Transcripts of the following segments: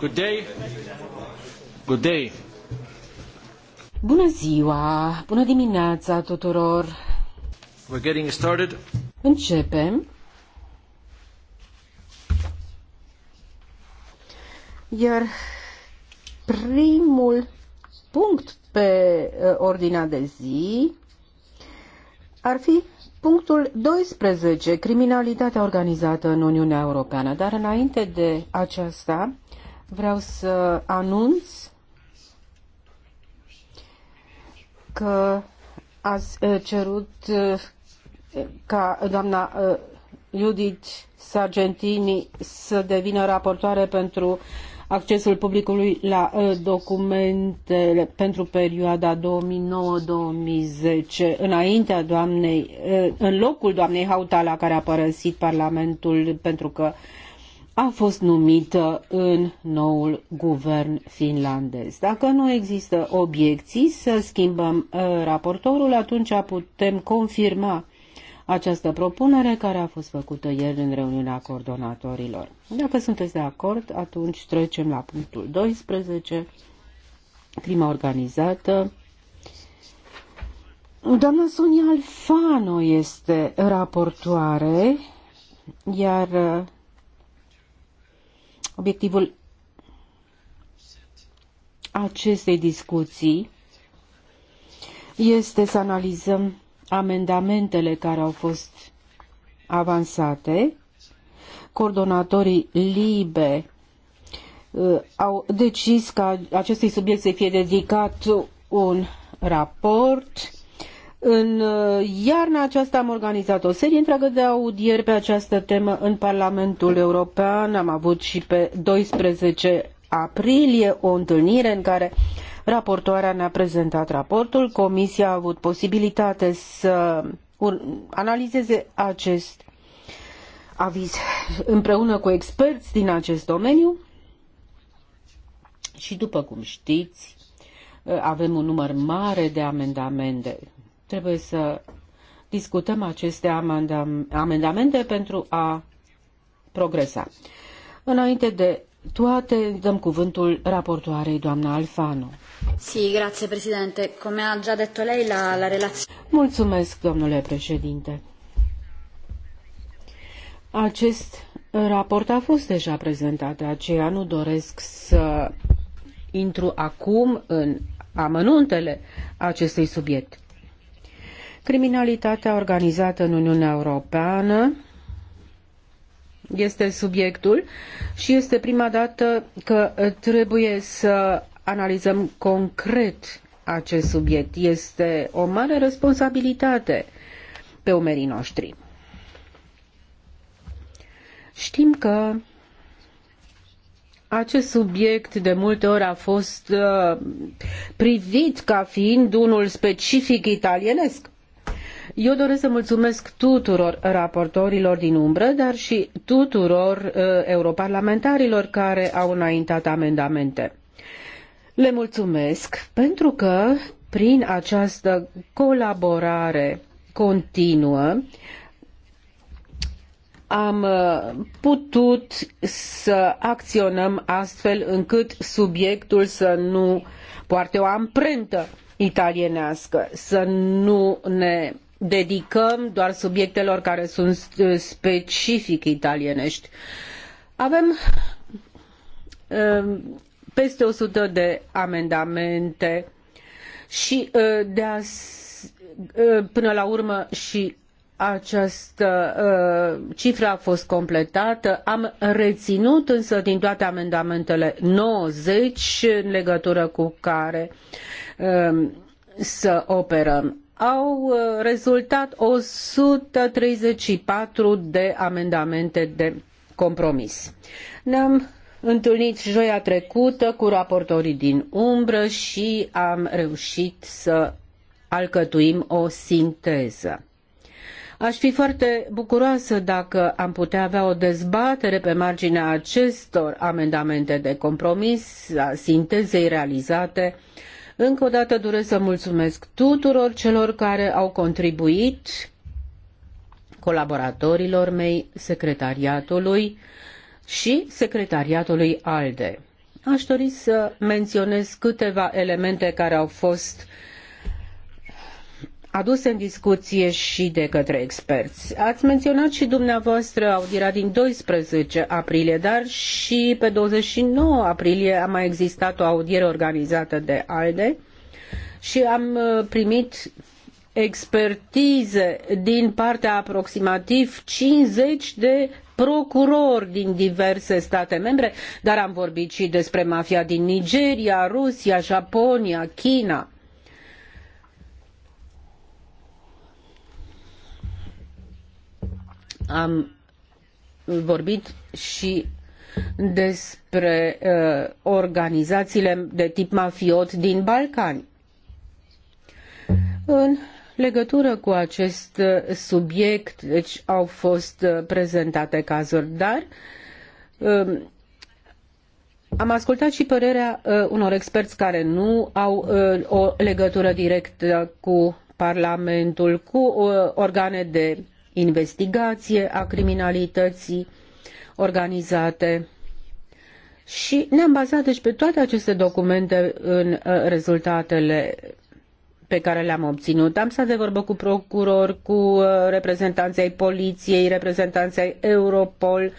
Good day. Good day. Bună ziua, bună dimineața tuturor. We're getting started. Începem. Iar primul punct pe uh, ordinea de zi ar fi Punctul 12. Criminalitatea organizată în Uniunea Europeană. Dar înainte de aceasta, vreau să anunț că ați eh, cerut eh, ca doamna eh, Judith Sargentini să devină raportoare pentru accesul publicului la documente pentru perioada 2009-2010 înaintea doamnei, în locul doamnei Hautala care a părăsit Parlamentul pentru că a fost numită în noul guvern finlandez. Dacă nu există obiecții să schimbăm uh, raportorul, atunci putem confirma această propunere care a fost făcută ieri în reuniunea coordonatorilor. Dacă sunteți de acord, atunci trecem la punctul 12, crima organizată. Doamna Sonia Alfano este raportoare, iar uh, Obiectivul acestei discuții este să analizăm amendamentele care au fost avansate. Coordonatorii LIBE uh, au decis ca acestui subiect să fie dedicat un raport în uh, iarna aceasta am organizat o serie întreagă de audieri pe această temă în Parlamentul European. Am avut și pe 12 aprilie o întâlnire în care raportoarea ne-a prezentat raportul. Comisia a avut posibilitate să analizeze acest aviz împreună cu experți din acest domeniu. Și după cum știți, uh, avem un număr mare de amendamente Trebuie să discutăm aceste amendamente pentru a progresa. Înainte de toate, dăm cuvântul raportoarei doamna Alfano. Si, grazie, președinte. Cum a già detto lei, la, la relație... Mulțumesc, domnule președinte. Acest raport a fost deja prezentat, de aceea nu doresc să intru acum în amănuntele acestui subiect. Criminalitatea organizată în Uniunea Europeană este subiectul și este prima dată că trebuie să analizăm concret acest subiect. Este o mare responsabilitate pe umerii noștri. Știm că acest subiect de multe ori a fost uh, privit ca fiind unul specific italienesc. Eu doresc să mulțumesc tuturor raportorilor din umbră, dar și tuturor uh, europarlamentarilor care au înaintat amendamente. Le mulțumesc pentru că prin această colaborare continuă am uh, putut să acționăm astfel încât subiectul să nu poarte o amprentă italienească, să nu ne dedicăm doar subiectelor care sunt uh, specific italienești. Avem uh, peste 100 de amendamente și uh, de a, până la urmă și această cifră a fost completată. Am reținut însă din toate amendamentele 90 în legătură cu care să operăm au uh, rezultat 134 de amendamente de compromis. Ne-am întâlnit joia trecută cu raportorii din umbră și am reușit să alcătuim o sinteză. Aș fi foarte bucuroasă dacă am putea avea o dezbatere pe marginea acestor amendamente de compromis, a sintezei realizate uh, încă o dată doresc să mulțumesc tuturor celor care au contribuit, colaboratorilor mei, secretariatului și secretariatului ALDE. Aș dori să menționez câteva elemente care au fost uh, aduse în discuție și de către experți. Ați menționat și dumneavoastră audierea din 12 aprilie, dar și pe 29 aprilie a mai existat o audiere organizată de ALDE și am uh, primit expertize din partea aproximativ 50 de procurori din diverse state membre, dar am vorbit și despre mafia din Nigeria, Rusia, Japonia, China. am vorbit și despre uh, organizațiile de tip mafiot din Balcani. În legătură cu acest uh, subiect, deci au fost uh, prezentate cazuri, dar uh, am ascultat și părerea uh, unor experți care nu au uh, o legătură directă cu Parlamentul, cu uh, organe de investigație a criminalității organizate. Și ne-am bazat deci pe toate aceste documente în uh, rezultatele pe care le-am obținut. Am stat de vorbă cu procurori, cu uh, reprezentanții ai poliției, reprezentanții ai Europol,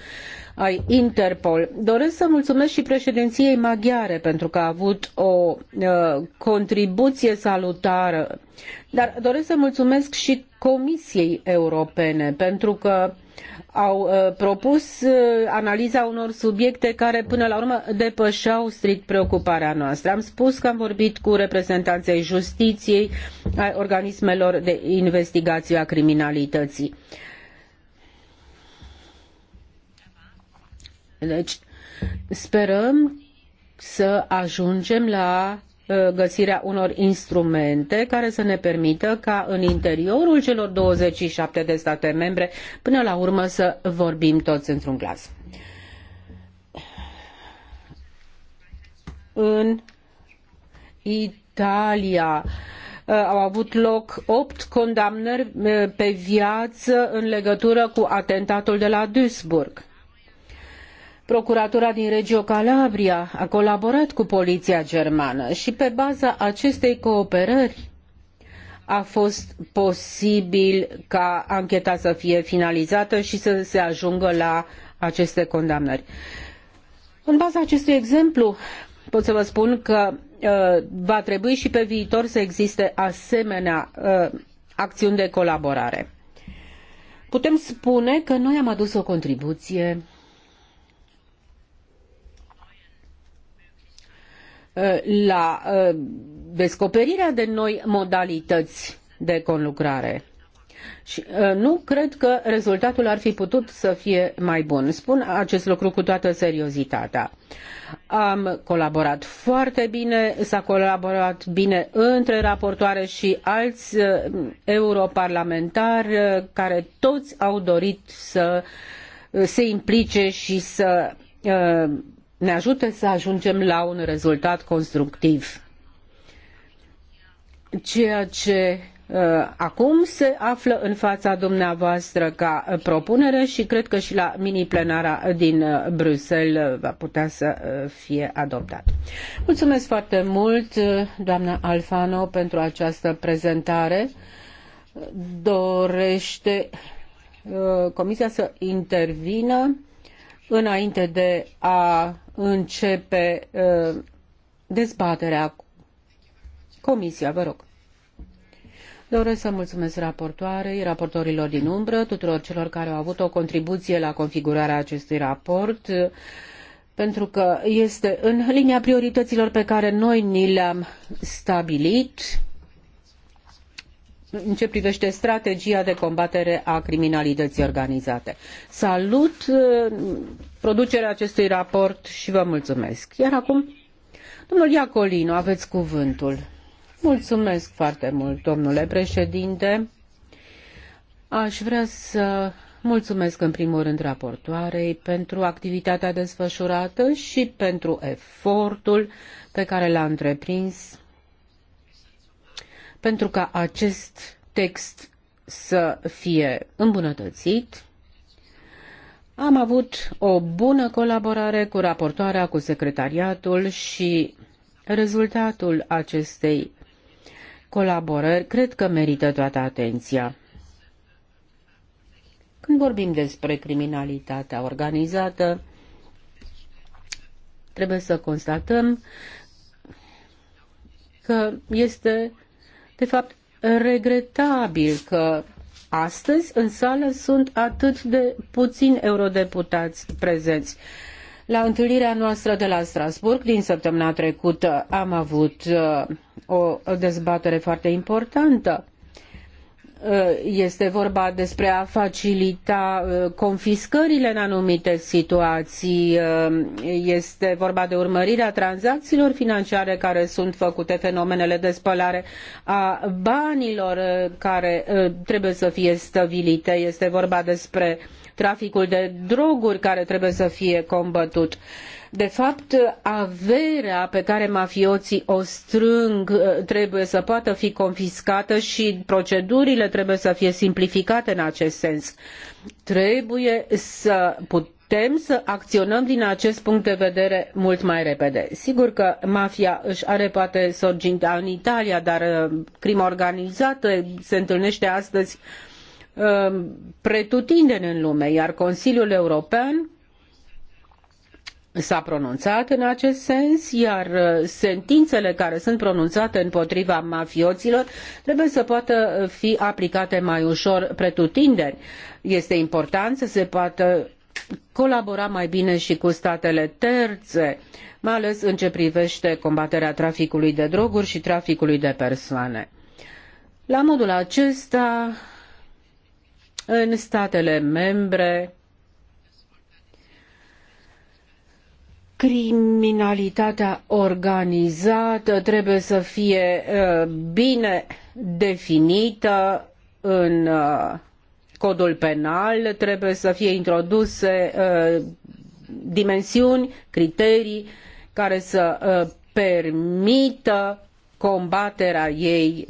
ai Interpol. Doresc să mulțumesc și președinției maghiare pentru că a avut o uh, contribuție salutară, dar doresc să mulțumesc și Comisiei Europene pentru că au uh, propus uh, analiza unor subiecte care până la urmă depășeau strict preocuparea noastră. Am spus că am vorbit cu reprezentanții justiției, ai organismelor de investigație a criminalității. Uh, Deci sperăm să ajungem la uh, găsirea unor instrumente care să ne permită ca în interiorul celor 27 de state membre până la urmă să vorbim toți într-un glas. În Italia uh, au avut loc opt condamnări uh, pe viață în legătură cu atentatul de la Duisburg Procuratura din Regio Calabria a colaborat cu poliția germană și pe baza acestei cooperări a fost posibil ca ancheta să fie finalizată și să se ajungă la aceste condamnări. În baza acestui exemplu, pot să vă spun că uh, va trebui și pe viitor să existe asemenea uh, acțiuni de colaborare. Putem spune că noi am adus o contribuție Uh, la uh, descoperirea de noi modalități de conlucrare. Și uh, nu cred că rezultatul ar fi putut să fie mai bun. Spun acest lucru cu toată seriozitatea. Am colaborat foarte bine, s-a colaborat bine între raportoare și alți europarlamentari care toți au dorit să se implice și să ne ajute să ajungem la un rezultat constructiv. Ceea ce uh, acum se află în fața dumneavoastră ca propunere și cred că și la mini-plenara din uh, Bruxelles uh, va putea să fie adoptat. Mulțumesc foarte mult, doamna Alfano, pentru această prezentare. Dorește Comisia să intervină înainte de a începe uh, dezbaterea. Comisia, vă rog. Doresc să mulțumesc raportoarei, raportorilor din umbră, tuturor celor care au avut o contribuție la configurarea acestui raport, pentru că este în linia priorităților pe care noi ni le-am stabilit în ce privește strategia de combatere a criminalității organizate. Salut uh, producerea acestui raport și vă mulțumesc. Iar acum, domnul Iacolino, aveți cuvântul. Mulțumesc foarte mult, domnule președinte. Aș vrea să mulțumesc în primul rând raportoarei pentru activitatea desfășurată și pentru efortul pe care l-a întreprins pentru ca acest text să fie îmbunătățit. Am avut o bună colaborare cu raportoarea, cu secretariatul și rezultatul acestei colaborări cred că merită toată atenția. Când vorbim despre criminalitatea organizată, trebuie să constatăm că este de fapt, regretabil că astăzi în sală sunt atât de puțini eurodeputați prezenți. La întâlnirea noastră de la Strasburg din săptămâna trecută am avut uh, o dezbatere foarte importantă Uh, este vorba despre a facilita uh, confiscările în anumite situații, uh, este vorba de urmărirea tranzacțiilor financiare care sunt făcute, fenomenele de spălare a banilor care trebuie să fie stăvilite, este vorba despre traficul de droguri care trebuie să fie combătut. De fapt, averea pe care mafioții o strâng uh, trebuie să poată fi confiscată și procedurile trebuie să fie simplificate în acest sens. Trebuie să putem să acționăm din acest punct de vedere mult mai repede. Sigur că mafia își are poate sorginta în Italia, dar uh, crima organizată se întâlnește astăzi uh, pretutindeni în lume, iar Consiliul European s-a pronunțat în acest sens, iar uh, sentințele care sunt pronunțate împotriva mafioților trebuie să poată fi aplicate mai ușor pretutindeni. Este important să se poată colabora mai bine și cu statele terțe, mai ales în ce privește combaterea traficului de droguri și traficului de persoane. La modul acesta, în statele membre, criminalitatea organizată trebuie să fie uh, bine definită în uh, codul penal, trebuie să fie introduse uh, dimensiuni, criterii care să permită combaterea ei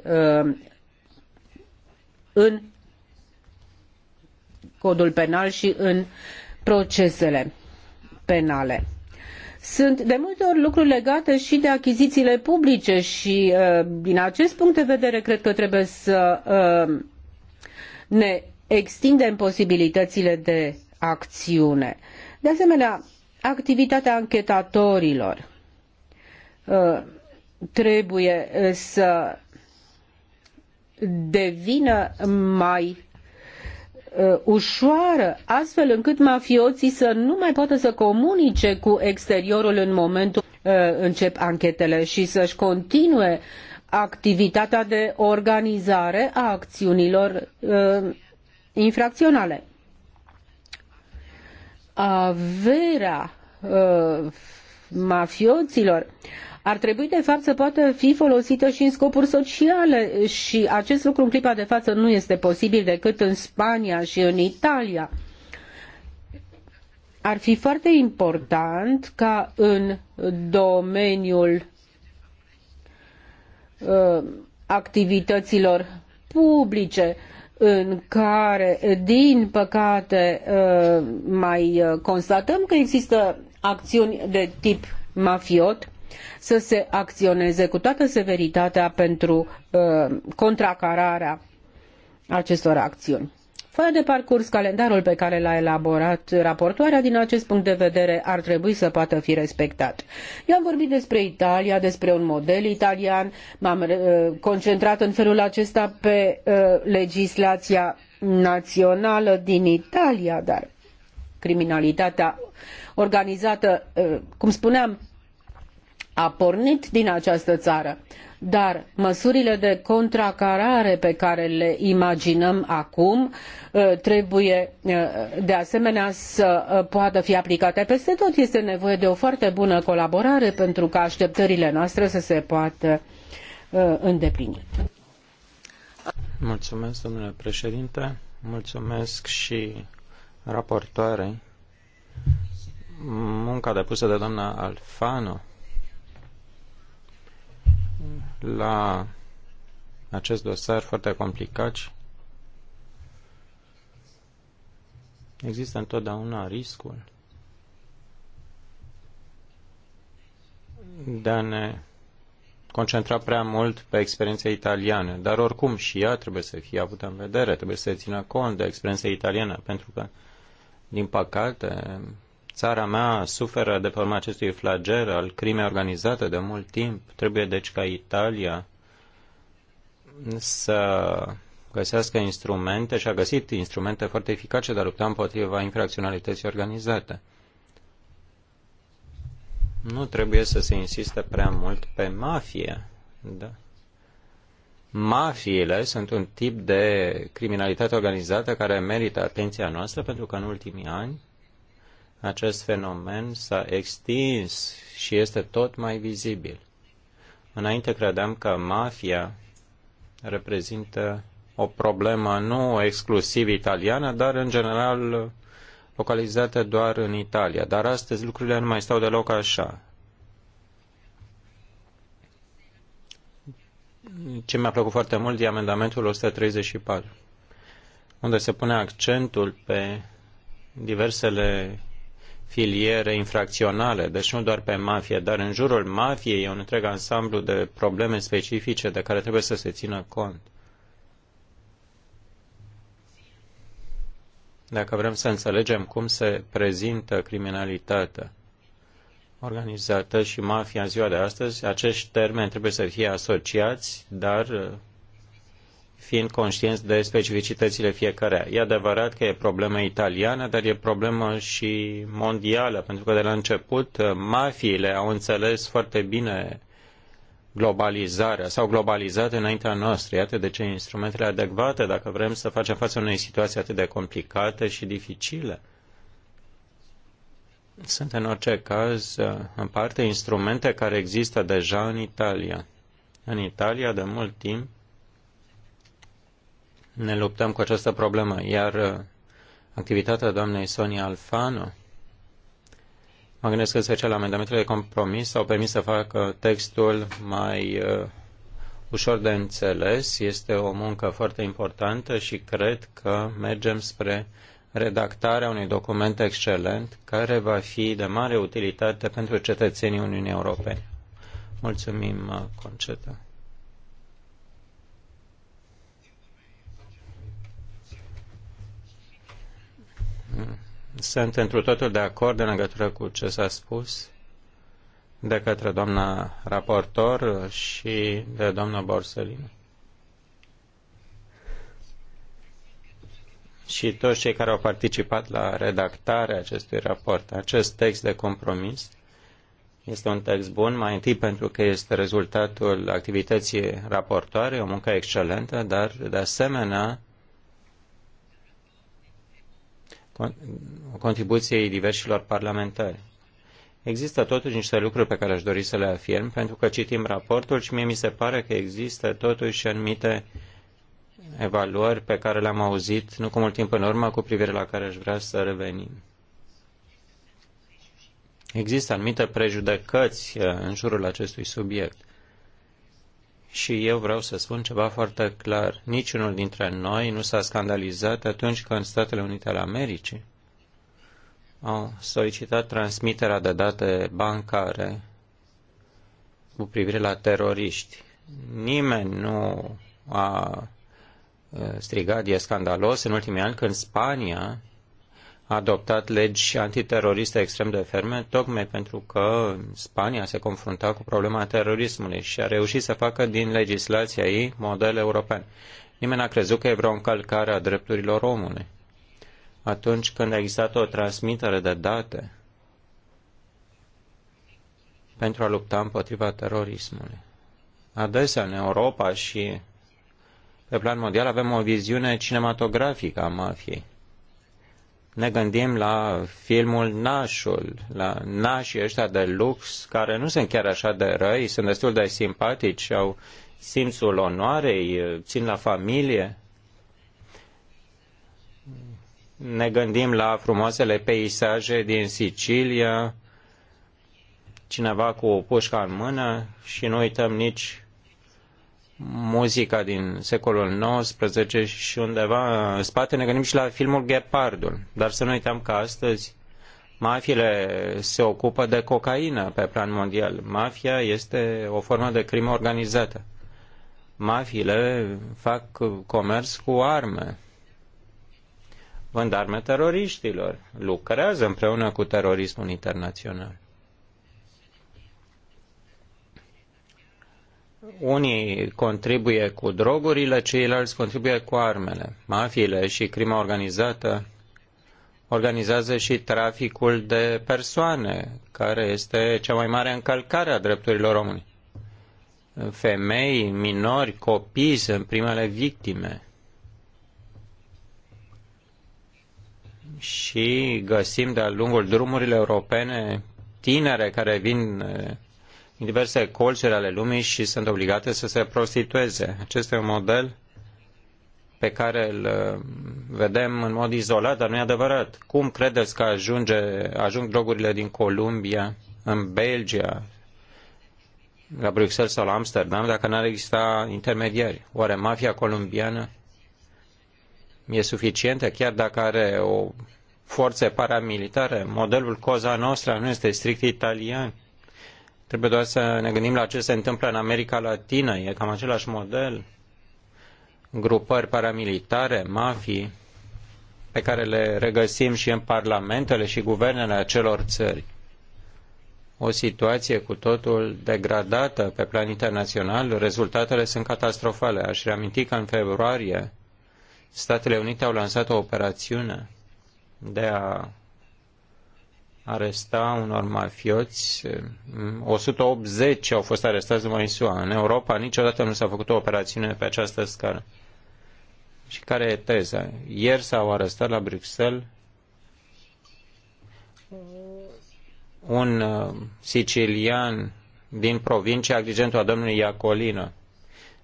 în codul penal și în procesele penale sunt de multe ori lucruri legate și de achizițiile publice și uh, din acest punct de vedere cred că trebuie să uh, ne extindem posibilitățile de acțiune. De asemenea, activitatea anchetatorilor uh, trebuie să devină mai Uh, ușoară, astfel încât mafioții să nu mai poată să comunice cu exteriorul în momentul uh, încep anchetele și să-și continue activitatea de organizare a acțiunilor uh, infracționale. Averea uh, mafioților ar trebui de fapt să poată fi folosită și în scopuri sociale și acest lucru în clipa de față nu este posibil decât în Spania și în Italia. Ar fi foarte important ca în domeniul uh, activităților publice în care, din păcate, uh, mai uh, constatăm că există acțiuni de tip mafiot, să se acționeze cu toată severitatea pentru uh, contracararea acestor acțiuni. Fără de parcurs, calendarul pe care l-a elaborat raportoarea din acest punct de vedere ar trebui să poată fi respectat. Eu am vorbit despre Italia, despre un model italian, m-am uh, concentrat în felul acesta pe uh, legislația națională din Italia, dar criminalitatea organizată, uh, cum spuneam, a pornit din această țară. Dar măsurile de contracarare pe care le imaginăm acum uh, trebuie uh, de asemenea să uh, poată fi aplicate peste tot. Este nevoie de o foarte bună colaborare pentru ca așteptările noastre să se poată îndeplini. Mulțumesc, domnule președinte. Mulțumesc și raportoarei. Munca depusă de doamna Alfano la acest dosar foarte complicat. Există întotdeauna riscul de a ne concentra prea mult pe experiența italiană, dar oricum și ea trebuie să fie avută în vedere, trebuie să țină cont de experiența italiană, pentru că, din păcate, Țara mea suferă de forma acestui flagel al crimei organizate de mult timp. Trebuie deci ca Italia să găsească instrumente și a găsit instrumente foarte eficace de a lupta împotriva infracționalității organizate. Nu trebuie să se insiste prea mult pe mafie. Da. Mafiile sunt un tip de criminalitate organizată care merită atenția noastră pentru că în ultimii ani acest fenomen s-a extins și este tot mai vizibil. Înainte credeam că mafia reprezintă o problemă nu exclusiv italiană, dar în general localizată doar în Italia. Dar astăzi lucrurile nu mai stau deloc așa. Ce mi-a plăcut foarte mult e amendamentul 134, unde se pune accentul pe diversele filiere infracționale, deci nu doar pe mafie, dar în jurul mafiei e un întreg ansamblu de probleme specifice de care trebuie să se țină cont. Dacă vrem să înțelegem cum se prezintă criminalitatea organizată și mafia în ziua de astăzi, acești termeni trebuie să fie asociați, dar fiind conștienți de specificitățile fiecăreia. E adevărat că e problemă italiană, dar e problemă și mondială, pentru că de la început uh, mafiile au înțeles foarte bine globalizarea, s-au globalizat înaintea noastră. Iată de ce instrumentele adecvate dacă vrem să facem față unei situații atât de complicate și dificile. Sunt în orice caz, uh, în parte, instrumente care există deja în Italia. În Italia, de mult timp, ne luptăm cu această problemă. Iar uh, activitatea doamnei Sonia Alfano, mă gândesc că special la amendamentele de compromis, au permis să facă textul mai uh, ușor de înțeles. Este o muncă foarte importantă și cred că mergem spre redactarea unui document excelent care va fi de mare utilitate pentru cetățenii Uniunii Europene. Mulțumim, uh, Conceta. Sunt întru totul de acord în legătură cu ce s-a spus de către doamna raportor și de doamna Borsellino. Și toți cei care au participat la redactarea acestui raport. Acest text de compromis este un text bun, mai întâi pentru că este rezultatul activității raportoare, o muncă excelentă, dar de asemenea contribuției diversilor parlamentari. Există totuși niște lucruri pe care aș dori să le afirm, pentru că citim raportul și mie mi se pare că există totuși anumite evaluări pe care le-am auzit nu cu mult timp în urmă, cu privire la care aș vrea să revenim. Există anumite prejudecăți uh, în jurul acestui subiect și eu vreau să spun ceva foarte clar. Niciunul dintre noi nu s-a scandalizat atunci când Statele Unite ale Americii au solicitat transmiterea de date bancare cu privire la teroriști. Nimeni nu a eh, strigat, e scandalos în ultimii ani când Spania adoptat legi antiteroriste extrem de ferme, tocmai pentru că Spania se confrunta cu problema terorismului și a reușit să facă din legislația ei model european. Nimeni n-a crezut că e vreo încălcare a drepturilor omului. Atunci când a existat o transmitere de date pentru a lupta împotriva terorismului. Adesea în Europa și pe plan mondial avem o viziune cinematografică a mafiei ne gândim la filmul Nașul, la nașii ăștia de lux, care nu sunt chiar așa de răi, sunt destul de simpatici, au simțul onoarei, țin la familie. Ne gândim la frumoasele peisaje din Sicilia, cineva cu o pușcă în mână și nu uităm nici muzica din secolul XIX și undeva în spate ne gândim și la filmul Ghepardul. Dar să nu uităm că astăzi mafiile se ocupă de cocaină pe plan mondial. Mafia este o formă de crimă organizată. Mafiile fac comerț cu arme. Vând arme teroriștilor. Lucrează împreună cu terorismul internațional. unii contribuie cu drogurile, ceilalți contribuie cu armele. Mafiile și crima organizată organizează și traficul de persoane, care este cea mai mare încălcare a drepturilor omului. Femei, minori, copii sunt primele victime. Și găsim de-a lungul drumurilor europene tinere care vin din diverse colțuri ale lumii și sunt obligate să se prostitueze. Acesta e un model pe care îl uh, vedem în mod izolat, dar nu e adevărat. Cum credeți că ajunge, ajung drogurile din Columbia, în Belgia, la Bruxelles sau la Amsterdam, dacă n-ar exista intermediari? Oare mafia columbiană e suficientă, chiar dacă are o forțe paramilitare? Modelul Coza Nostra nu este strict italian, Trebuie doar să ne gândim la ce se întâmplă în America Latină. E cam același model. Grupări paramilitare, mafii, pe care le regăsim și în parlamentele și guvernele acelor țări. O situație cu totul degradată pe plan internațional, rezultatele sunt catastrofale. Aș reaminti că în februarie Statele Unite au lansat o operațiune de a aresta unor mafioți. 180 au fost arestați numai în SUA. În Europa niciodată nu s-a făcut o operațiune pe această scară. Și care e teza? Ieri s-au arestat la Bruxelles un uh, sicilian din provincia Agrigentul a domnului Iacolină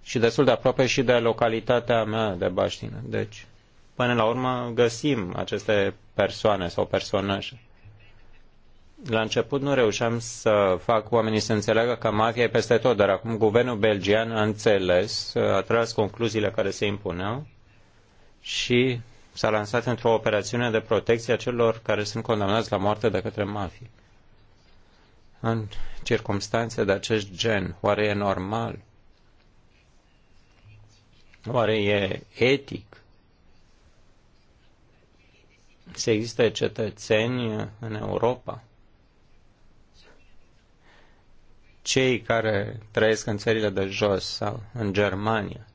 și destul de aproape și de localitatea mea de Baștină. Deci, până la urmă, găsim aceste persoane sau personaje la început nu reușeam să fac oamenii să înțeleagă că mafia e peste tot, dar acum guvernul belgian a înțeles, a tras concluziile care se impuneau și s-a lansat într-o operațiune de protecție a celor care sunt condamnați la moarte de către mafie. În circunstanțe de acest gen, oare e normal? Oare e etic? Să existe cetățeni în Europa cei care trăiesc în țările de jos sau în Germania.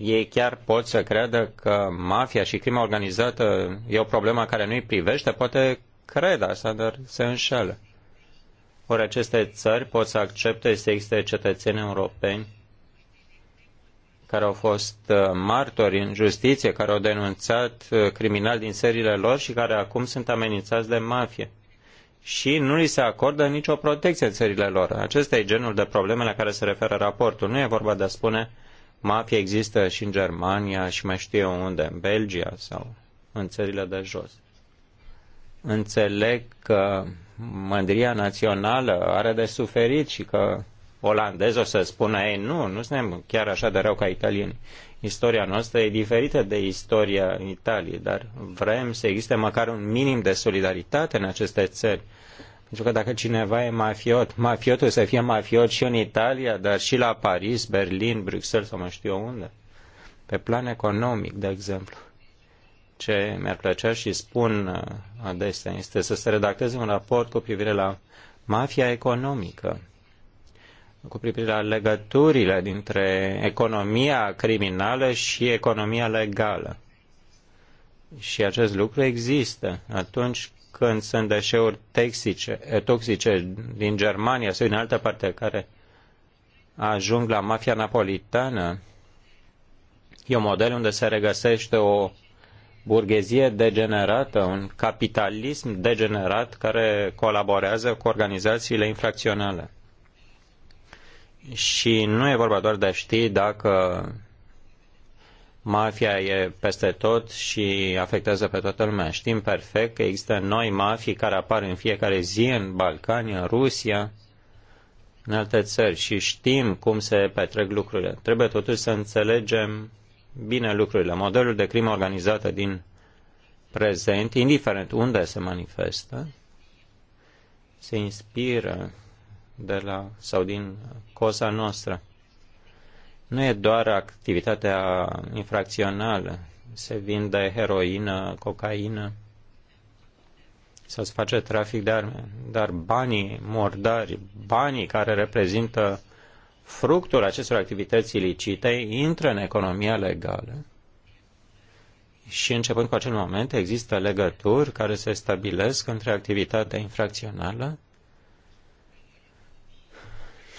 Ei chiar pot să creadă că mafia și crima organizată e o problemă care nu-i privește, poate cred asta, dar se înșală. Ori aceste țări pot să accepte să existe cetățeni europeni care au fost uh, martori în justiție, care au denunțat uh, criminali din serile lor și care acum sunt amenințați de mafie și nu li se acordă nicio protecție țările lor. Acesta e genul de probleme la care se referă raportul. Nu e vorba de a spune mafia există și în Germania și mai știu eu unde, în Belgia sau în țările de jos. Înțeleg că mândria națională are de suferit și că Olandezul o să spună, ei, nu, nu suntem chiar așa de rău ca italieni. Istoria noastră e diferită de istoria Italiei, dar vrem să existe măcar un minim de solidaritate în aceste țări. Pentru că dacă cineva e mafiot, mafiotul să fie mafiot și în Italia, dar și la Paris, Berlin, Bruxelles sau mai știu eu unde. Pe plan economic, de exemplu. Ce mi-ar plăcea și spun uh, adesea este să se redacteze un raport cu privire la mafia economică cu privire la legăturile dintre economia criminală și economia legală. Și acest lucru există atunci când sunt deșeuri toxice, toxice din Germania sau din altă parte care ajung la mafia napolitană. E un model unde se regăsește o burghezie degenerată, un capitalism degenerat care colaborează cu organizațiile infracționale. Și nu e vorba doar de a ști dacă mafia e peste tot și afectează pe toată lumea. Știm perfect că există noi mafii care apar în fiecare zi în Balcani, în Rusia, în alte țări și știm cum se petrec lucrurile. Trebuie totuși să înțelegem bine lucrurile. Modelul de crimă organizată din prezent, indiferent unde se manifestă, se inspiră de la, sau din cosa noastră. Nu e doar activitatea infracțională. Se vinde heroină, cocaină sau se face trafic de arme. Dar banii mordari, banii care reprezintă fructul acestor activități ilicite, intră în economia legală. Și începând cu acel moment există legături care se stabilesc între activitatea infracțională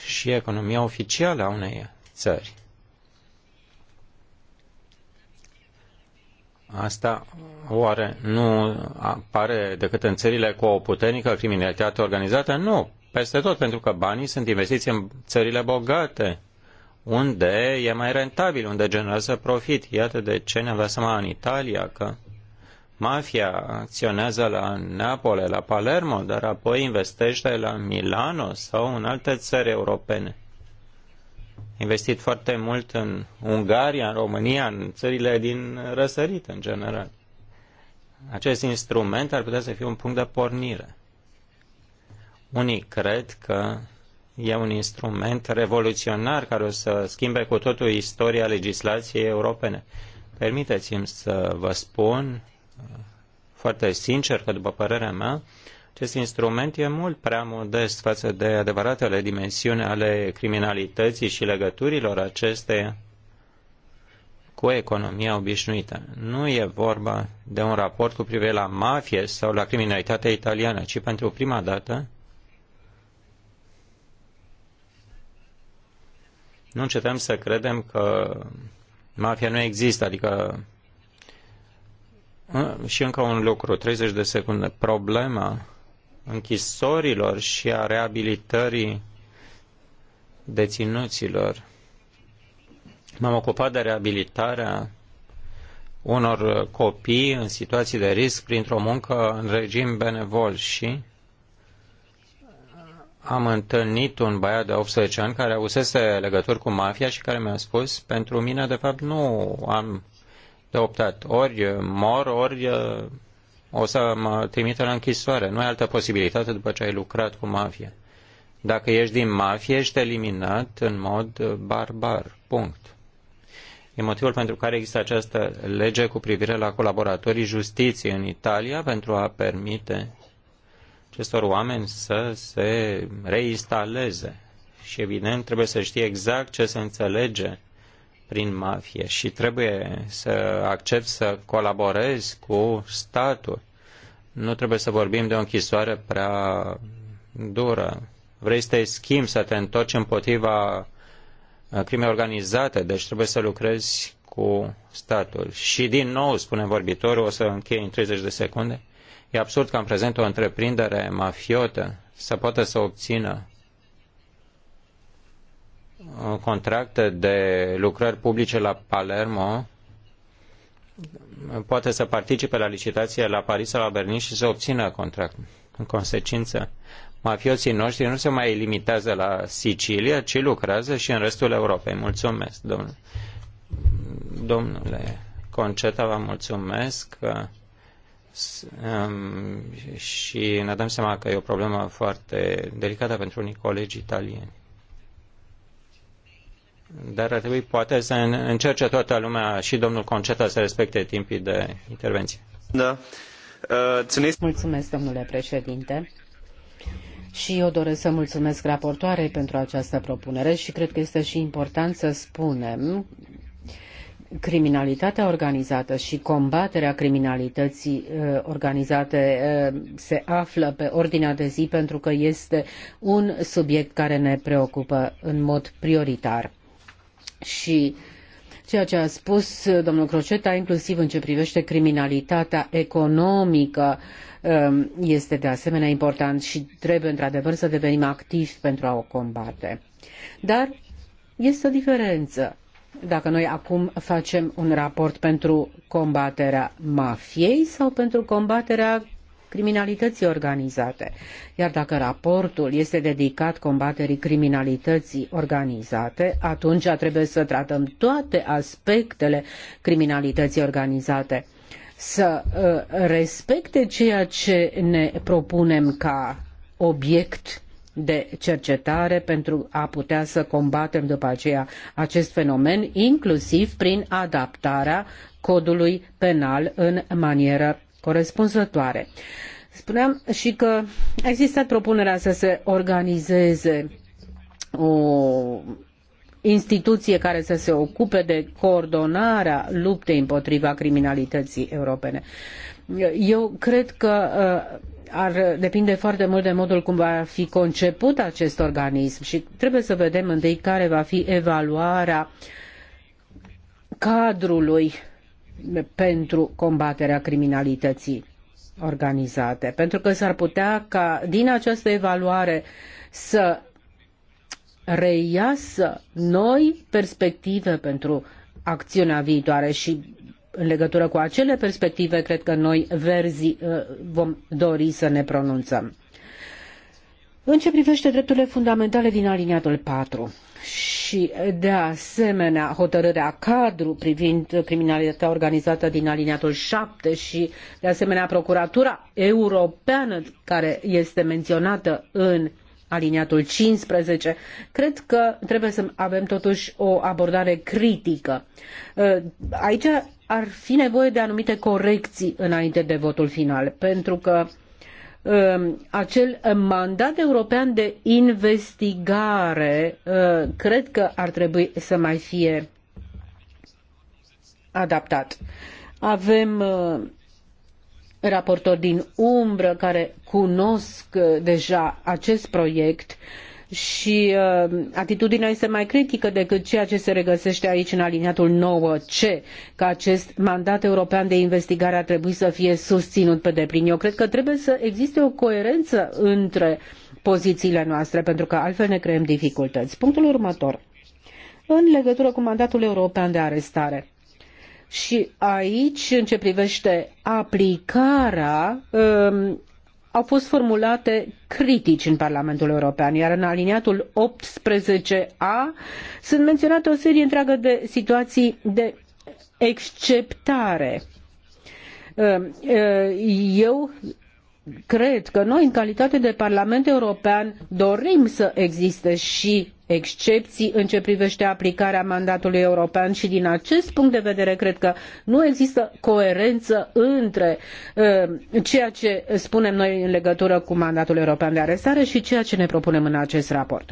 și economia oficială a unei țări. Asta oare nu apare decât în țările cu o puternică criminalitate organizată? Nu, peste tot, pentru că banii sunt investiți în țările bogate, unde e mai rentabil, unde generează profit. Iată de ce ne-am dat seama în Italia că Mafia acționează la Neapole, la Palermo, dar apoi investește la Milano sau în alte țări europene. Investit foarte mult în Ungaria, în România, în țările din răsărit în general. Acest instrument ar putea să fie un punct de pornire. Unii cred că e un instrument revoluționar care o să schimbe cu totul istoria legislației europene. Permiteți-mi să vă spun foarte sincer că, după părerea mea, acest instrument e mult prea modest față de adevăratele dimensiuni ale criminalității și legăturilor acesteia cu economia obișnuită. Nu e vorba de un raport cu privire la mafie sau la criminalitatea italiană, ci pentru prima dată nu încetăm să credem că mafia nu există, adică și încă un lucru, 30 de secunde. Problema închisorilor și a reabilitării deținuților. M-am ocupat de reabilitarea unor copii în situații de risc printr-o muncă în regim benevol și am întâlnit un băiat de 18 ani care avusese legături cu mafia și care mi-a spus, pentru mine, de fapt, nu am de optat. Ori mor, ori uh, o să mă trimită la închisoare. Nu e altă posibilitate după ce ai lucrat cu mafia. Dacă ești din mafie, ești eliminat în mod uh, barbar. Punct. E motivul pentru care există această lege cu privire la colaboratorii justiției în Italia pentru a permite acestor oameni să se reinstaleze. Și evident trebuie să știe exact ce se înțelege prin mafie și trebuie să accept să colaborezi cu statul. Nu trebuie să vorbim de o închisoare prea dură. Vrei să te schimbi, să te întorci împotriva uh, crimei organizate, deci trebuie să lucrezi cu statul. Și din nou, spune vorbitorul, o să închei în 30 de secunde, e absurd ca în prezent o întreprindere mafiotă să poată să obțină contracte de lucrări publice la Palermo poate să participe la licitație la Paris sau la Berlin și să obțină contract. În consecință, mafioții noștri nu se mai limitează la Sicilia, ci lucrează și în restul Europei. Mulțumesc, domnule. Domnule Conceta, vă mulțumesc și ne dăm seama că e o problemă foarte delicată pentru unii colegi italieni dar ar trebui poate să încerce toată lumea și domnul Conceta să respecte timpii de intervenție. Da. Uh, Mulțumesc, domnule președinte. Și eu doresc să mulțumesc raportoarei pentru această propunere și cred că este și important să spunem criminalitatea organizată și combaterea criminalității uh, organizate uh, se află pe ordinea de zi pentru că este un subiect care ne preocupă în mod prioritar și ceea ce a spus domnul Croceta, inclusiv în ce privește criminalitatea economică, um, este de asemenea important și trebuie într-adevăr să devenim activi pentru a o combate. Dar este o diferență dacă noi acum facem un raport pentru combaterea mafiei sau pentru combaterea criminalității organizate. Iar dacă raportul este dedicat combaterii criminalității organizate, atunci trebuie să tratăm toate aspectele criminalității organizate să uh, respecte ceea ce ne propunem ca obiect de cercetare pentru a putea să combatem după aceea acest fenomen, inclusiv prin adaptarea codului penal în manieră corespunzătoare. Spuneam și că a existat propunerea să se organizeze o instituție care să se ocupe de coordonarea luptei împotriva criminalității europene. Eu cred că uh, ar depinde foarte mult de modul cum va fi conceput acest organism și trebuie să vedem întâi care va fi evaluarea cadrului pentru combaterea criminalității organizate. Pentru că s-ar putea ca din această evaluare să reiasă noi perspective pentru acțiunea viitoare și în legătură cu acele perspective, cred că noi verzi uh, vom dori să ne pronunțăm. În ce privește drepturile fundamentale din aliniatul 4 și, de asemenea, hotărârea cadru privind criminalitatea organizată din aliniatul 7 și, de asemenea, Procuratura Europeană care este menționată în aliniatul 15, cred că trebuie să avem totuși o abordare critică. Aici ar fi nevoie de anumite corecții înainte de votul final, pentru că Um, acel mandat european de investigare uh, cred că ar trebui să mai fie adaptat. Avem uh, raportori din umbră care cunosc uh, deja acest proiect și uh, atitudinea este mai critică decât ceea ce se regăsește aici în aliniatul 9C, că acest mandat european de investigare ar trebui să fie susținut pe deplin. Eu cred că trebuie să existe o coerență între pozițiile noastre, pentru că altfel ne creăm dificultăți. Punctul următor. În legătură cu mandatul european de arestare. Și aici, în ce privește aplicarea, um, au fost formulate critici în Parlamentul European, iar în aliniatul 18a sunt menționate o serie întreagă de situații de exceptare. Uh, uh, eu cred că noi, în calitate de Parlament European, dorim să existe și excepții în ce privește aplicarea mandatului european și din acest punct de vedere cred că nu există coerență între uh, ceea ce spunem noi în legătură cu mandatul european de arestare și ceea ce ne propunem în acest raport.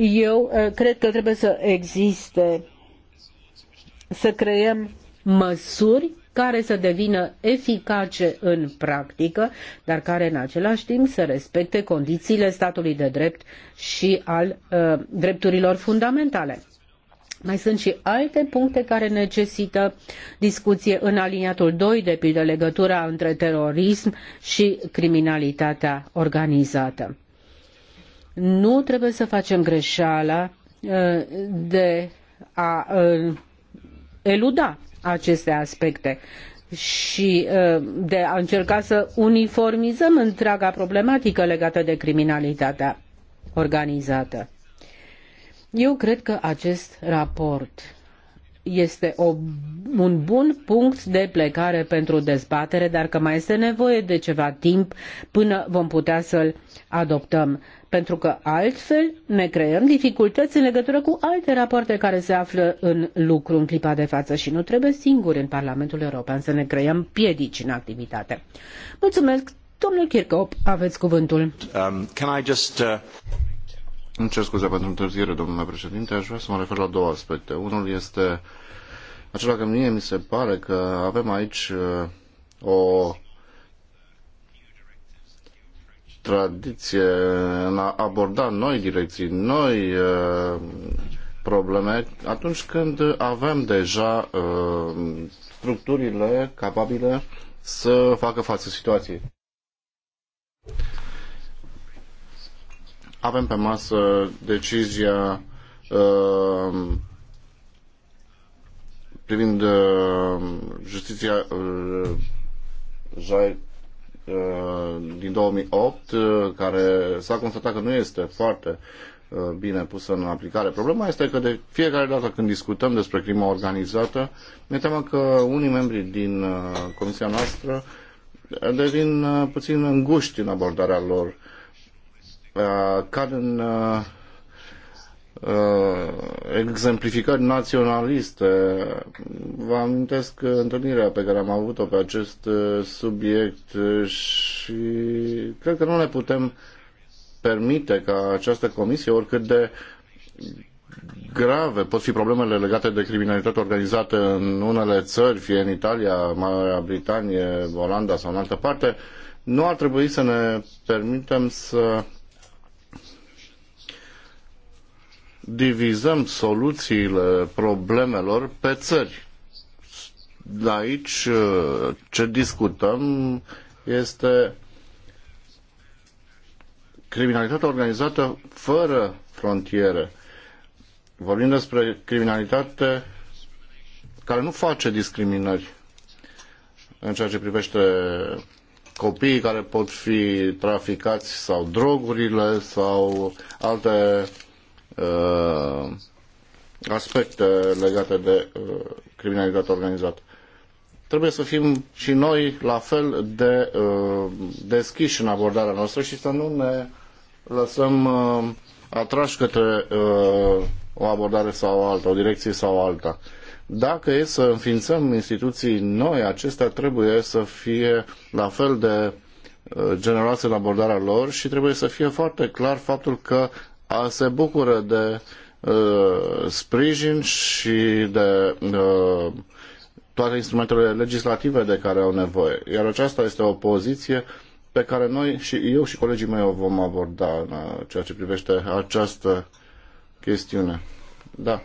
Eu uh, cred că trebuie să existe, să creăm măsuri care să devină eficace în practică, dar care în același timp să respecte condițiile statului de drept și al uh, drepturilor fundamentale. Mai sunt și alte puncte care necesită discuție în aliniatul 2, de pildă legătura între terorism și criminalitatea organizată. Nu trebuie să facem greșeala uh, de a uh, eluda aceste aspecte și ă, de a încerca să uniformizăm întreaga problematică legată de criminalitatea organizată. Eu cred că acest raport este o, un bun punct de plecare pentru dezbatere, dar că mai este nevoie de ceva timp până vom putea să-l adoptăm, pentru că altfel ne creăm dificultăți în legătură cu alte rapoarte care se află în lucru în clipa de față și nu trebuie singuri în Parlamentul European să ne creăm piedici în activitate. Mulțumesc, domnul Kirchhoff, aveți cuvântul. Um, can I just, uh... Îmi cer scuze pentru întârziere, domnule președinte. Aș vrea să mă refer la două aspecte. Unul este acela că mie mi se pare că avem aici uh, o tradiție în a aborda noi direcții, noi uh, probleme, atunci când avem deja uh, structurile capabile să facă față situației. Avem pe masă decizia uh, privind justiția Jai Uh, din 2008, uh, care s-a constatat că nu este foarte uh, bine pusă în aplicare. Problema este că de fiecare dată când discutăm despre crimă organizată, ne temă că unii membri din comisia noastră devin puțin înguști în abordarea lor. Cad în Uh, exemplificări naționaliste. Vă amintesc întâlnirea pe care am avut-o pe acest uh, subiect și cred că nu ne putem permite ca această comisie, oricât de grave pot fi problemele legate de criminalitate organizată în unele țări, fie în Italia, Marea Britanie, Olanda sau în altă parte, nu ar trebui să ne permitem să divizăm soluțiile problemelor pe țări. aici uh, ce discutăm este criminalitatea organizată fără frontiere. Vorbim despre criminalitate care nu face discriminări în ceea ce privește copiii care pot fi traficați sau drogurile sau alte Uh, aspecte legate de uh, criminalitatea organizată. Trebuie să fim și noi la fel de uh, deschiși în abordarea noastră și să nu ne lăsăm atrași către o abordare sau alta, o direcție sau alta. Dacă e să înființăm instituții noi, acestea trebuie să fie la fel de generoase în abordarea lor și trebuie să fie foarte clar faptul că a se bucură de uh, sprijin și de uh, toate instrumentele legislative de care au nevoie. Iar aceasta este o poziție pe care noi și eu și colegii mei o vom aborda în uh, ceea ce privește această chestiune. Da.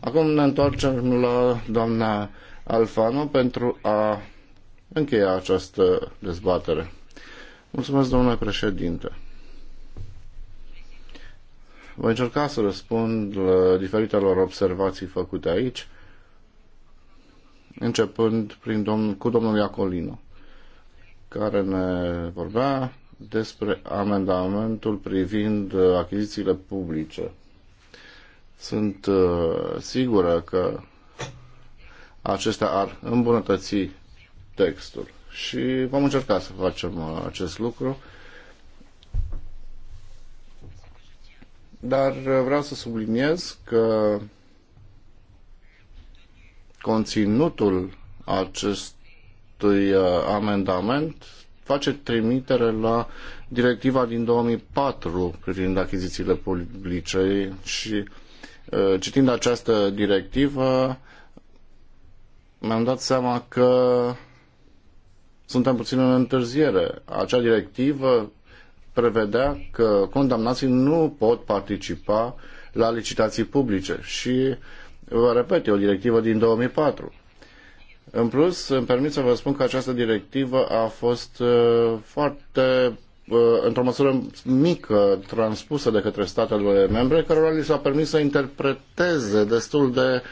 Acum ne întoarcem la doamna Alfano pentru a încheia această dezbatere. Mulțumesc, domnule președinte. Voi încerca să răspund la diferitelor observații făcute aici, începând prin domn, cu domnul Iacolino, care ne vorbea despre amendamentul privind uh, achizițiile publice. Sunt uh, sigură că acestea ar îmbunătăți textul și vom încerca să facem uh, acest lucru Dar vreau să subliniez că conținutul acestui uh, amendament face trimitere la directiva din 2004 privind achizițiile publice și uh, citind această directivă mi-am dat seama că suntem puțin în întârziere. Acea directivă prevedea că condamnații nu pot participa la licitații publice și, vă repet, e o directivă din 2004. În plus, îmi permit să vă spun că această directivă a fost uh, foarte uh, într-o măsură mică transpusă de către statele membre, cărora li s-a permis să interpreteze destul de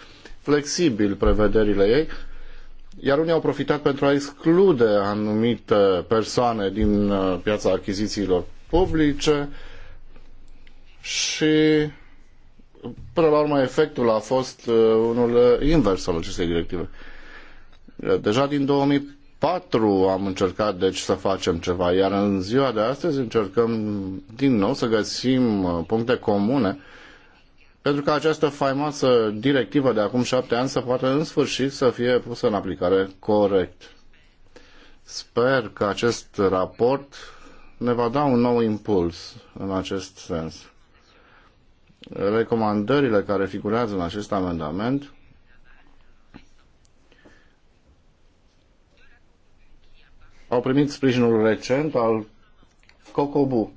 flexibil prevederile ei, iar unii au profitat pentru a exclude anumite persoane din uh, piața achizițiilor publice și până la urmă efectul a fost uh, unul invers al acestei directive. Uh, deja din 2004 am încercat deci să facem ceva, iar în ziua de astăzi încercăm din nou să găsim puncte comune pentru că această faimoasă directivă de acum șapte ani să poată în sfârșit să fie pusă în aplicare corect. Sper că acest raport ne va da un nou impuls în acest sens. Recomandările care figurează în acest amendament au primit sprijinul recent al COCOBU,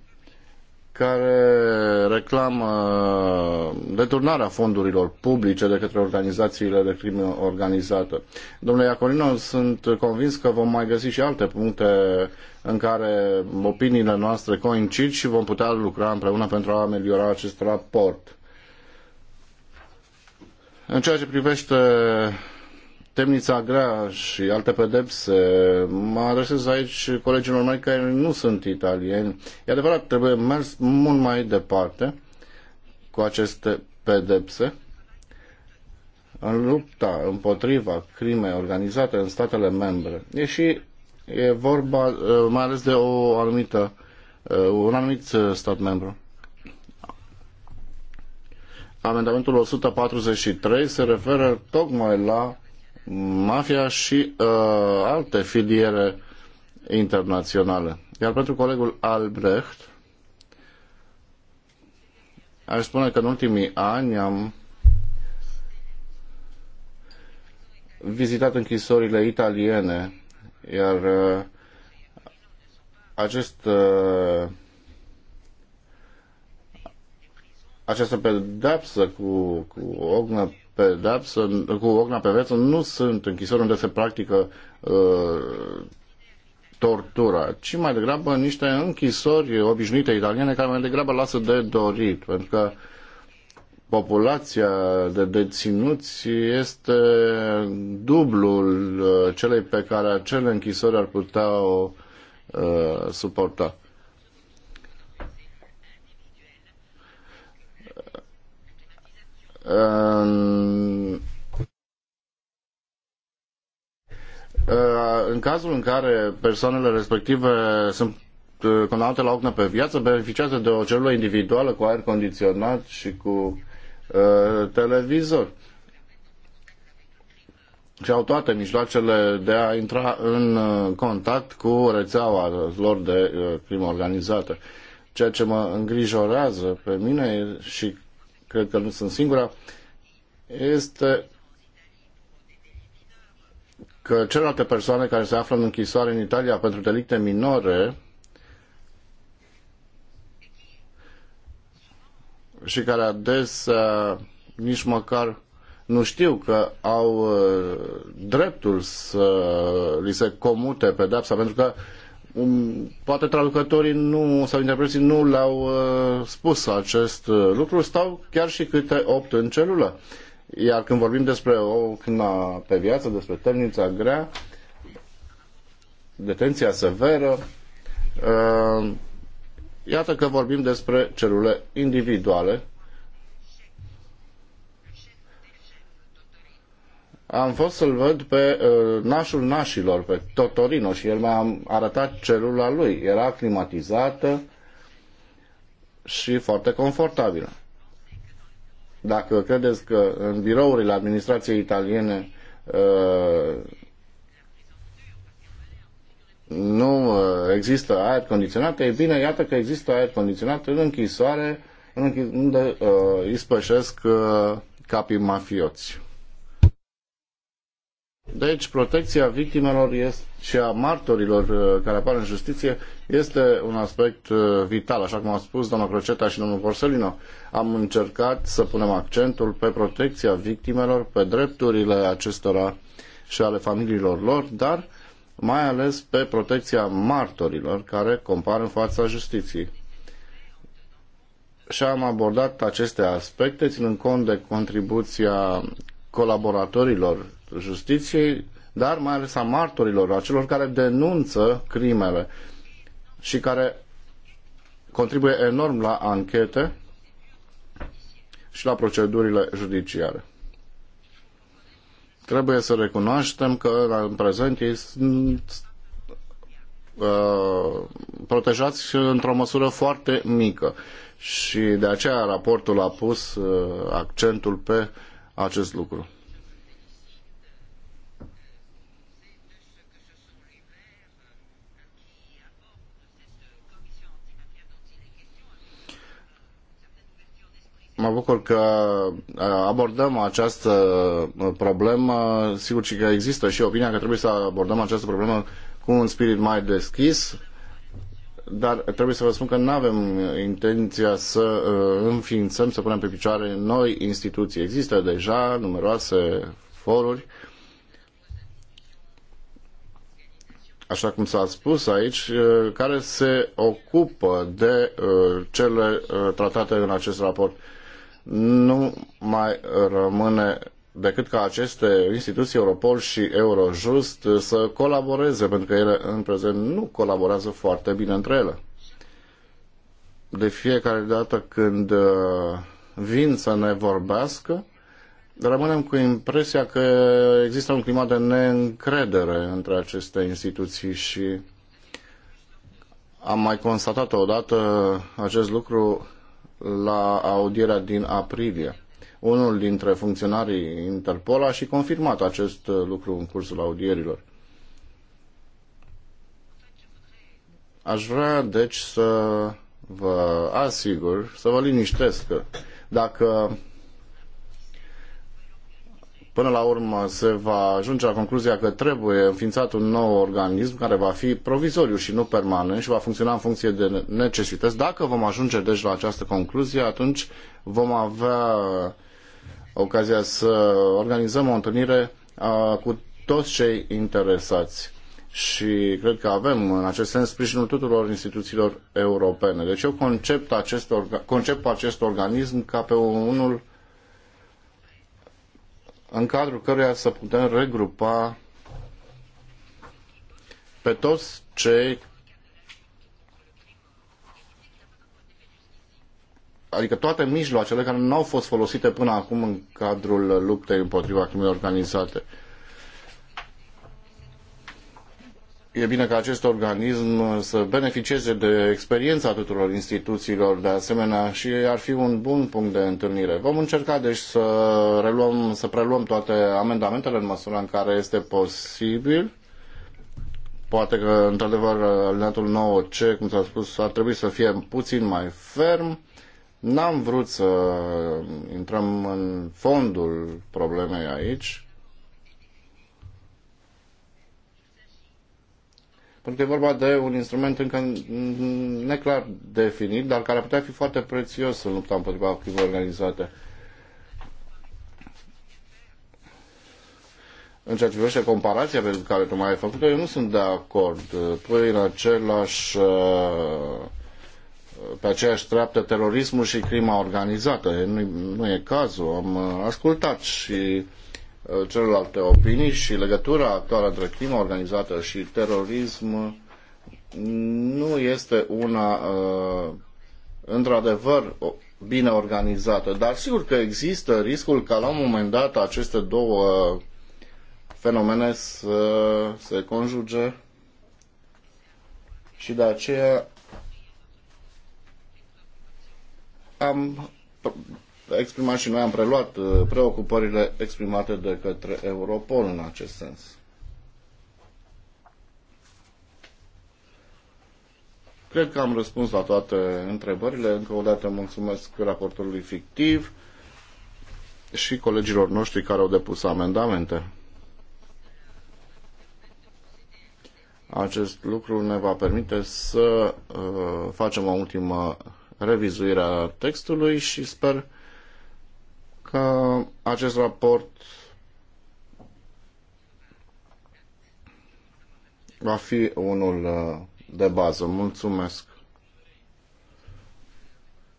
care reclamă deturnarea fondurilor publice de către organizațiile de crimă organizată. Domnule Iacolino, sunt convins că vom mai găsi și alte puncte în care opiniile noastre coincid și vom putea lucra împreună pentru a ameliora acest raport. În ceea ce privește temnița grea și alte pedepse. Mă adresez aici colegilor mei care nu sunt italieni. E adevărat, trebuie mers mult mai departe cu aceste pedepse în lupta împotriva crimei organizate în statele membre. E și e vorba uh, mai ales de o anumită, uh, un anumit uh, stat membru. Amendamentul 143 se referă tocmai la mafia și uh, alte filiere internaționale. Iar pentru colegul Albrecht, aș spune că în ultimii ani am vizitat închisorile italiene, iar uh, acest uh, această pedapsă cu, cu ognă pedapsă, cu ocna pe viață nu sunt închisori unde se practică uh, tortura, ci mai degrabă niște închisori obișnuite italiene care mai degrabă lasă de dorit, pentru că populația de deținuți este dublul uh, celei pe care acele închisori ar putea o uh, suporta. în cazul în care persoanele respective sunt uh, condamnate la ocnă pe viață, beneficiază de o celulă individuală cu aer condiționat și cu uh, televizor. Și au toate mijloacele de a intra în uh, contact cu rețeaua lor de uh, crimă organizată. Ceea ce mă îngrijorează pe mine și cred că nu sunt singura, este că celelalte persoane care se află în închisoare în Italia pentru delicte minore și care adesea nici măcar nu știu că au uh, dreptul să li se comute pedepsa, pentru că Um, poate traducătorii nu, sau interpreții nu le-au uh, spus acest uh, lucru, stau chiar și câte opt în celulă. Iar când vorbim despre o crimă pe viață, despre temnița grea, detenția severă, uh, iată că vorbim despre celule individuale am fost să-l văd pe uh, nașul nașilor, pe Totorino și el mi-a arătat celula lui. Era climatizată și foarte confortabilă. Dacă credeți că în birourile administrației italiene uh, nu uh, există aer condiționat, e bine, iată că există aer condiționat în închisoare, în închis- unde uh, ispășesc uh, capii mafioți. Deci, protecția victimelor este, și a martorilor uh, care apar în justiție este un aspect uh, vital, așa cum a spus doamna Croceta și domnul Porselino. Am încercat să punem accentul pe protecția victimelor, pe drepturile acestora și ale familiilor lor, dar mai ales pe protecția martorilor care compar în fața justiției. Și am abordat aceste aspecte ținând cont de contribuția colaboratorilor justiției, dar mai ales a martorilor, a celor care denunță crimele și care contribuie enorm la anchete și la procedurile judiciare. Trebuie să recunoaștem că în prezent ei sunt uh, protejați într-o măsură foarte mică și de aceea raportul a pus uh, accentul pe acest lucru. mă bucur că uh, abordăm această uh, problemă. Sigur și că există și opinia că trebuie să abordăm această problemă cu un spirit mai deschis, dar trebuie să vă spun că nu avem intenția să uh, înființăm, să punem pe picioare noi instituții. Există deja numeroase foruri. așa cum s-a spus aici, care se ocupă de cele tratate în acest raport nu mai rămâne decât ca aceste instituții, Europol și Eurojust, să colaboreze, pentru că ele în prezent nu colaborează foarte bine între ele. De fiecare dată când uh, vin să ne vorbească, rămânem cu impresia că există un climat de neîncredere între aceste instituții și am mai constatat odată acest lucru la audierea din aprilie. Unul dintre funcționarii Interpol a și confirmat acest uh, lucru în cursul audierilor. Aș vrea, deci, să vă asigur, să vă liniștesc că dacă Până la urmă se va ajunge la concluzia că trebuie înființat un nou organism care va fi provizoriu și nu permanent și va funcționa în funcție de necesități. Dacă vom ajunge deci la această concluzie, atunci vom avea ocazia să organizăm o întâlnire cu toți cei interesați și cred că avem în acest sens sprijinul tuturor instituțiilor europene. Deci eu concept acest, concept acest organism ca pe unul în cadrul căruia să putem regrupa pe toți cei adică toate mijloacele care nu au fost folosite până acum în cadrul luptei împotriva crimei organizate. e bine ca acest organism să beneficieze de experiența tuturor instituțiilor de asemenea și ar fi un bun punct de întâlnire. Vom încerca deci să, reluăm, să preluăm toate amendamentele în măsura în care este posibil. Poate că, într-adevăr, alineatul 9C, cum s-a spus, ar trebui să fie puțin mai ferm. N-am vrut să intrăm în fondul problemei aici, pentru că e vorba de un instrument încă neclar definit, dar care ar putea fi foarte prețios în lupta împotriva crimei organizate. În ceea ce privește comparația pe care tu mai ai făcut-o, eu nu sunt de acord. Tu în același uh, pe aceeași treaptă terorismul și crima organizată. Nu, nu e cazul. Am uh, ascultat și uh, Uh, celelalte opinii și legătura actuală între crimă organizată și terorism nu este una uh, într-adevăr bine organizată. Dar sigur că există riscul ca la un moment dat aceste două uh, fenomene să se conjuge și de aceea am exprimat și noi am preluat uh, preocupările exprimate de către Europol în acest sens. Cred că am răspuns la toate întrebările. Încă o dată mulțumesc raportului fictiv și colegilor noștri care au depus amendamente. Acest lucru ne va permite să uh, facem o ultimă revizuire a textului și sper că acest raport va fi unul uh, de bază. Mulțumesc!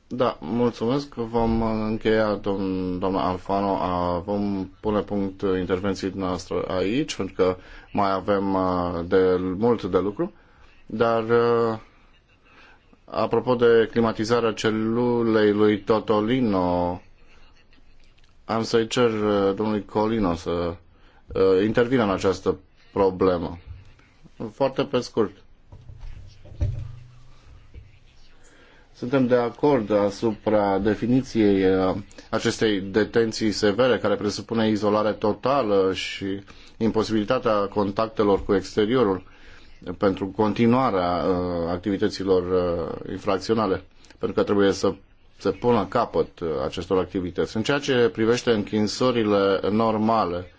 Da, mulțumesc. Vom uh, încheia, domn, doamna Alfano, a, vom pune punct intervenției noastre aici, pentru că mai avem uh, de mult de lucru. Dar, apropo de climatizarea celulei lui Totolino, am să-i cer uh, domnului Colino să uh, intervină în această problemă. Foarte pe scurt. Suntem de acord asupra definiției uh, acestei detenții severe care presupune izolare totală și imposibilitatea contactelor cu exteriorul pentru continuarea activităților infracționale, pentru că trebuie să se pună capăt uh, acestor activități. În ceea ce privește închisorile normale,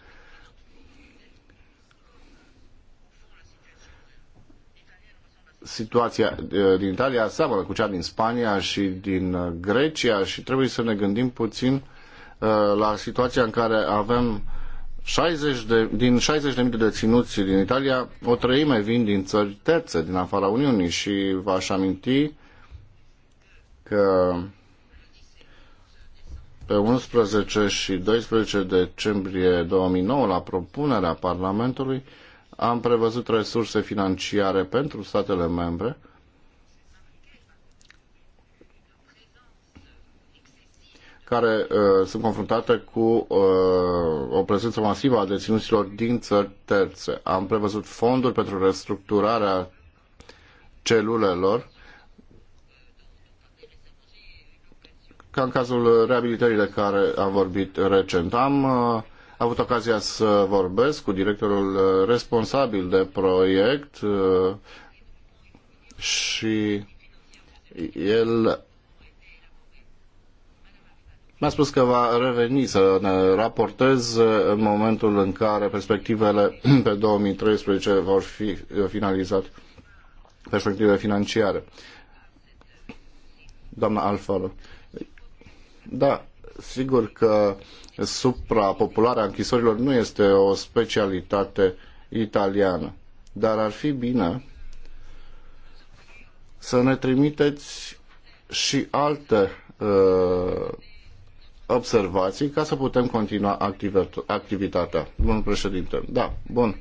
situația uh, din Italia seamănă cu cea din Spania și din uh, Grecia și trebuie să ne gândim puțin la situația în care avem 60 de, din 60.000 de deținuți din Italia, o treime vin din țări terțe, din afara Uniunii și v-aș aminti că pe 11 și 12 decembrie 2009, la propunerea Parlamentului, am prevăzut resurse financiare pentru statele membre care uh, sunt confruntate cu uh, o prezență masivă a deținuților din țări terțe. Am prevăzut fonduri pentru restructurarea celulelor ca în cazul reabilitării de care am vorbit recent. Am uh, avut ocazia să vorbesc cu directorul uh, responsabil de proiect uh, și el mi-a spus că va reveni să ne raportez în momentul în care perspectivele pe 2013 vor fi finalizate, perspectivele financiare. Doamna Alfaro. Da, sigur că suprapopularea închisorilor nu este o specialitate italiană, dar ar fi bine să ne trimiteți și alte uh, observații ca să putem continua activitatea. Bun, președinte, da, bun.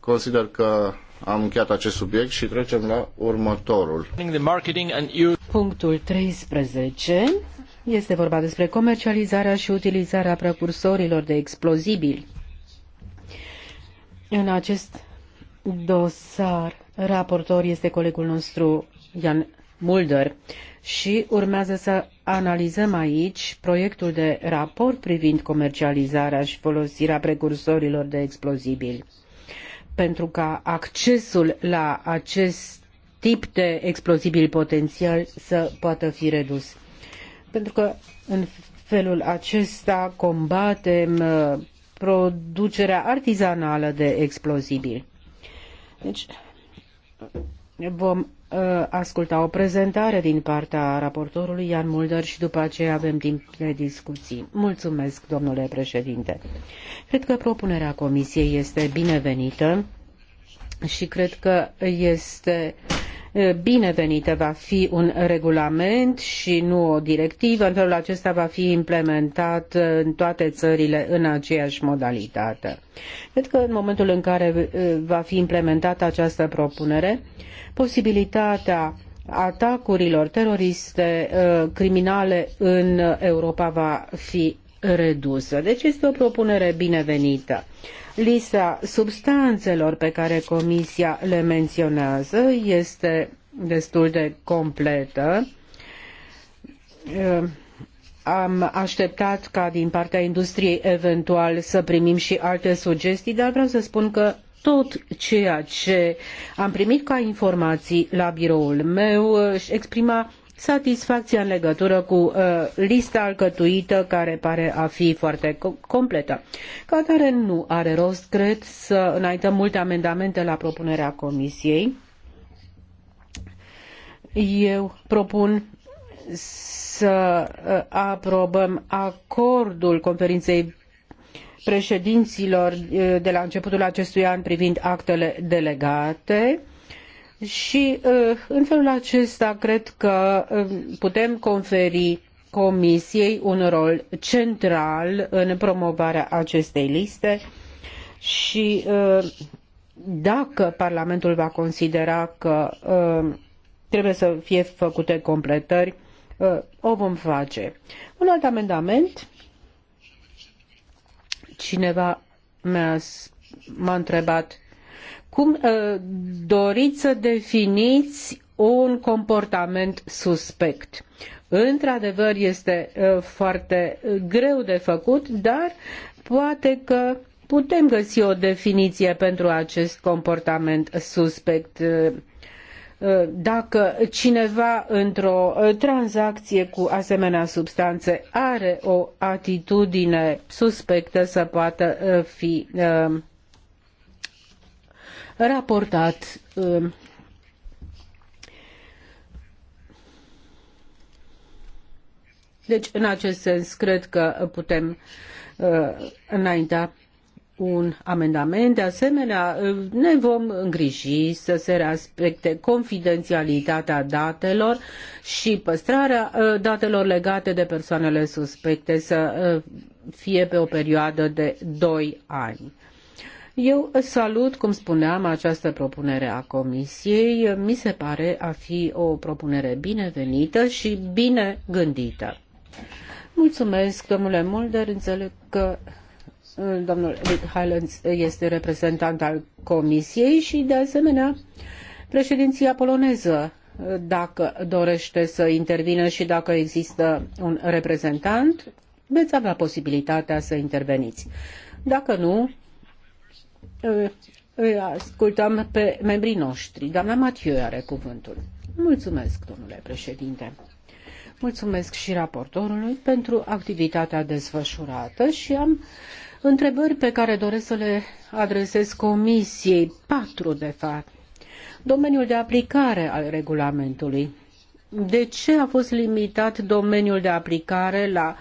Consider că am încheiat acest subiect și trecem la următorul. Punctul 13 este vorba despre comercializarea și utilizarea precursorilor de explozibili. În acest dosar, raportor este colegul nostru Jan Mulder și urmează să analizăm aici proiectul de raport privind comercializarea și folosirea precursorilor de explozibili. Pentru ca accesul la acest tip de explozibili potențial să poată fi redus pentru că în felul acesta combatem uh, producerea artizanală de explozibili. Deci vom uh, asculta o prezentare din partea raportorului Ian Mulder și după aceea avem timp de discuții. Mulțumesc, domnule președinte. Cred că propunerea comisiei este binevenită și cred că este uh, binevenită va fi un regulament și nu o directivă. În felul acesta va fi implementat în toate țările în aceeași modalitate. Cred că în momentul în care uh, va fi implementată această propunere, posibilitatea atacurilor teroriste uh, criminale în Europa va fi redusă. Deci este o propunere binevenită. Lista substanțelor pe care Comisia le menționează este destul de completă. Ehm, am așteptat ca din partea industriei eventual să primim și alte sugestii, dar vreau să spun că tot ceea ce am primit ca informații la biroul meu își exprima satisfacția în legătură cu uh, lista alcătuită care pare a fi foarte completă. Ca atare nu are rost, cred, să înaintăm multe amendamente la propunerea Comisiei. Eu propun să uh, aprobăm acordul conferinței președinților uh, de la începutul acestui an privind actele delegate. Și uh, în felul acesta cred că um, putem conferi Comisiei un rol central în promovarea acestei liste și uh, dacă Parlamentul va considera că uh, trebuie să fie făcute completări, o vom face. Un alt amendament, cineva m a întrebat cum uh, doriți să definiți un comportament suspect? Într-adevăr, este uh, foarte greu de făcut, dar poate că putem găsi o definiție pentru acest comportament suspect uh, dacă cineva într-o tranzacție cu asemenea substanțe are o atitudine suspectă să poată fi raportat uh, Deci, în acest sens, cred că putem uh, înainta un amendament. De asemenea, uh, ne vom îngriji să se respecte confidențialitatea datelor și păstrarea uh, datelor legate de persoanele suspecte să uh, fie pe o perioadă de 2 ani. Eu salut, cum spuneam, această propunere a Comisiei. Mi se pare a fi o propunere binevenită și bine gândită. Mulțumesc, domnule Mulder. Înțeleg că uh, domnul Highlands este reprezentant al Comisiei și, de asemenea, președinția poloneză uh, dacă dorește să intervină și dacă există un reprezentant, veți avea posibilitatea să interveniți. Dacă nu, îi ascultăm pe membrii noștri. Doamna Mathieu are cuvântul. Mulțumesc, domnule președinte. Mulțumesc și raportorului pentru activitatea desfășurată și am întrebări pe care doresc să le adresez comisiei. Patru, de fapt. Domeniul de aplicare al regulamentului. De ce a fost limitat domeniul de aplicare la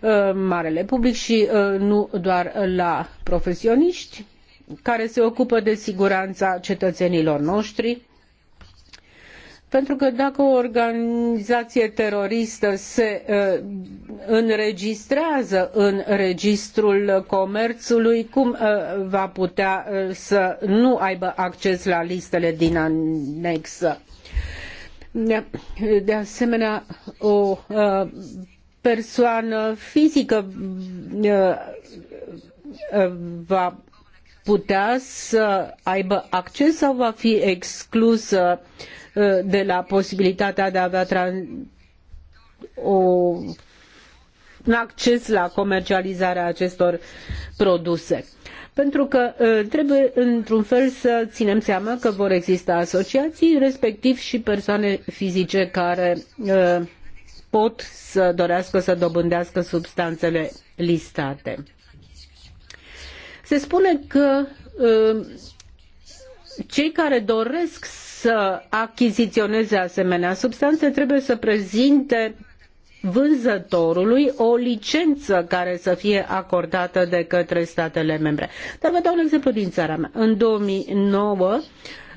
uh, marele public și uh, nu doar la profesioniști? care se ocupă de siguranța cetățenilor noștri. Pentru că dacă o organizație teroristă se uh, înregistrează în registrul comerțului, cum uh, va putea uh, să nu aibă acces la listele din anexă? De asemenea, o persoană fizică va putea să aibă acces sau va fi exclusă uh, de la posibilitatea de a avea o, un acces la comercializarea acestor produse pentru că uh, trebuie într-un fel să ținem seama că vor exista asociații, respectiv și persoane fizice care uh, pot să dorească să dobândească substanțele listate. Se spune că um, cei care doresc să achiziționeze asemenea substanțe trebuie să prezinte vânzătorului o licență care să fie acordată de către statele membre. Dar vă dau un exemplu din țara mea. În 2009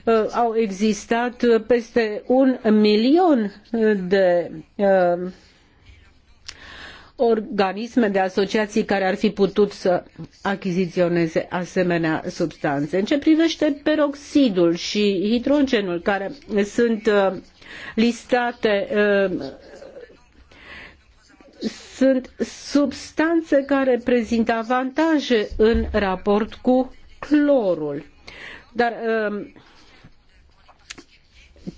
uh, au existat peste un milion de uh, organisme de asociații care ar fi putut să achiziționeze asemenea substanțe. În ce privește peroxidul și hidrogenul care sunt uh, listate uh, sunt substanțe care prezintă avantaje în raport cu clorul. Dar uh,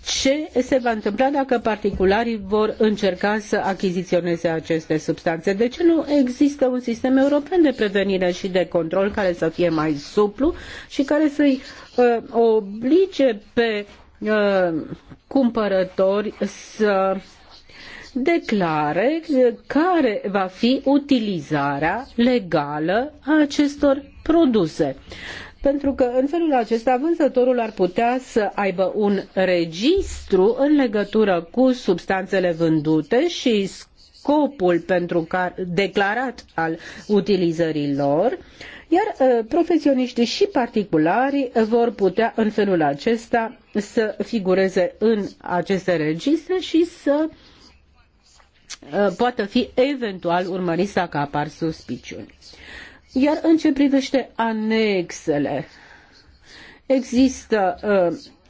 ce se va întâmpla dacă particularii vor încerca să achiziționeze aceste substanțe? De ce nu există un sistem european de prevenire și de control care să fie mai suplu și care să-i uh, oblige pe uh, cumpărători să declare care va fi utilizarea legală a acestor produse pentru că în felul acesta vânzătorul ar putea să aibă un registru în legătură cu substanțele vândute și scopul pentru care, declarat al utilizării lor, iar uh, profesioniștii și particularii vor putea în felul acesta să figureze în aceste registre și să uh, poată fi eventual urmăriți dacă apar suspiciuni. Iar în ce privește anexele, există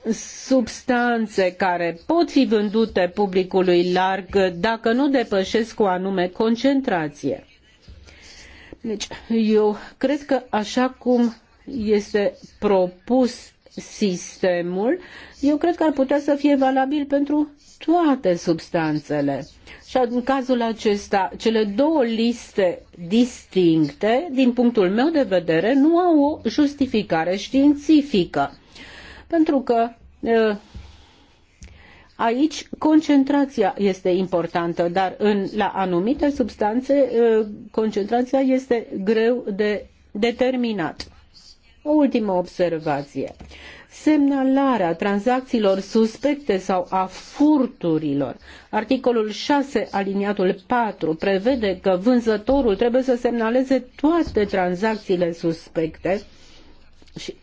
uh, substanțe care pot fi vândute publicului larg dacă nu depășesc o anume concentrație. Deci, eu cred că așa cum este propus sistemul, eu cred că ar putea să fie valabil pentru toate substanțele. Și în cazul acesta, cele două liste distincte, din punctul meu de vedere, nu au o justificare științifică. Pentru că aici concentrația este importantă, dar în, la anumite substanțe concentrația este greu de determinat. O ultimă observație. Semnalarea tranzacțiilor suspecte sau a furturilor. Articolul 6, aliniatul 4, prevede că vânzătorul trebuie să semnaleze toate tranzacțiile suspecte și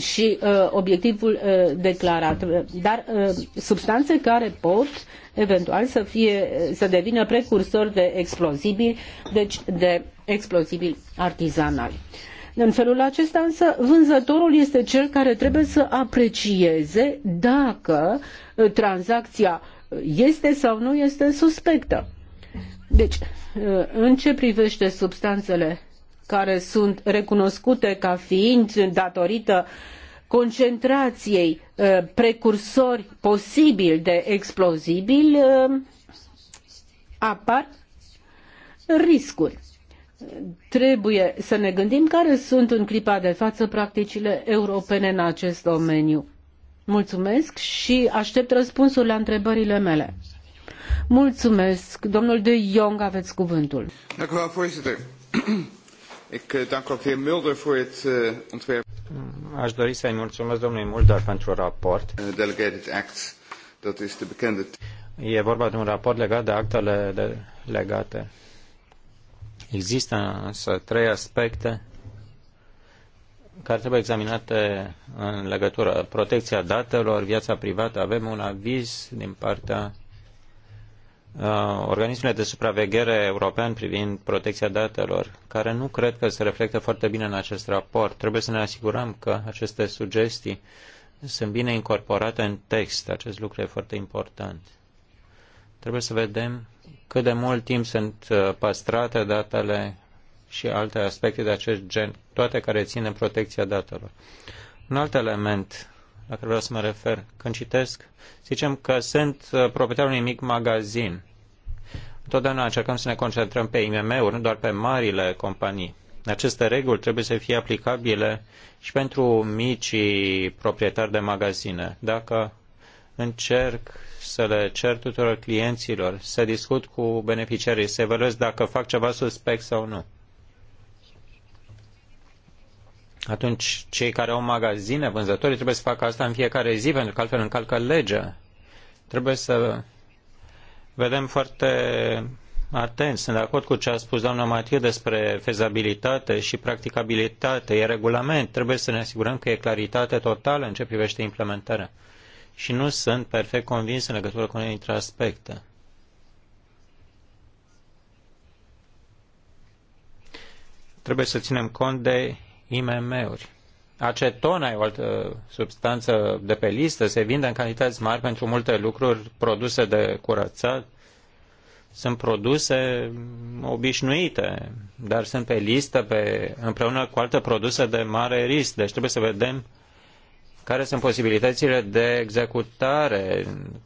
și uh, obiectivul uh, declarat, dar uh, substanțe care pot eventual să fie să devină precursori de explozibili, deci de explozibili artizanali. Uh, în felul acesta însă vânzătorul este cel care trebuie să aprecieze dacă uh, tranzacția uh, este sau nu este suspectă. Deci, uh, în ce privește substanțele care sunt recunoscute ca fiind datorită concentrației precursori posibil de explozibili, apar riscuri trebuie să ne gândim care sunt în clipa de față practicile europene în acest domeniu. Mulțumesc și aștept răspunsul la întrebările mele. Mulțumesc. Domnul de Jong, aveți cuvântul. Eh, Mulder eh, mm, Aș dori să-i mulțumesc domnului Mulder pentru raport. Eh, Delegated dat E vorba de un raport legat de actele de, legate Există însă trei aspecte care trebuie examinate în legătură. Protecția datelor, viața privată, avem un aviz din partea uh, organismului de supraveghere european privind protecția datelor, care nu cred că se reflectă foarte bine în acest raport. Trebuie să ne asigurăm că aceste sugestii sunt bine incorporate în text. Acest lucru e foarte important. Trebuie să vedem cât de mult timp sunt uh, păstrate datele și alte aspecte de acest gen, toate care țin de protecția datelor. Un alt element la care vreau să mă refer, când citesc, zicem că sunt uh, proprietarul unui mic magazin. Întotdeauna încercăm să ne concentrăm pe IMM-uri, nu doar pe marile companii. Aceste reguli trebuie să fie aplicabile și pentru micii proprietari de magazine. Dacă încerc să le cer tuturor clienților, să discut cu beneficiarii, să evaluez dacă fac ceva suspect sau nu. Atunci, cei care au magazine, vânzătorii, trebuie să facă asta în fiecare zi, pentru că altfel încalcă legea. Trebuie să vedem foarte atenți. Sunt de acord cu ce a spus doamna Matiu despre fezabilitate și practicabilitate. E regulament. Trebuie să ne asigurăm că e claritate totală în ce privește implementarea și nu sunt perfect convins în legătură cu unele dintre aspecte. Trebuie să ținem cont de IMM-uri. Acetona e o altă substanță de pe listă, se vinde în cantități mari pentru multe lucruri produse de curățat. Sunt produse obișnuite, dar sunt pe listă pe, împreună cu alte produse de mare risc. Deci trebuie să vedem care sunt posibilitățile de executare,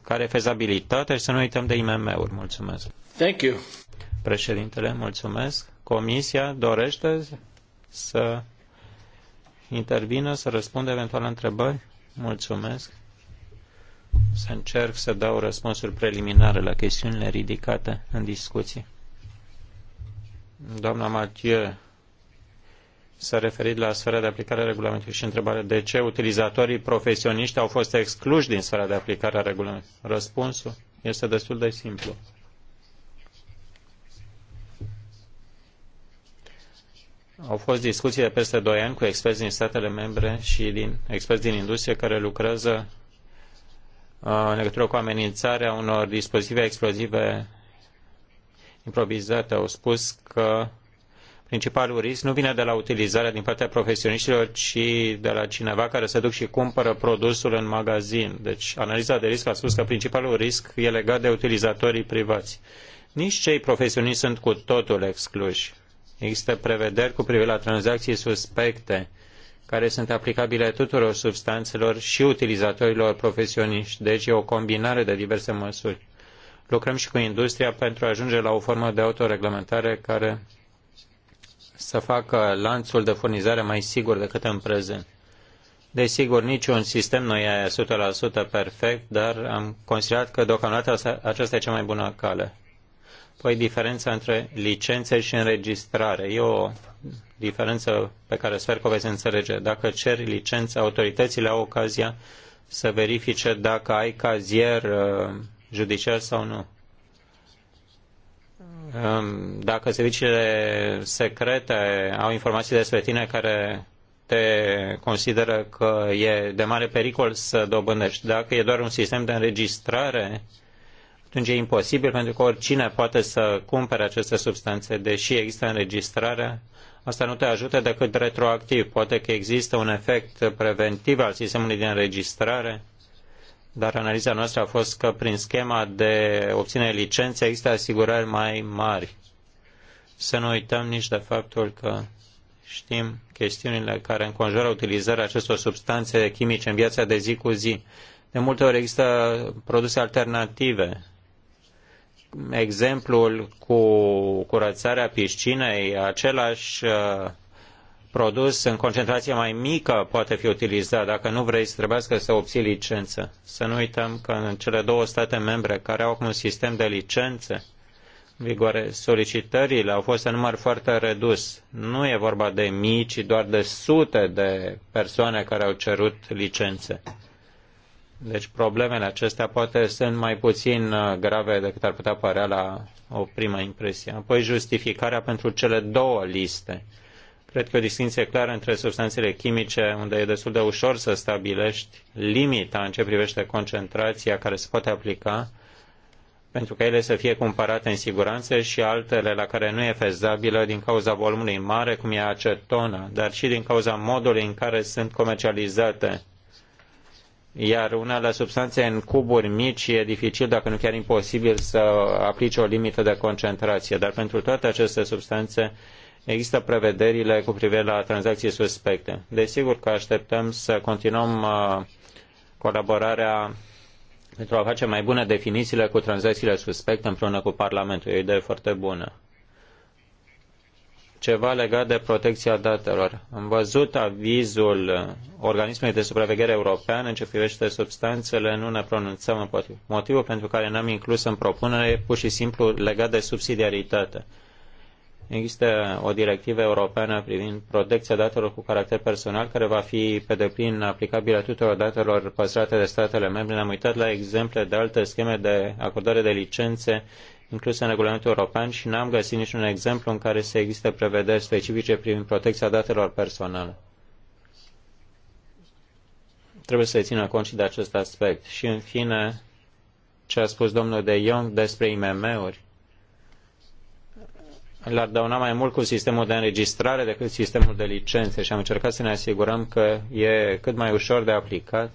care fezabilitate fezabilitatea și să nu uităm de IMM-uri. Mulțumesc. Thank you. Președintele, mulțumesc. Comisia dorește să intervină, să răspundă eventual la întrebări? Mulțumesc. Să încerc să dau răspunsuri preliminare la chestiunile ridicate în discuție. Doamna Mathieu s-a referit la sfera de aplicare a regulamentului și întrebarea de ce utilizatorii profesioniști au fost excluși din sfera de aplicare a regulamentului. Răspunsul este destul de simplu. Au fost discuții de peste 2 ani cu experți din statele membre și din experți din industrie care lucrează uh, în legătură cu amenințarea unor dispozitive explozive improvizate. Au spus că Principalul risc nu vine de la utilizarea din partea profesioniștilor, ci de la cineva care se duc și cumpără produsul în magazin. Deci analiza de risc a spus că principalul risc e legat de utilizatorii privați. Nici cei profesioniști sunt cu totul excluși. Există prevederi cu privire la tranzacții suspecte care sunt aplicabile tuturor substanțelor și utilizatorilor profesioniști, deci e o combinare de diverse măsuri. Lucrăm și cu industria pentru a ajunge la o formă de autoreglementare care să facă lanțul de furnizare mai sigur decât în prezent. Desigur, niciun sistem nu e 100% perfect, dar am considerat că deocamdată aceasta e cea mai bună cale. Păi diferența între licențe și înregistrare. E o diferență pe care sper că o veți înțelege. Dacă ceri licență, autoritățile au ocazia să verifice dacă ai cazier uh, judiciar sau nu dacă serviciile secrete au informații despre tine care te consideră că e de mare pericol să dobândești. Dacă e doar un sistem de înregistrare, atunci e imposibil pentru că oricine poate să cumpere aceste substanțe, deși există înregistrarea, asta nu te ajută decât retroactiv. Poate că există un efect preventiv al sistemului de înregistrare dar analiza noastră a fost că prin schema de obținere licențe există asigurări mai mari. Să nu uităm nici de faptul că știm chestiunile care înconjoară utilizarea acestor substanțe chimice în viața de zi cu zi. De multe ori există produse alternative. Exemplul cu curățarea piscinei, același uh, produs în concentrație mai mică poate fi utilizat. Dacă nu vrei să trebuiască să obții licență. Să nu uităm că în cele două state membre care au acum un sistem de licențe în vigoare, solicitările au fost în număr foarte redus. Nu e vorba de mii, ci doar de sute de persoane care au cerut licențe. Deci problemele acestea poate sunt mai puțin uh, grave decât ar putea părea la o primă impresie. Apoi justificarea pentru cele două liste Cred că o distinție clară între substanțele chimice, unde e destul de ușor să stabilești limita în ce privește concentrația care se poate aplica, pentru că ele să fie comparate în siguranță și altele la care nu e fezabilă din cauza volumului mare, cum e acetona, dar și din cauza modului în care sunt comercializate. Iar unele substanțe în cuburi mici e dificil, dacă nu chiar imposibil, să aplice o limită de concentrație. Dar pentru toate aceste substanțe există prevederile cu privire la tranzacții suspecte. Desigur că așteptăm să continuăm uh, colaborarea pentru a face mai bune definițiile cu tranzacțiile suspecte împreună cu Parlamentul. E o idee foarte bună. Ceva legat de protecția datelor. Am văzut avizul Organismului de Supraveghere European în ce privește substanțele, nu ne pronunțăm împotriva. Motivul pentru care n-am inclus în propunere e pur și simplu legat de subsidiaritate Există o directivă europeană privind protecția datelor cu caracter personal care va fi pe deplin aplicabilă tuturor datelor păstrate de statele membre. Ne-am uitat la exemple de alte scheme de acordare de licențe incluse în regulamentul european și n-am găsit niciun exemplu în care să existe prevederi specifice privind protecția datelor personale. Trebuie să țină cont și de acest aspect. Și în fine, ce a spus domnul de Jong despre IMM-uri le-ar dauna mai mult cu sistemul de înregistrare decât sistemul de licențe și am încercat să ne asigurăm că e cât mai ușor de aplicat,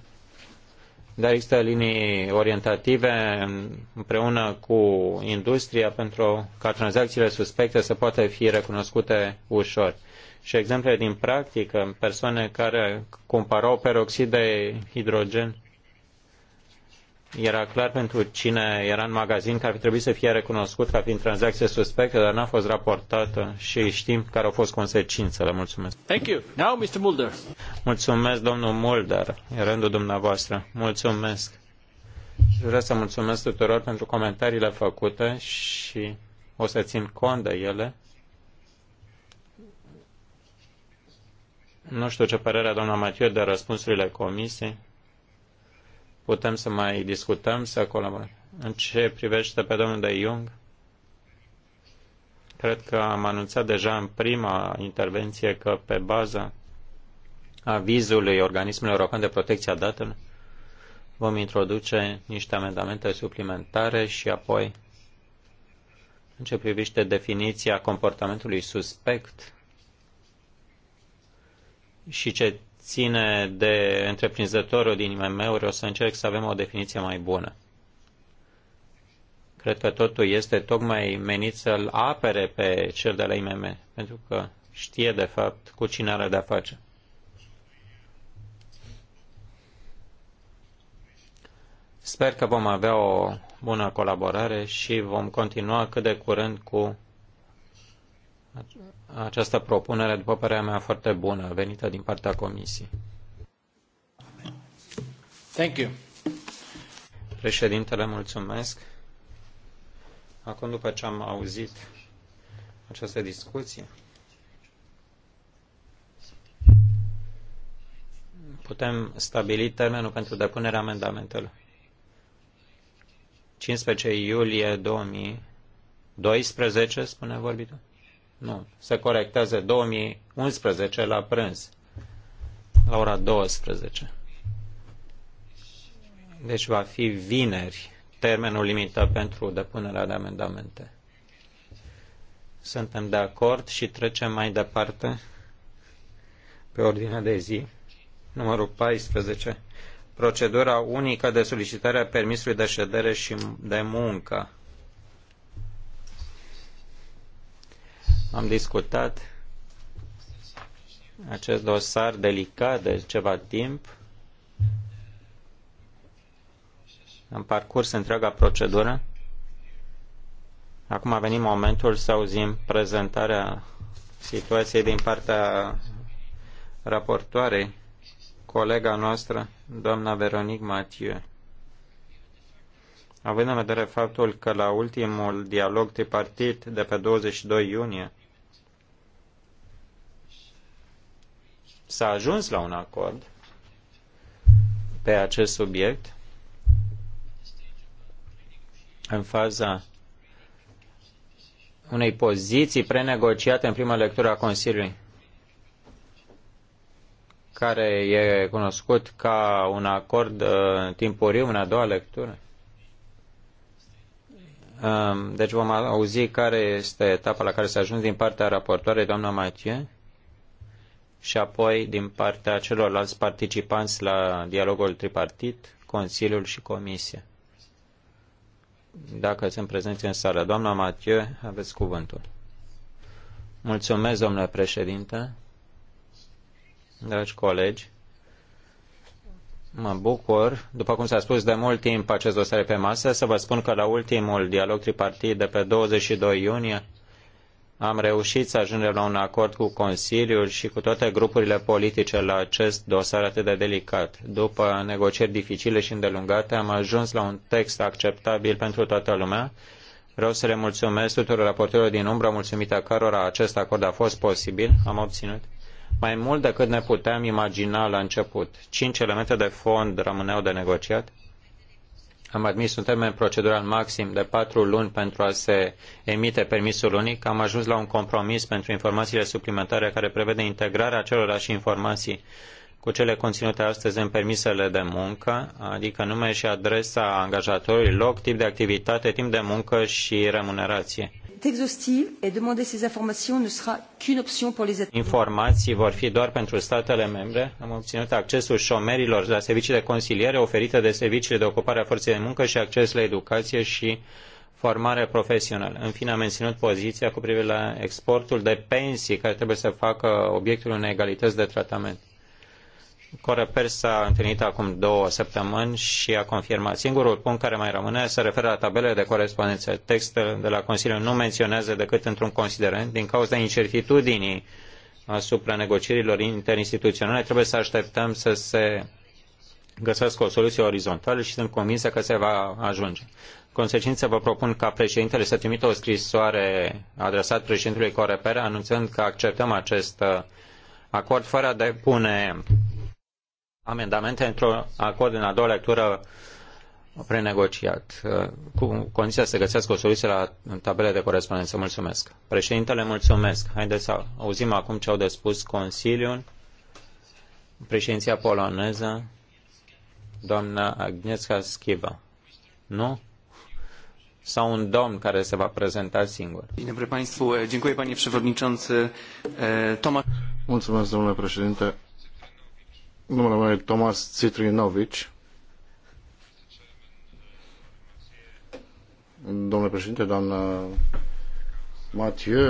dar există linii orientative împreună cu industria pentru ca tranzacțiile suspecte să poată fi recunoscute ușor. Și exemple din practică, persoane care cumpărau peroxid de hidrogen era clar pentru cine era în magazin că ar fi trebuit să fie recunoscut ca fiind tranzacție suspectă, dar n-a fost raportată și știm care au fost consecințele. Mulțumesc. Thank you. Now, Mr. Mulder. Mulțumesc, domnul Mulder. E rândul dumneavoastră. Mulțumesc. Și Vreau să mulțumesc tuturor pentru comentariile făcute și o să țin cont de ele. Nu știu ce părere a doamna Matiu de răspunsurile comisiei putem să mai discutăm, să colaborăm. În ce privește pe domnul de Jung, cred că am anunțat deja în prima intervenție că pe baza avizului Organismului European de Protecție a Datelor vom introduce niște amendamente suplimentare și apoi în ce privește definiția comportamentului suspect și ce ține de întreprinzătorul din IMM-uri, o să încerc să avem o definiție mai bună. Cred că totul este tocmai menit să-l apere pe cel de la IMM, pentru că știe de fapt cu cine are de-a face. Sper că vom avea o bună colaborare și vom continua cât de curând cu această propunere, după părerea mea, foarte bună, venită din partea Comisiei. Thank you. Președintele, mulțumesc. Acum, după ce am auzit această discuție, putem stabili termenul pentru depunerea amendamentelor. 15 iulie 2012, spune vorbitul. Nu, se corectează 2011 la prânz, la ora 12. Deci va fi vineri termenul limită pentru depunerea de amendamente. Suntem de acord și trecem mai departe pe ordinea de zi. Numărul 14. Procedura unică de solicitare a permisului de ședere și de muncă. Am discutat acest dosar delicat de ceva timp. Am parcurs întreaga procedură. Acum a venit momentul să auzim prezentarea situației din partea raportoarei, colega noastră, doamna Veronique Mathieu. Având în vedere faptul că la ultimul dialog tripartit de pe 22 iunie s-a ajuns la un acord pe acest subiect în faza unei poziții prenegociate în prima lectură a Consiliului, care e cunoscut ca un acord uh, timpuriu în a doua lectură. Um, deci vom auzi care este etapa la care s-a ajuns din partea raportoarei, doamna Mathieu și apoi din partea celorlalți participanți la dialogul tripartit, Consiliul și Comisia. Dacă sunt prezenți în sală, doamna Mathieu, aveți cuvântul. Mulțumesc, domnule președinte, dragi colegi. Mă bucur, după cum s-a spus de mult timp acest dosar pe masă, să vă spun că la ultimul dialog tripartit de pe 22 iunie am reușit să ajungem la un acord cu Consiliul și cu toate grupurile politice la acest dosar atât de delicat. După negocieri dificile și îndelungate, am ajuns la un text acceptabil pentru toată lumea. Vreau să le mulțumesc tuturor raportorilor din umbră, mulțumită cărora acest acord a fost posibil. Am obținut mai mult decât ne puteam imagina la început. Cinci elemente de fond rămâneau de negociat am admis un termen procedural maxim de patru luni pentru a se emite permisul unic. Am ajuns la un compromis pentru informațiile suplimentare care prevede integrarea acelorași informații cu cele conținute astăzi în permisele de muncă, adică nume și adresa angajatorului, loc, tip de activitate, timp de muncă și remunerație est exhaustive et demander ces informations ne sera qu'une option pour les Informații vor fi doar pentru statele membre. Am obținut accesul șomerilor la servicii de consiliere oferite de serviciile de ocupare a forței de muncă și acces la educație și formare profesională. În fine, am menținut poziția cu privire la exportul de pensii care trebuie să facă obiectul unei egalități de tratament. Coreper s-a întâlnit acum două săptămâni și a confirmat. Singurul punct care mai rămâne se referă la tabelele de corespondență. Textul de la Consiliu nu menționează decât într-un considerent din cauza incertitudinii asupra negocierilor interinstituționale. Trebuie să așteptăm să se găsească o soluție orizontală și sunt convinsă că se va ajunge. Consecință, vă propun ca președintele să trimită o scrisoare adresată președintelui Coreper anunțând că acceptăm acest acord fără a depune amendamente într-un acord în a doua lectură prenegociat, uh, cu condiția să găsească o soluție la tabele de corespondență. Mulțumesc. Președintele, mulțumesc. Haideți să auzim acum ce au de spus Consiliul, președinția poloneză, doamna Agnieszka Schiva. Nu? Sau un domn care se va prezenta singur. Bine, Państwu. Dziękuję, panie przewodniczący. Tomasz. Mulțumesc, domnule președinte domnule Tomas Citrinovici. Domnule președinte, doamnă Mathieu,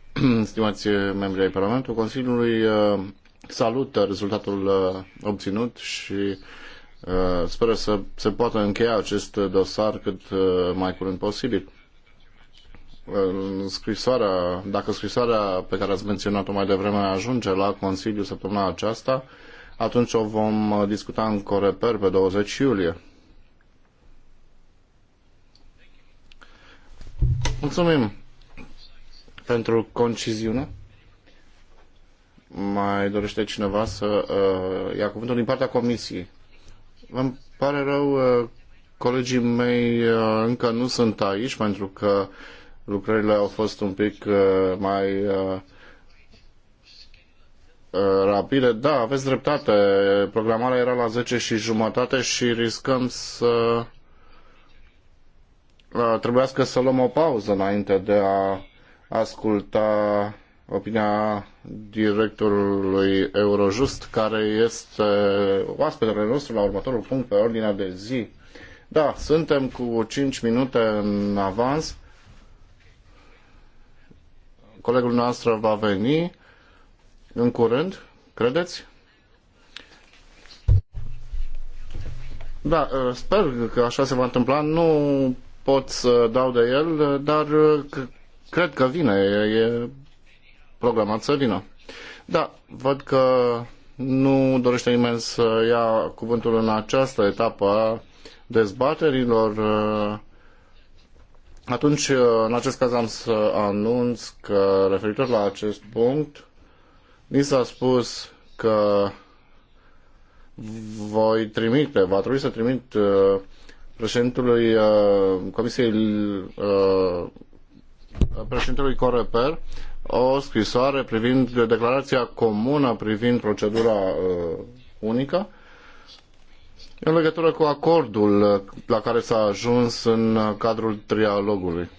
stimați membri ai Parlamentului, Consiliului uh, salută rezultatul uh, obținut și uh, speră să se poată încheia acest dosar cât mai curând posibil. Scrisoarea, dacă scrisoarea pe care ați menționat-o mai devreme ajunge la Consiliu săptămâna aceasta, atunci o vom uh, discuta în Coreper pe 20 iulie. Mulțumim pentru conciziune. Mai dorește cineva să uh, ia cuvântul din partea comisiei? Îmi pare rău, uh, colegii mei uh, încă nu sunt aici pentru că lucrările au fost un pic uh, mai uh, Uh, rapide. Da, aveți dreptate. Programarea era la 10 și jumătate și riscăm să uh, trebuiască să luăm o pauză înainte de a asculta opinia directorului Eurojust, care este oaspetele nostru la următorul punct pe ordinea de zi. Da, suntem cu 5 minute în avans. Colegul nostru va veni în curând, credeți? Da, uh, sper că așa se va întâmpla. Nu pot să dau de el, dar uh, cred că vine. E programat să vină. Da, văd că nu dorește nimeni să ia cuvântul în această etapă a dezbaterilor. Uh, atunci, în acest caz, am să anunț că referitor la acest punct, mi s-a spus că voi trimite, va trebui să trimit uh, președintelui uh, Comisiei uh, președintelui Coreper o scrisoare privind declarația comună privind procedura uh, unică în legătură cu acordul la care s-a ajuns în cadrul trialogului.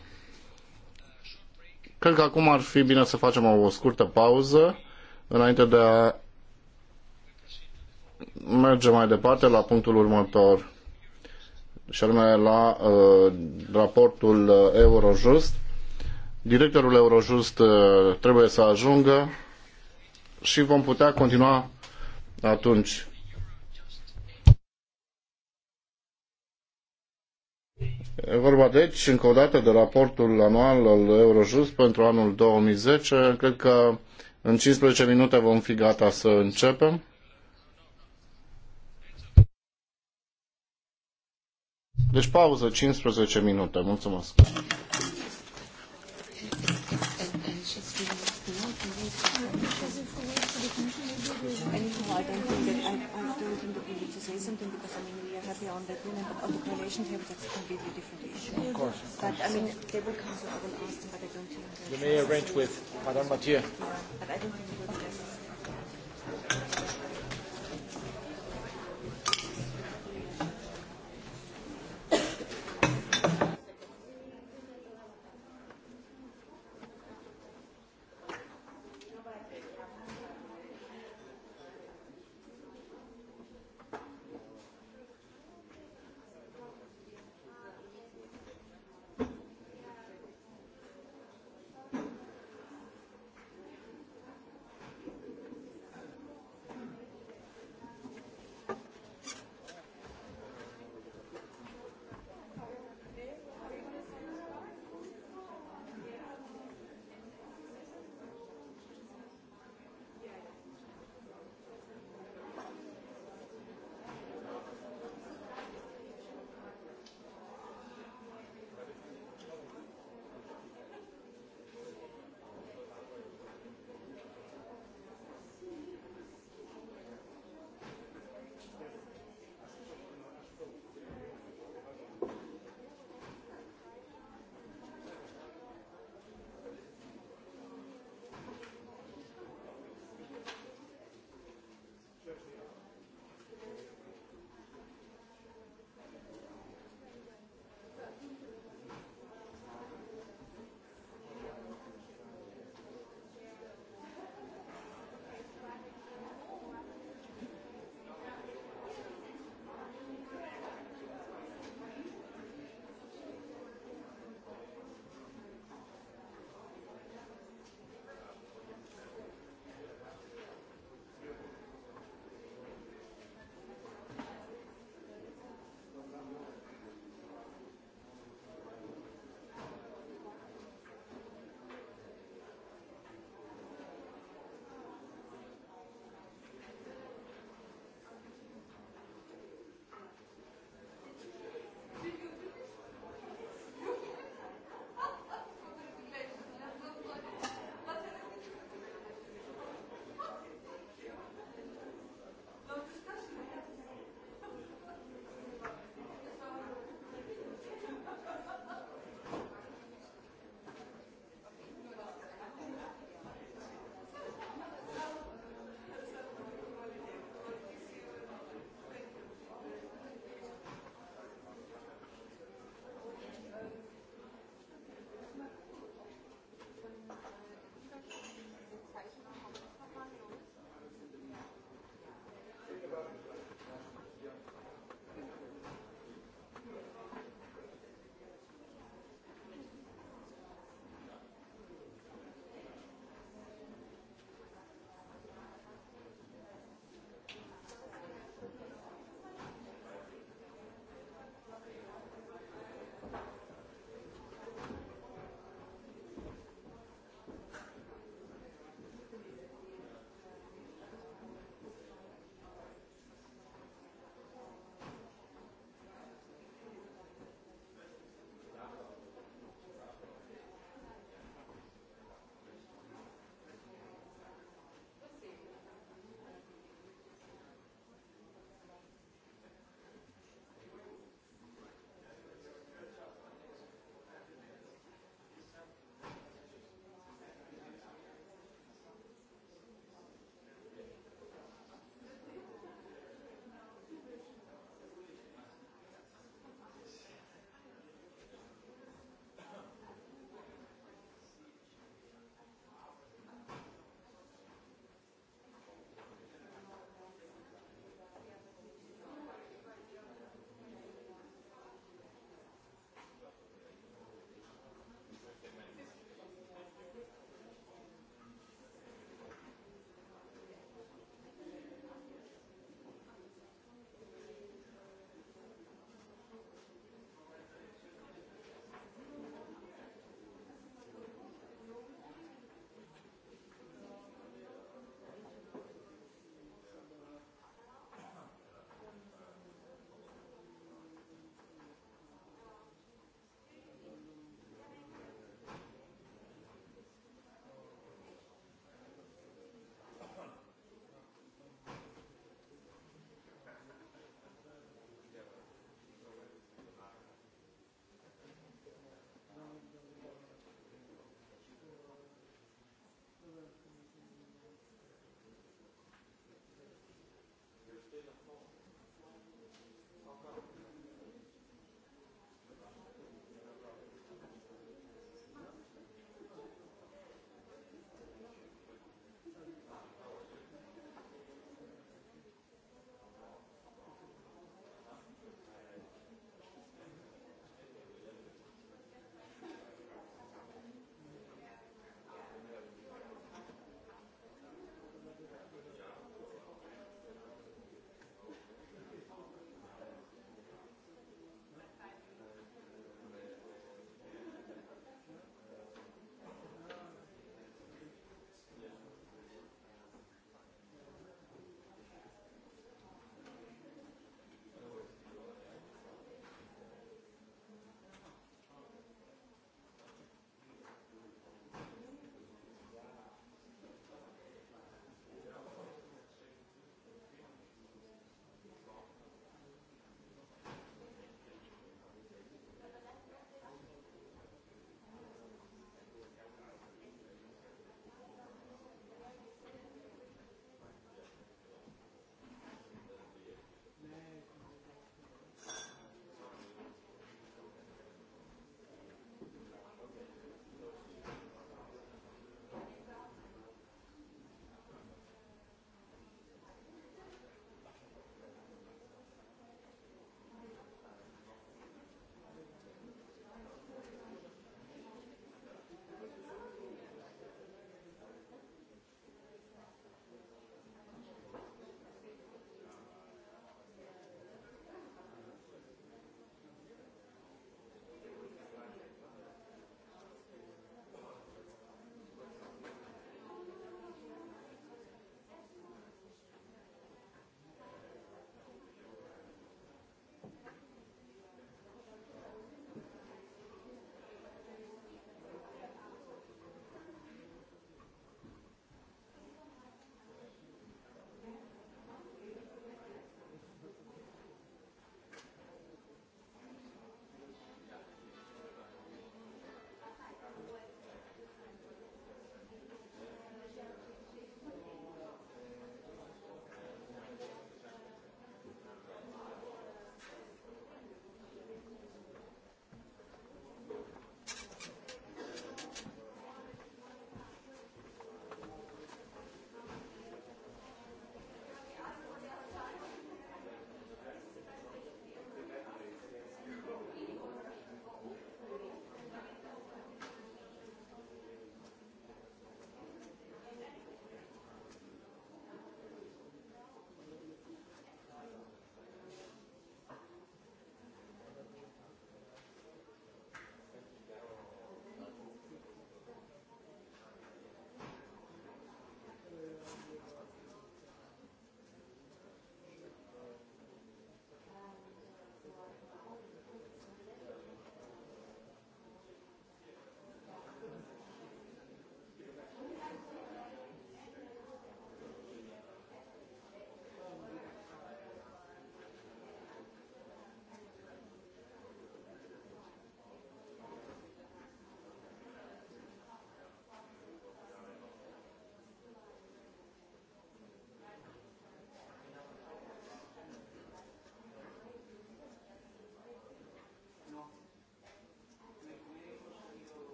Cred că acum ar fi bine să facem o scurtă pauză înainte de a merge mai departe la punctul următor și anume la uh, raportul uh, Eurojust. Directorul Eurojust uh, trebuie să ajungă și vom putea continua atunci. E vorba deci încă o dată de raportul anual al Eurojust pentru anul 2010. Cred că în 15 minute vom fi gata să începem. Deci pauză 15 minute. Mulțumesc. clarity on the women on the coalition table, that's a completely different issue. Of course. Of course. But I mean, they will come, so I will ask them, but I don't think. You may arrange with Madame Mathieu. Yeah, but I don't think it would be necessary.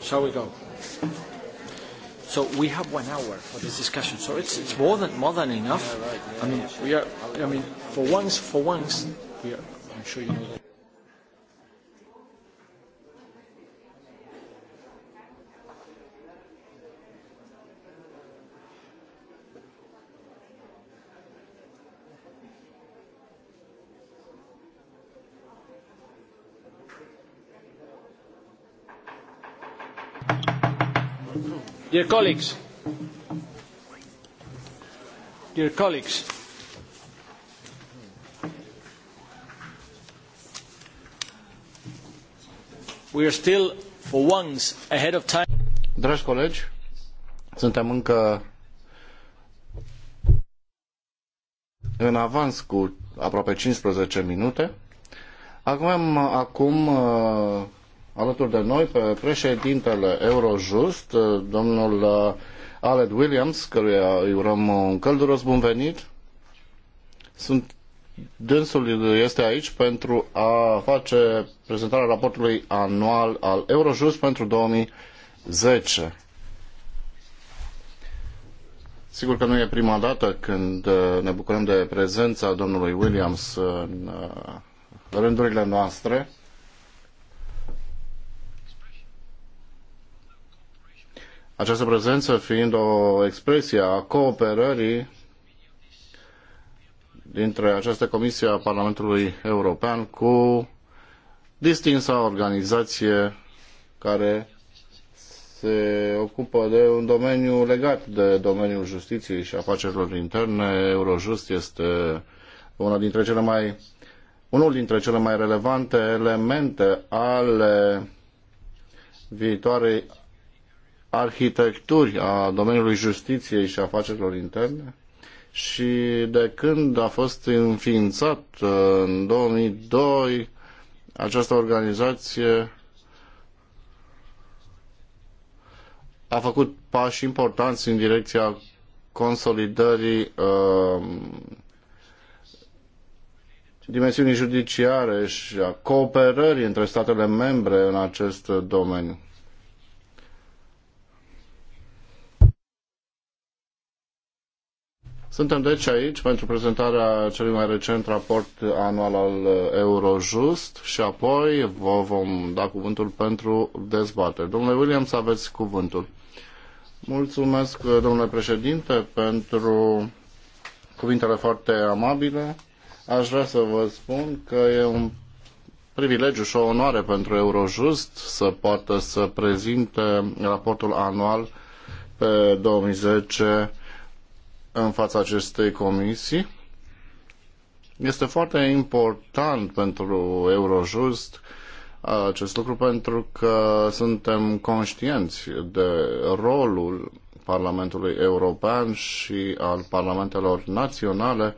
Shall we go? So we have one hour for this discussion. So it's it's more than more than enough. Yeah, right, yeah, I mean, yeah, sure. we are. I mean, for once, for once, we are. I'm sure you know that. Dear colleagues, dear colleagues, we are still for once ahead of time. Dragi colegi, suntem încă în avans cu aproape 15 minute. Acum, acum uh, alături de noi pe președintele Eurojust, eh, domnul eh, Aled Williams, căruia îi urăm un călduros bun venit. Sunt Dânsul este aici pentru a face prezentarea raportului anual al Eurojust pentru 2010. Sigur că nu e prima dată când eh, ne bucurăm de prezența domnului Williams în rândurile noastre. Această prezență fiind o expresie a cooperării dintre această comisie a Parlamentului European cu distinsa organizație care se ocupă de un domeniu legat de domeniul justiției și afacerilor interne. Eurojust este una dintre cele mai, unul dintre cele mai relevante elemente ale viitoarei arhitecturi a domeniului justiției și afacerilor interne și de când a fost înființat uh, în 2002 această organizație a făcut pași importanți în direcția consolidării uh, dimensiunii judiciare și a cooperării între statele membre în acest domeniu. Suntem deci aici pentru prezentarea celui mai recent raport anual al Eurojust și apoi vă vom da cuvântul pentru dezbatere. Domnule William să aveți cuvântul. Mulțumesc, domnule președinte, pentru cuvintele foarte amabile. Aș vrea să vă spun că e un privilegiu și o onoare pentru Eurojust să poată să prezinte raportul anual pe 2010 în fața acestei comisii. Este foarte important pentru Eurojust uh, acest lucru pentru că suntem conștienți de rolul Parlamentului European și al Parlamentelor Naționale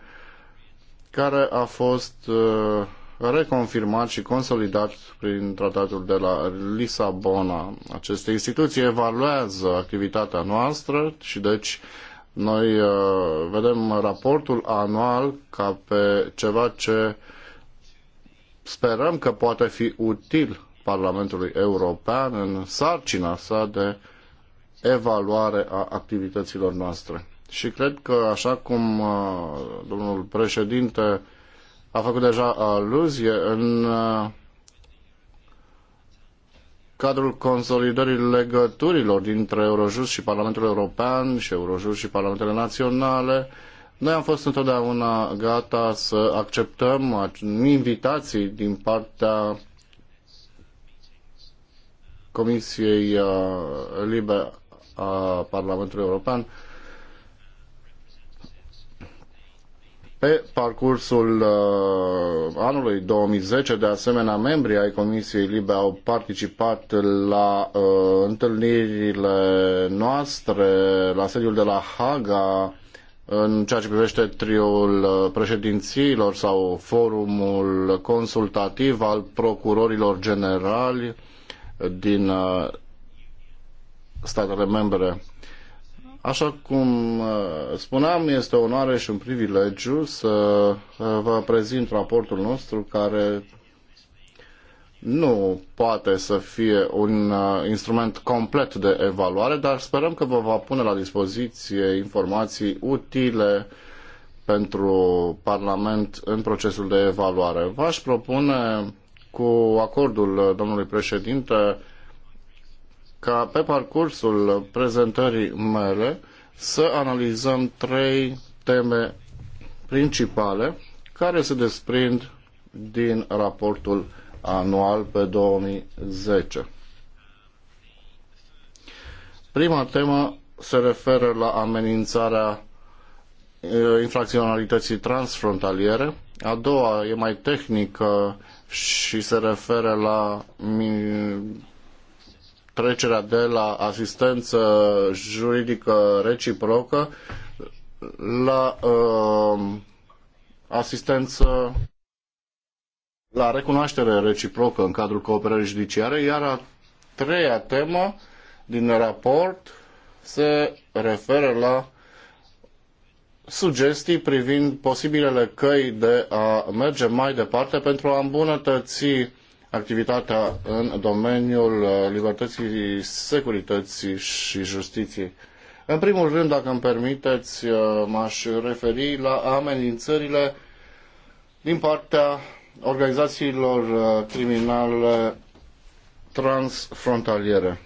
care a fost uh, reconfirmat și consolidat prin tratatul de la Lisabona. Aceste instituții evaluează activitatea noastră și deci noi uh, vedem raportul anual ca pe ceva ce sperăm că poate fi util Parlamentului European în sarcina sa de evaluare a activităților noastre. Și cred că, așa cum uh, domnul președinte a făcut deja aluzie, în uh, cadrul consolidării legăturilor dintre Eurojust și Parlamentul European și Eurojust și Parlamentele Naționale, noi am fost întotdeauna gata să acceptăm invitații din partea Comisiei uh, Libe a Parlamentului European Pe parcursul uh, anului 2010, de asemenea, membrii ai Comisiei Libe au participat la uh, întâlnirile noastre la sediul de la Haga în ceea ce privește triul uh, președințiilor sau forumul consultativ al procurorilor generali din statele membre. Așa cum uh, spuneam, este o onoare și un privilegiu să uh, vă prezint raportul nostru care nu poate să fie un uh, instrument complet de evaluare, dar sperăm că vă va pune la dispoziție informații utile pentru Parlament în procesul de evaluare. V-aș propune, cu acordul domnului președinte, ca pe parcursul prezentării mele să analizăm trei teme principale care se desprind din raportul anual pe 2010. Prima temă se referă la amenințarea uh, infracționalității transfrontaliere. A doua e mai tehnică și se referă la trecerea de la asistență juridică reciprocă la uh, asistență la recunoaștere reciprocă în cadrul cooperării judiciare, iar a treia temă din raport se referă la sugestii privind posibilele căi de a merge mai departe pentru a îmbunătăți activitatea în domeniul uh, libertății, securității și justiției. În primul rând, dacă îmi permiteți, uh, m-aș referi la amenințările din partea organizațiilor uh, criminale transfrontaliere.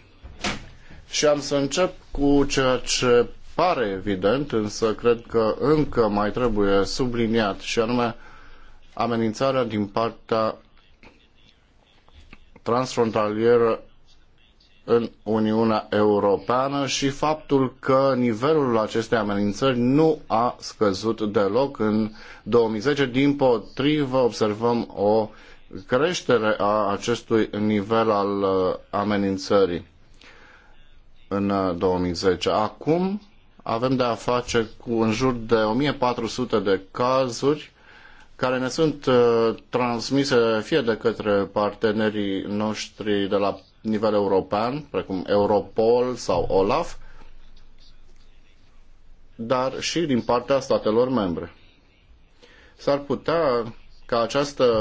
Și am să încep cu ceea ce pare evident, însă cred că încă mai trebuie subliniat, și anume amenințarea din partea transfrontalieră în Uniunea Europeană și faptul că nivelul acestei amenințări nu a scăzut deloc în 2010. Din potrivă, observăm o creștere a acestui nivel al uh, amenințării în 2010. Uh, Acum avem de a face cu în jur de 1400 de cazuri care ne sunt uh, transmise fie de către partenerii noștri de la nivel european, precum Europol sau OLAF, dar și din partea statelor membre. S-ar putea ca această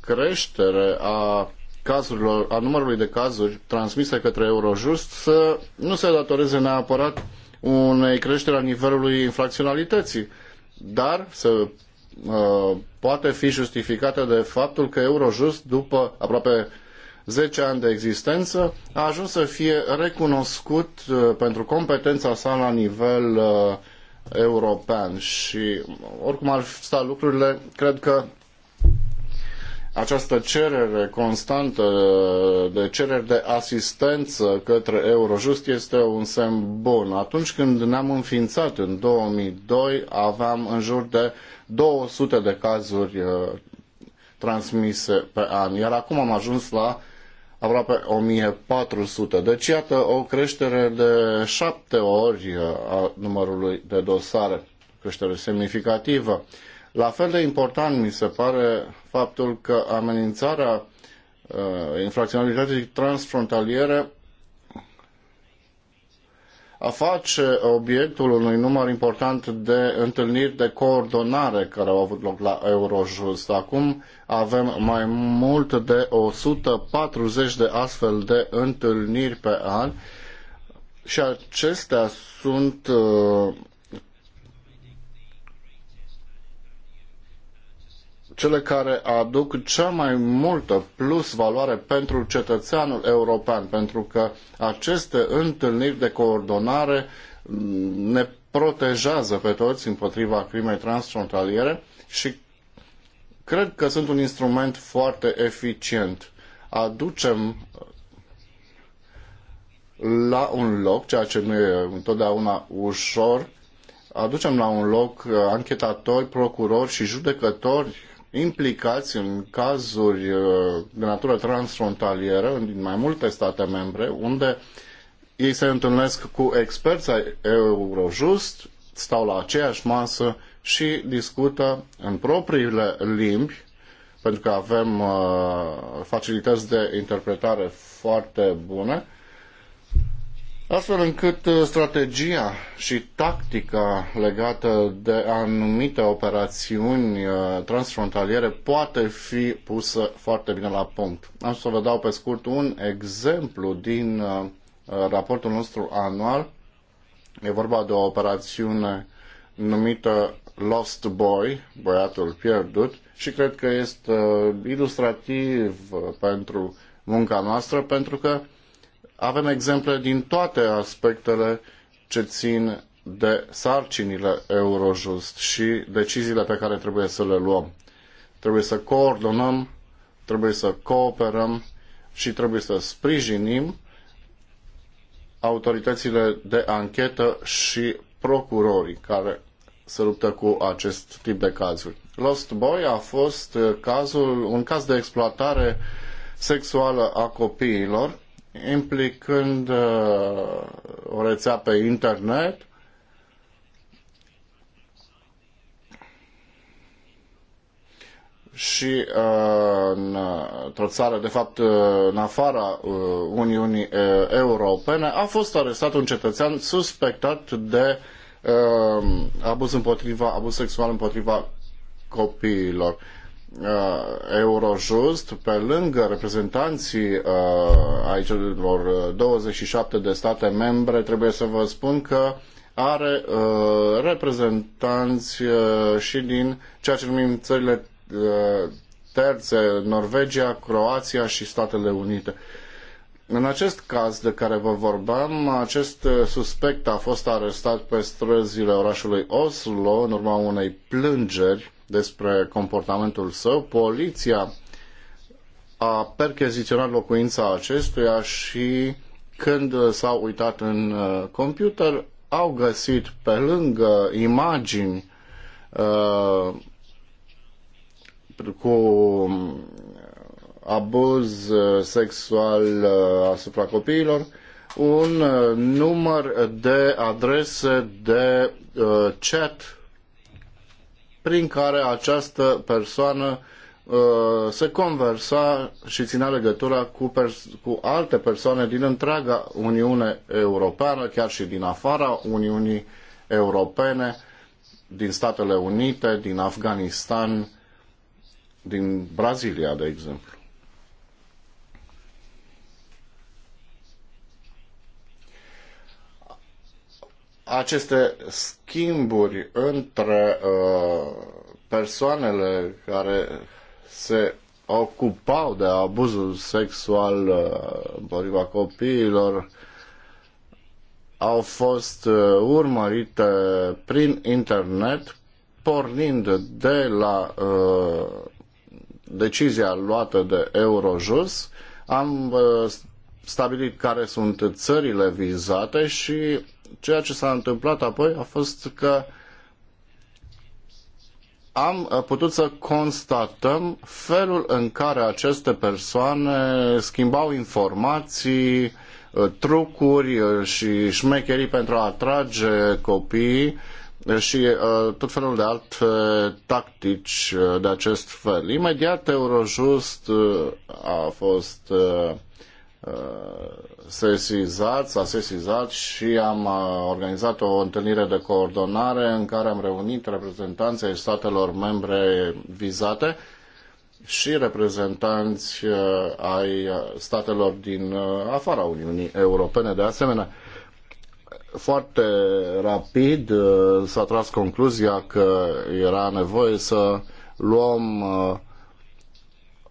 creștere a cazurilor, a numărului de cazuri transmise către Eurojust să nu se datoreze neapărat unei creșteri a nivelului infracționalității, dar să Uh, poate fi justificată de faptul că Eurojust, după aproape 10 ani de existență, a ajuns să fie recunoscut uh, pentru competența sa la nivel uh, european. Și oricum ar sta lucrurile, cred că această cerere constantă de cereri de asistență către Eurojust este un semn bun. Atunci când ne-am înființat în 2002, aveam în jur de 200 de cazuri uh, transmise pe an, iar acum am ajuns la aproape 1400. Deci iată o creștere de șapte ori uh, a numărului de dosare, creștere semnificativă. Uh, la fel de important mi se pare faptul că amenințarea uh, infracționalității transfrontaliere a face obiectul unui număr important de întâlniri de coordonare care au avut loc la Eurojust. Acum avem mai mult de 140 de astfel de întâlniri pe an și acestea sunt uh, cele care aduc cea mai multă plus valoare pentru cetățeanul european, pentru că aceste întâlniri de coordonare mm, ne protejează pe toți împotriva crimei transfrontaliere și cred că sunt un instrument foarte eficient. Aducem uh, la un loc, ceea ce nu e întotdeauna ușor, aducem la un loc uh, anchetatori, procurori și judecători implicați în cazuri uh, de natură transfrontalieră din mai multe state membre, unde ei se întâlnesc cu experți ai Eurojust, stau la aceeași masă și discută în propriile limbi, pentru că avem uh, facilități de interpretare foarte bune, astfel încât uh, strategia și tactica legată de anumite operațiuni uh, transfrontaliere poate fi pusă foarte bine la punct. Am să vă dau pe scurt un exemplu din uh, raportul nostru anual. E vorba de o operațiune numită Lost Boy, băiatul pierdut, și cred că este ilustrativ pentru munca noastră, pentru că avem exemple din toate aspectele ce țin de sarcinile Eurojust și deciziile pe care trebuie să le luăm. Trebuie să coordonăm, trebuie să cooperăm și trebuie să sprijinim autoritățile de anchetă și procurorii care se luptă cu acest tip de cazuri. Lost Boy a fost cazul, un caz de exploatare sexuală a copiilor implicând uh, o rețea pe internet și uh, în, într-o țară, de fapt uh, în afara Uniunii Europene, a fost arestat un cetățean suspectat de abuz, împotriva, abuz sexual împotriva copiilor. Uh, Eurojust, pe lângă reprezentanții ai celor 27 de state membre, trebuie să vă spun că are uh, reprezentanți uh, și din ceea ce numim țările uh, terțe, Norvegia, Croația și Statele Unite. În acest caz de care vă vorbeam, acest uh, suspect a fost arestat pe străzile orașului Oslo în urma unei plângeri despre comportamentul său. Poliția a percheziționat locuința acestuia și când s-au uitat în uh, computer, au găsit pe lângă imagini uh, cu um, abuz uh, sexual uh, asupra copiilor, un număr de adrese de chat prin care această persoană uh, se conversa și ținea legătura cu, cu alte persoane din întreaga Uniune Europeană, chiar și din afara Uniunii Europene, din Statele Unite, din Afganistan, din Brazilia, de exemplu. aceste schimburi între uh, persoanele care se ocupau de abuzul sexual uh, împotriva copiilor au fost uh, urmărite prin internet, pornind de la uh, decizia luată de Eurojust. Am uh, stabilit care sunt țările vizate și ceea ce s-a întâmplat apoi a fost că am putut să constatăm felul în care aceste persoane schimbau informații, trucuri uh, și șmecherii pentru a atrage copiii uh, și uh, tot felul de alte tactici de acest fel. Imediat Eurojust a fost sesizat, s-a sesizat și am organizat o întâlnire de coordonare în care am reunit reprezentanții statelor membre vizate și reprezentanți ai statelor din afara Uniunii Europene de asemenea. Foarte rapid s-a tras concluzia că era nevoie să luăm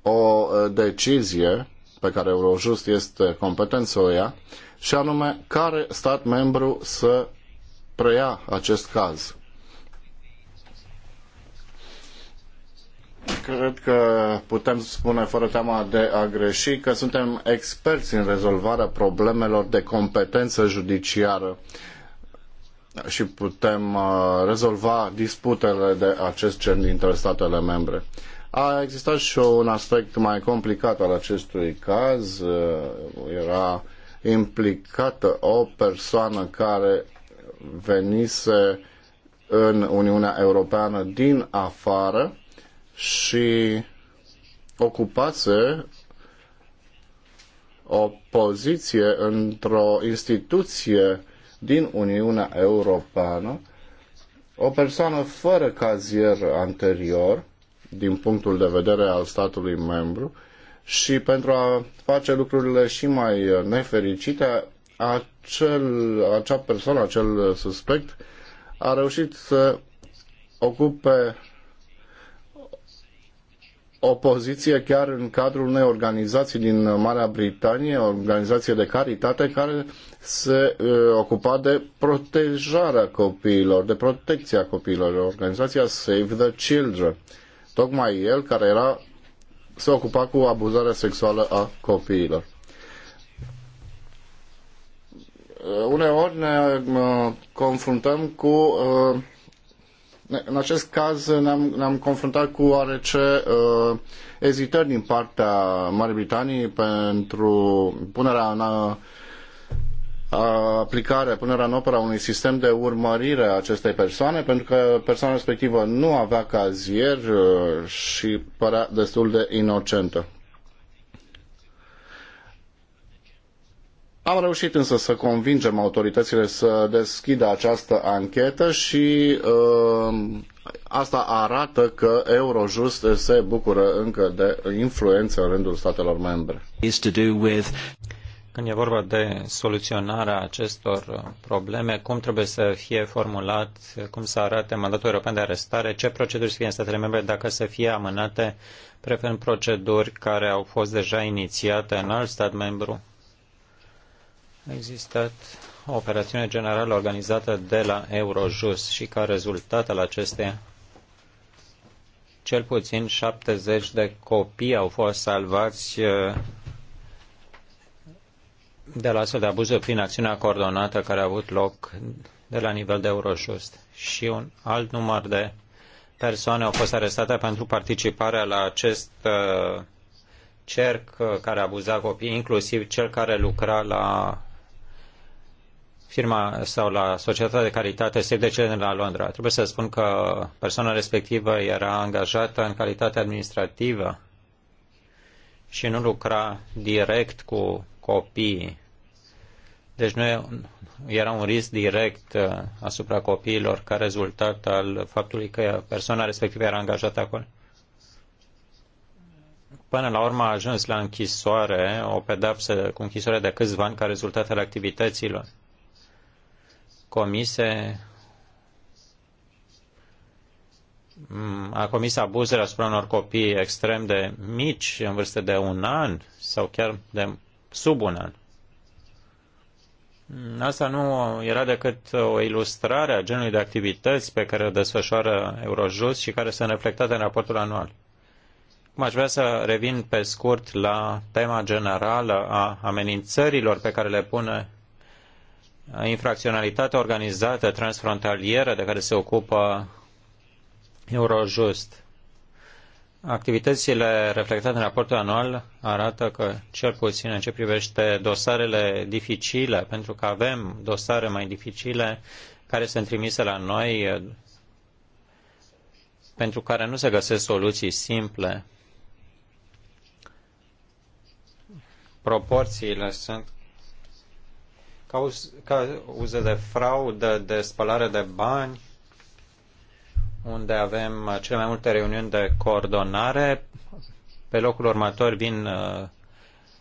o decizie pe care Eurojust este competent să o ia, și anume care stat membru să preia acest caz. Cred că putem spune fără teama de a greși că suntem experți în rezolvarea problemelor de competență judiciară și putem uh, rezolva disputele de acest gen dintre statele membre. A existat și un aspect mai complicat al acestui caz. Era implicată o persoană care venise în Uniunea Europeană din afară și ocupase o poziție într-o instituție din Uniunea Europeană, o persoană fără cazier anterior din punctul de vedere al statului membru și pentru a face lucrurile și mai nefericite, acel, acea persoană, acel suspect a reușit să ocupe o poziție chiar în cadrul unei organizații din Marea Britanie, o organizație de caritate care se uh, ocupa de protejarea copiilor, de protecția copiilor, organizația Save the Children. Tocmai el care era se ocupa cu abuzarea sexuală a copiilor. Uh, uneori ne confruntăm cu uh, în acest caz ne-am, ne-am confruntat cu oarece uh, ezitări din partea Marii Britanii pentru punerea în uh, aplicare, punerea în opera unui sistem de urmărire a acestei persoane, pentru că persoana respectivă nu avea cazier uh, și părea destul de inocentă. Am reușit însă să convingem autoritățile să deschidă această anchetă și uh, asta arată că Eurojust se bucură încă de influență în rândul statelor membre când e vorba de soluționarea acestor probleme, cum trebuie să fie formulat, cum să arate mandatul european de arestare, ce proceduri să fie în statele membre, dacă să fie amânate, prefer proceduri care au fost deja inițiate în alt stat membru. A existat o operațiune generală organizată de la Eurojust și ca rezultat al acesteia cel puțin 70 de copii au fost salvați de la astfel de abuzuri prin acțiunea coordonată care a avut loc de la nivel de Eurojust și un alt număr de persoane au fost arestate pentru participarea la acest uh, cerc uh, care abuza copii, inclusiv cel care lucra la firma sau la societatea de caritate Save de cele de la Londra. Trebuie să spun că persoana respectivă era angajată în calitate administrativă și nu lucra direct cu copiii. Deci nu era un risc direct uh, asupra copiilor ca rezultat al faptului că persoana respectivă era angajată acolo. Până la urmă a ajuns la închisoare, o pedapsă cu închisoare de câțiva ani ca rezultat al activităților comise mm, a comis abuzuri asupra unor copii extrem de mici, în vârstă de un an sau chiar de sub un an. Asta nu era decât o ilustrare a genului de activități pe care o desfășoară Eurojust și care sunt reflectate în raportul anual. Cum aș vrea să revin pe scurt la tema generală a amenințărilor pe care le pune infracționalitatea organizată transfrontalieră de care se ocupă Eurojust. Activitățile reflectate în raportul anual arată că, cel puțin în ce privește dosarele dificile, pentru că avem dosare mai dificile care sunt trimise la noi, pentru care nu se găsesc soluții simple, proporțiile sunt cauze de fraudă, de spălare de bani, unde avem uh, cele mai multe reuniuni de coordonare. Pe locul următor vin uh,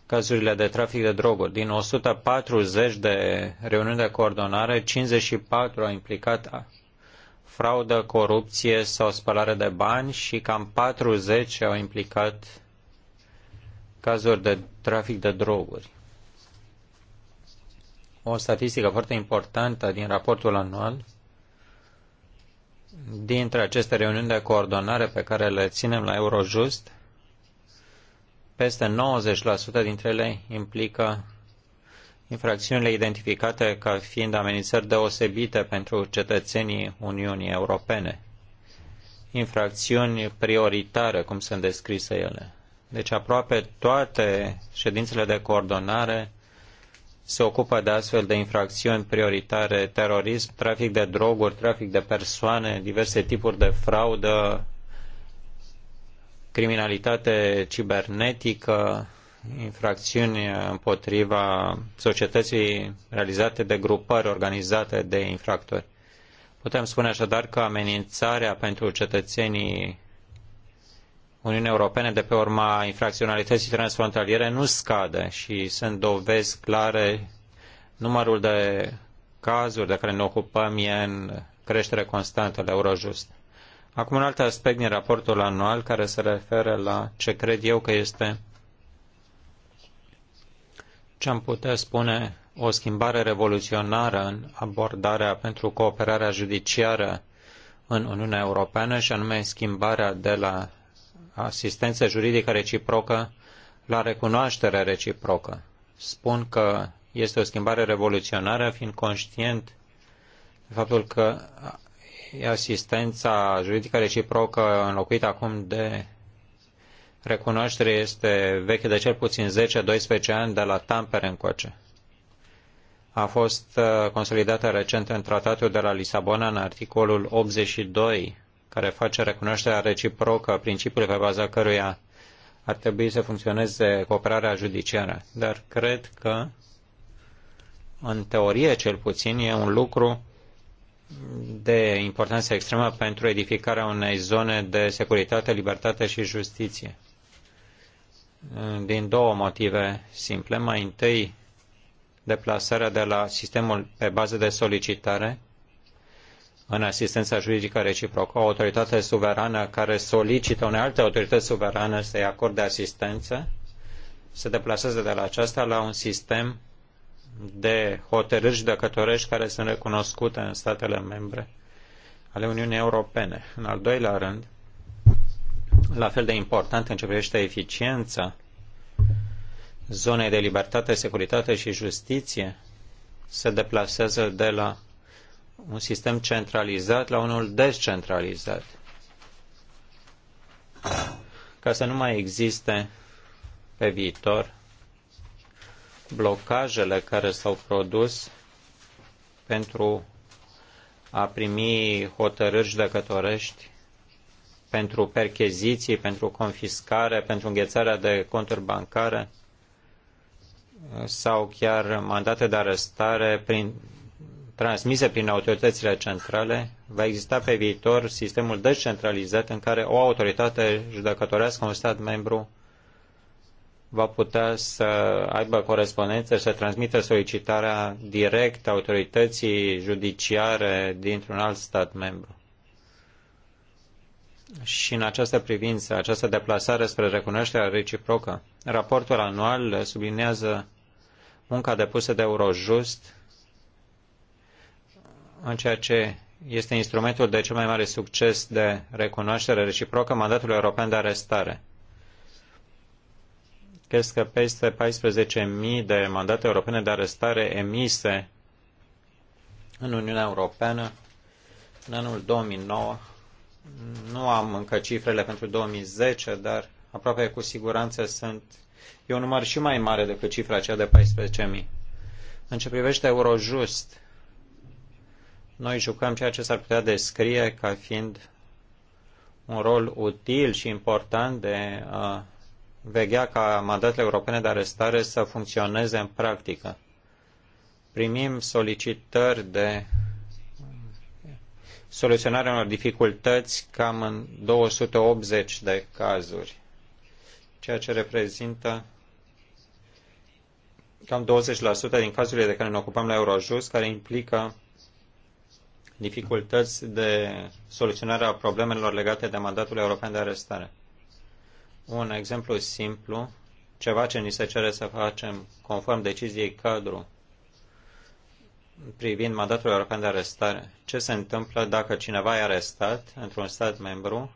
cazurile de trafic de droguri. Din 140 de reuniuni de coordonare, 54 au implicat fraudă, corupție sau spălare de bani și cam 40 au implicat cazuri de trafic de droguri. O statistică foarte importantă din raportul anual dintre aceste reuniuni de coordonare pe care le ținem la Eurojust, peste 90% dintre ele implică infracțiunile identificate ca fiind amenințări deosebite pentru cetățenii Uniunii Europene. Infracțiuni prioritare, cum sunt descrise ele. Deci aproape toate ședințele de coordonare se ocupă de astfel de infracțiuni prioritare, terorism, trafic de droguri, trafic de persoane, diverse tipuri de fraudă, criminalitate cibernetică, infracțiuni împotriva societății realizate de grupări organizate de infractori. Putem spune așadar că amenințarea pentru cetățenii Uniunii Europene de pe urma infracționalității transfrontaliere nu scade și sunt dovezi clare. Numărul de cazuri de care ne ocupăm e în creștere constantă la Eurojust. Acum un alt aspect din raportul anual care se referă la ce cred eu că este ce am putea spune o schimbare revoluționară în abordarea pentru cooperarea judiciară în Uniunea Europeană și anume schimbarea de la asistență juridică reciprocă la recunoaștere reciprocă. Spun că este o schimbare revoluționară, fiind conștient de faptul că asistența juridică reciprocă înlocuită acum de recunoaștere este veche de cel puțin 10-12 ani de la Tampere încoace. A fost uh, consolidată recent în tratatul de la Lisabona în articolul 82 care face recunoașterea reciprocă, principiul pe baza căruia ar trebui să funcționeze cooperarea judiciară. Dar cred că, în teorie cel puțin, e un lucru de importanță extremă pentru edificarea unei zone de securitate, libertate și justiție. Din două motive simple. Mai întâi, deplasarea de la sistemul pe bază de solicitare în asistența juridică reciprocă, o autoritate suverană care solicită unei alte autorități suverane să-i acorde asistență, se deplaseze de la aceasta la un sistem de hotărâri judecătorești care sunt recunoscute în statele membre ale Uniunii Europene. În al doilea rând, la fel de important în ce privește eficiența zonei de libertate, securitate și justiție, se deplasează de la un sistem centralizat la unul descentralizat. Ca să nu mai existe pe viitor blocajele care s-au produs pentru a primi hotărâri judecătorești pentru percheziții, pentru confiscare, pentru înghețarea de conturi bancare sau chiar mandate de arestare prin transmise prin autoritățile centrale, va exista pe viitor sistemul descentralizat în care o autoritate judecătorească, un stat membru, va putea să aibă corespondență, să transmită solicitarea direct autorității judiciare dintr-un alt stat membru. Și în această privință, această deplasare spre recunoașterea reciprocă, raportul anual subliniază munca depusă de Eurojust în ceea ce este instrumentul de cel mai mare succes de recunoaștere reciprocă mandatului european de arestare. Crezi că peste 14.000 de mandate europene de arestare emise în Uniunea Europeană în anul 2009. Nu am încă cifrele pentru 2010, dar aproape cu siguranță sunt e un număr și mai mare decât cifra aceea de 14.000. În ce privește Eurojust, noi jucăm ceea ce s-ar putea descrie ca fiind un rol util și important de a veghea ca mandatele europene de arestare să funcționeze în practică. Primim solicitări de soluționarea unor dificultăți cam în 280 de cazuri, ceea ce reprezintă cam 20% din cazurile de care ne ocupăm la Eurojust, care implică dificultăți de soluționare a problemelor legate de mandatul european de arestare. Un exemplu simplu, ceva ce ni se cere să facem conform deciziei cadru privind mandatul european de arestare. Ce se întâmplă dacă cineva e arestat într-un stat membru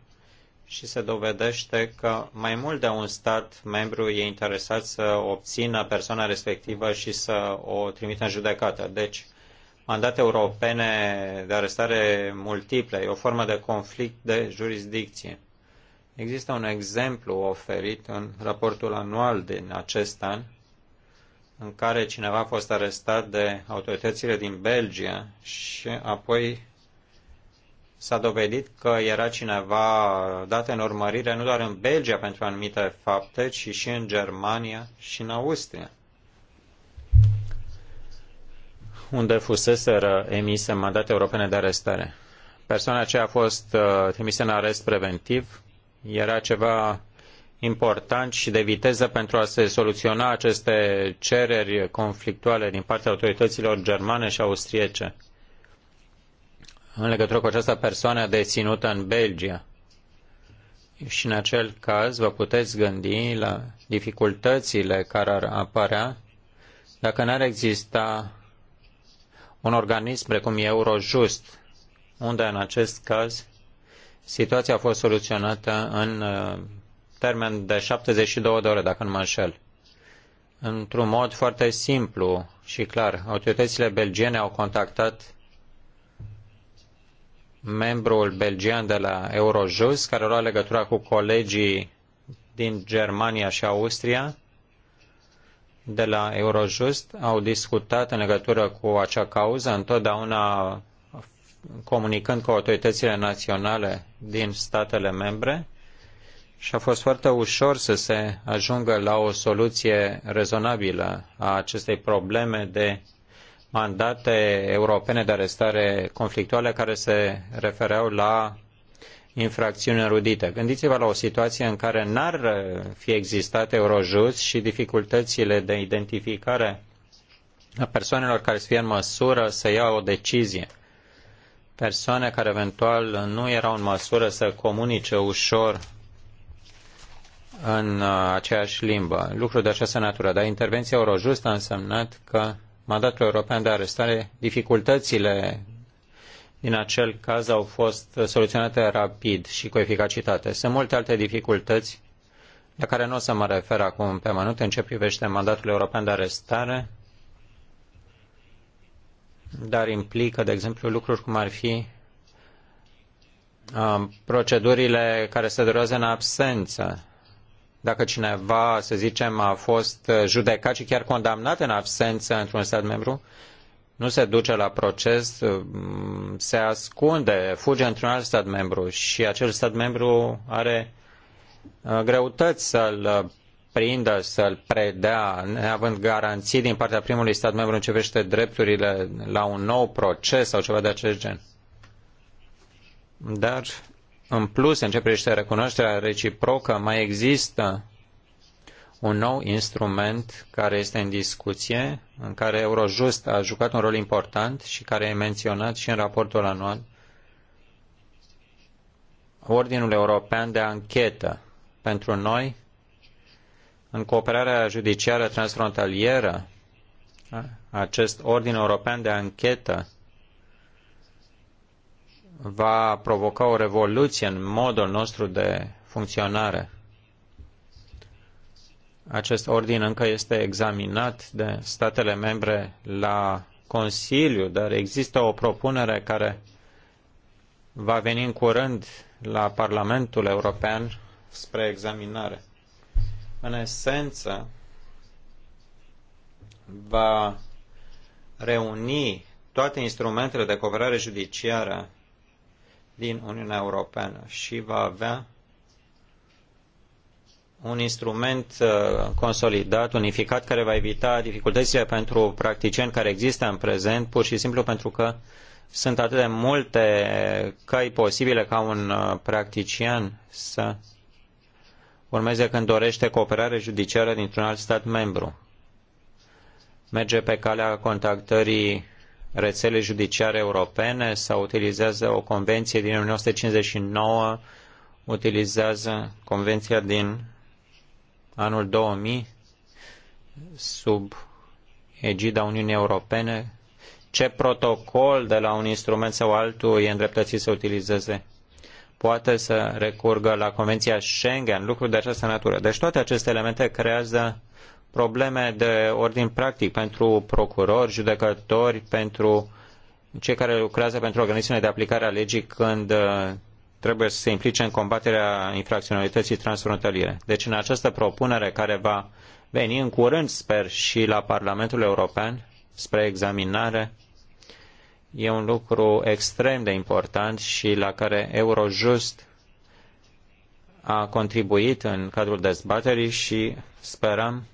și se dovedește că mai mult de un stat membru e interesat să obțină persoana respectivă și să o trimită în judecată. Deci, mandate europene de arestare multiple. E o formă de conflict de jurisdicție. Există un exemplu oferit în raportul anual din acest an, în care cineva a fost arestat de autoritățile din Belgia și apoi s-a dovedit că era cineva dat în urmărire nu doar în Belgia pentru anumite fapte, ci și în Germania și în Austria. unde fuseseră emise mandate europene de arestare. Persoana aceea a fost uh, trimisă în arest preventiv. Era ceva important și de viteză pentru a se soluționa aceste cereri conflictuale din partea autorităților germane și austriece în legătură cu această persoană deținută în Belgia. Și în acel caz vă puteți gândi la dificultățile care ar apărea dacă n-ar exista un organism precum Eurojust, unde în acest caz situația a fost soluționată în uh, termen de 72 de ore, dacă nu mă înșel. Într-un mod foarte simplu și clar, autoritățile belgiene au contactat membrul belgian de la Eurojust, care lua legătura cu colegii din Germania și Austria, de la Eurojust au discutat în legătură cu acea cauză, întotdeauna comunicând cu autoritățile naționale din statele membre și a fost foarte ușor să se ajungă la o soluție rezonabilă a acestei probleme de mandate europene de arestare conflictuale care se refereau la infracțiuni înrudite. Gândiți-vă la o situație în care n-ar uh, fi existat Eurojust și dificultățile de identificare a persoanelor care să fie în măsură să ia o decizie. Persoane care eventual nu erau în măsură să comunice ușor în uh, aceeași limbă. Lucru de această natură. Dar intervenția Eurojust a însemnat că mandatul european de arestare, dificultățile din acel caz au fost soluționate rapid și cu eficacitate. Sunt multe alte dificultăți la care nu o să mă refer acum pe amănunt în ce privește mandatul european de arestare, dar implică, de exemplu, lucruri cum ar fi uh, procedurile care se durează în absență. Dacă cineva, să zicem, a fost uh, judecat și chiar condamnat în absență într-un stat membru, nu se duce la proces, mm, se ascunde, fuge într-un alt stat membru și acel stat membru are uh, greutăți să-l uh, prindă, să-l predea, neavând garanții din partea primului stat membru în ce începește drepturile la un nou proces sau ceva de acest gen. Dar, în plus, în ce privește recunoașterea reciprocă, mai există un nou instrument care este în discuție, în care Eurojust a jucat un rol important și care e menționat și în raportul anual, Ordinul European de Anchetă. Pentru noi, în cooperarea judiciară transfrontalieră, acest Ordin European de Anchetă va provoca o revoluție în modul nostru de funcționare acest ordin încă este examinat de statele membre la Consiliu, dar există o propunere care va veni în curând la Parlamentul European spre examinare. În esență, va reuni toate instrumentele de cooperare judiciară din Uniunea Europeană și va avea un instrument uh, consolidat, unificat, care va evita dificultățile pentru practicieni care există în prezent, pur și simplu pentru că sunt atât de multe căi posibile ca un uh, practician să urmeze când dorește cooperare judiciară dintr-un alt stat membru. Merge pe calea contactării rețelei judiciare europene sau utilizează o convenție din 1959, utilizează convenția din anul 2000 sub egida Uniunii Europene ce protocol de la un instrument sau altul e îndreptățit să utilizeze. Poate să recurgă la Convenția Schengen, lucruri de această natură. Deci toate aceste elemente creează probleme de ordin practic pentru procurori, judecători, pentru cei care lucrează pentru organismele de aplicare a legii când uh, trebuie să se implice în combaterea infracționalității transfrontaliere. Deci în această propunere care va veni în curând, sper, și la Parlamentul European spre examinare, e un lucru extrem de important și la care Eurojust a contribuit în cadrul dezbaterii și sperăm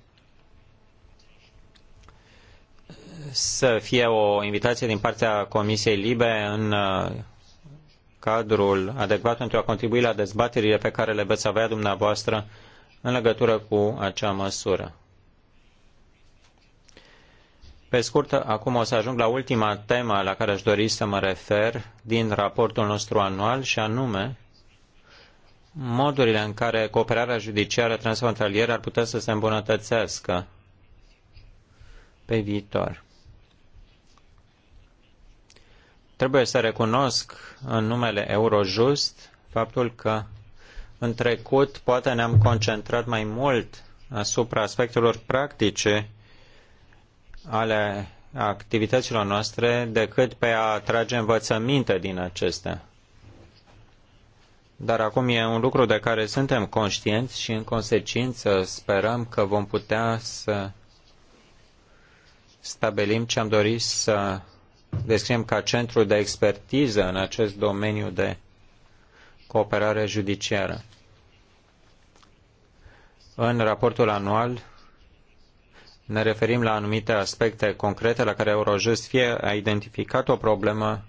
să fie o invitație din partea Comisiei Libe în uh, cadrul adecvat pentru a contribui la dezbaterile pe care le veți avea dumneavoastră în legătură cu acea măsură. Pe scurt, acum o să ajung la ultima temă la care aș dori să mă refer din raportul nostru anual și anume modurile în care cooperarea judiciară transfrontalieră ar putea să se îmbunătățească pe viitor. Trebuie să recunosc în numele Eurojust faptul că în trecut poate ne-am concentrat mai mult asupra aspectelor practice ale activităților noastre decât pe a trage învățăminte din acestea. Dar acum e un lucru de care suntem conștienți și în consecință sperăm că vom putea să stabilim ce am dorit să descriem ca centru de expertiză în acest domeniu de cooperare judiciară. În raportul anual ne referim la anumite aspecte concrete la care Eurojust fie a identificat o problemă,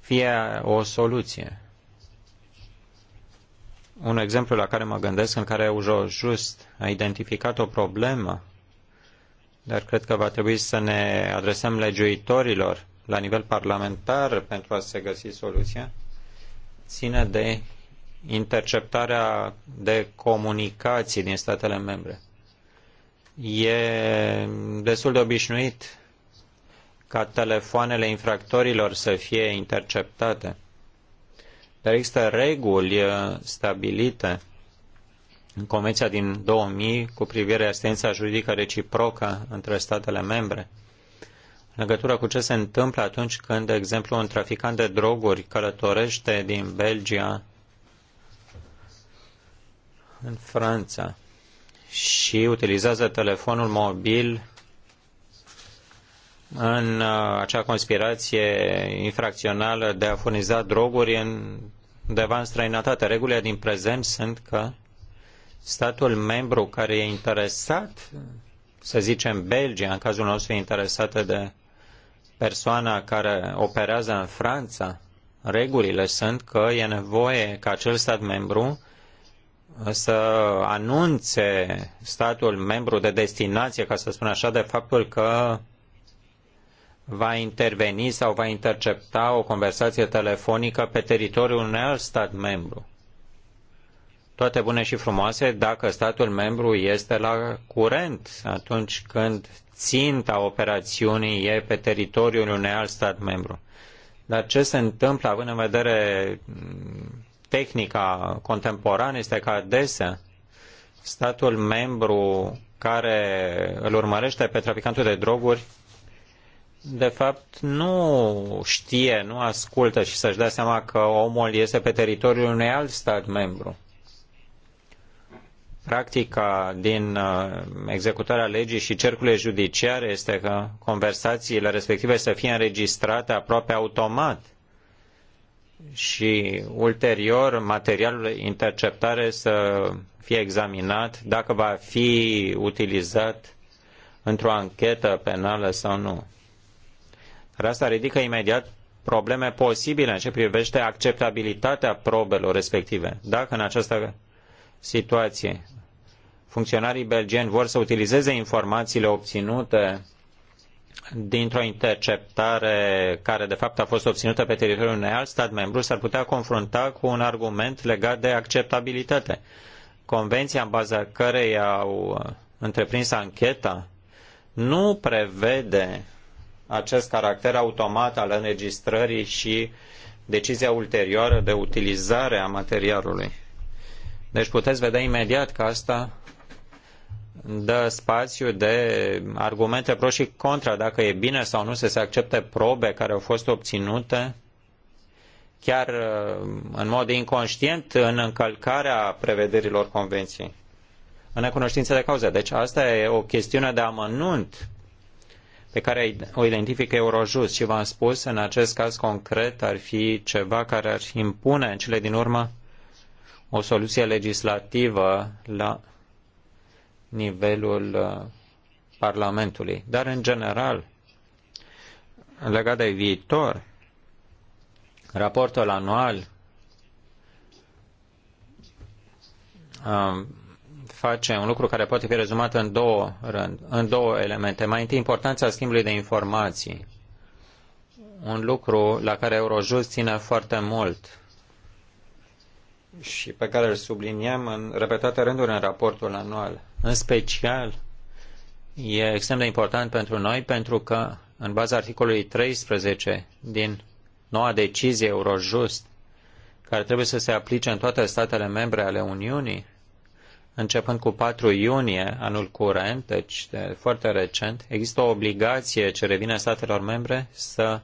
fie o soluție. Un exemplu la care mă gândesc, în care Eurojust a identificat o problemă dar cred că va trebui să ne adresăm legiuitorilor la nivel parlamentar pentru a se găsi soluția, ține de interceptarea de comunicații din statele membre. E destul de obișnuit ca telefoanele infractorilor să fie interceptate, dar există reguli uh, stabilite Convenția din 2000 cu privire asistența juridică reciprocă între statele membre, în legătură cu ce se întâmplă atunci când, de exemplu, un traficant de droguri călătorește din Belgia în Franța și utilizează telefonul mobil în uh, acea conspirație infracțională de a furniza droguri în, undeva în străinătate. Regulile din prezent sunt că statul membru care e interesat, să zicem Belgia, în cazul nostru e interesată de persoana care operează în Franța, regulile sunt că e nevoie ca acel stat membru să anunțe statul membru de destinație, ca să spun așa, de faptul că va interveni sau va intercepta o conversație telefonică pe teritoriul unui alt stat membru toate bune și frumoase dacă statul membru este la curent atunci când ținta operațiunii e pe teritoriul unui alt stat membru. Dar ce se întâmplă având în vedere mm, tehnica contemporană este că adesea statul membru care îl urmărește pe traficantul de droguri de fapt nu știe, nu ascultă și să-și dea seama că omul este pe teritoriul unui alt stat membru. Practica din uh, executarea legii și cercurile judiciare este că conversațiile respective să fie înregistrate aproape automat și ulterior materialul interceptare să fie examinat dacă va fi utilizat într-o anchetă penală sau nu. Dar asta ridică imediat probleme posibile în ce privește acceptabilitatea probelor respective. Dacă în această situație funcționarii belgeni vor să utilizeze informațiile obținute dintr-o interceptare care de fapt a fost obținută pe teritoriul unui alt stat membru s-ar putea confrunta cu un argument legat de acceptabilitate. Convenția în baza cărei au întreprins ancheta nu prevede acest caracter automat al înregistrării și decizia ulterioară de utilizare a materialului. Deci puteți vedea imediat că asta dă spațiu de argumente pro și contra, dacă e bine sau nu să se accepte probe care au fost obținute, chiar uh, în mod inconștient, în încălcarea prevederilor convenției, în necunoștință de cauză. Deci asta e o chestiune de amănunt pe care o identifică Eurojust și v-am spus, în acest caz concret ar fi ceva care ar impune în cele din urmă o soluție legislativă la nivelul uh, Parlamentului. Dar, în general, legat de viitor, raportul anual um, face un lucru care poate fi rezumat în două, rând, în două elemente. Mai întâi, importanța schimbului de informații. Un lucru la care Eurojust ține foarte mult și pe care îl subliniem în repetate rânduri în raportul anual. În special, e extrem de important pentru noi pentru că, în baza articolului 13 din noua decizie Eurojust, care trebuie să se aplice în toate statele membre ale Uniunii, începând cu 4 iunie anul curent, deci de foarte recent, există o obligație ce revine statelor membre să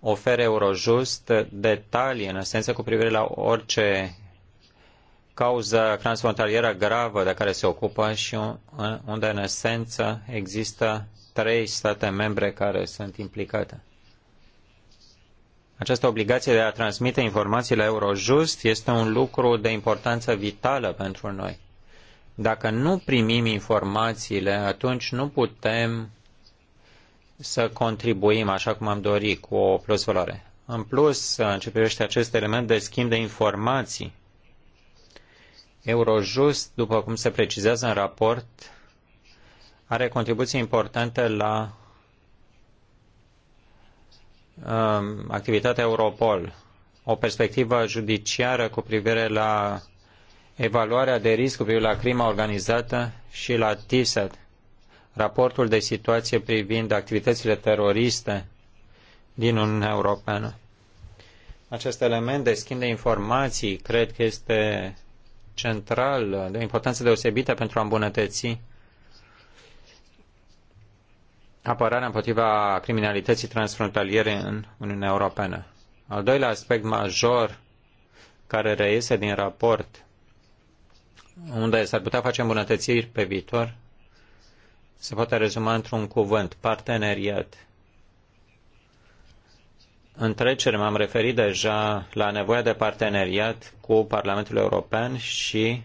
ofere Eurojust detalii, în esență, cu privire la orice cauză transfrontalieră gravă de care se ocupă și unde, în esență, există trei state membre care sunt implicate. Această obligație de a transmite informațiile Eurojust este un lucru de importanță vitală pentru noi. Dacă nu primim informațiile, atunci nu putem să contribuim așa cum am dorit cu o plusvalare. În plus, în ce privește acest element de schimb de informații, Eurojust, după cum se precizează în raport, are contribuții importante la um, activitatea Europol, o perspectivă judiciară cu privire la evaluarea de risc cu privire la crima organizată și la TISAT raportul de situație privind activitățile teroriste din Uniunea Europeană. Acest element de schimb de informații cred că este central, de o importanță deosebită pentru a îmbunătăți apărarea împotriva criminalității transfrontaliere în Uniunea Europeană. Al doilea aspect major care reiese din raport, unde s-ar putea face îmbunătățiri pe viitor, se poate rezuma într-un cuvânt, parteneriat. În trecere m-am referit deja la nevoia de parteneriat cu Parlamentul European și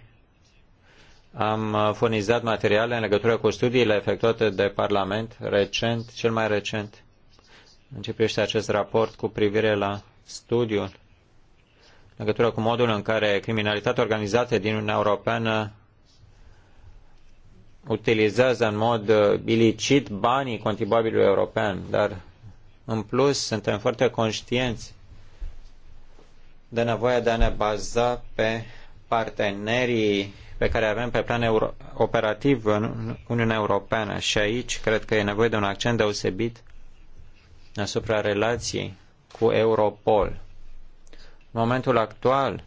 am furnizat materiale în legătură cu studiile efectuate de Parlament recent, cel mai recent. Începește acest raport cu privire la studiul în legătură cu modul în care criminalitatea organizată din Uniunea Europeană utilizează în mod uh, ilicit banii contribuabilului european, dar în plus suntem foarte conștienți de nevoia de a ne baza pe partenerii pe care avem pe plan euro- operativ în Uniunea Europeană și aici cred că e nevoie de un accent deosebit asupra relației cu Europol. În momentul actual,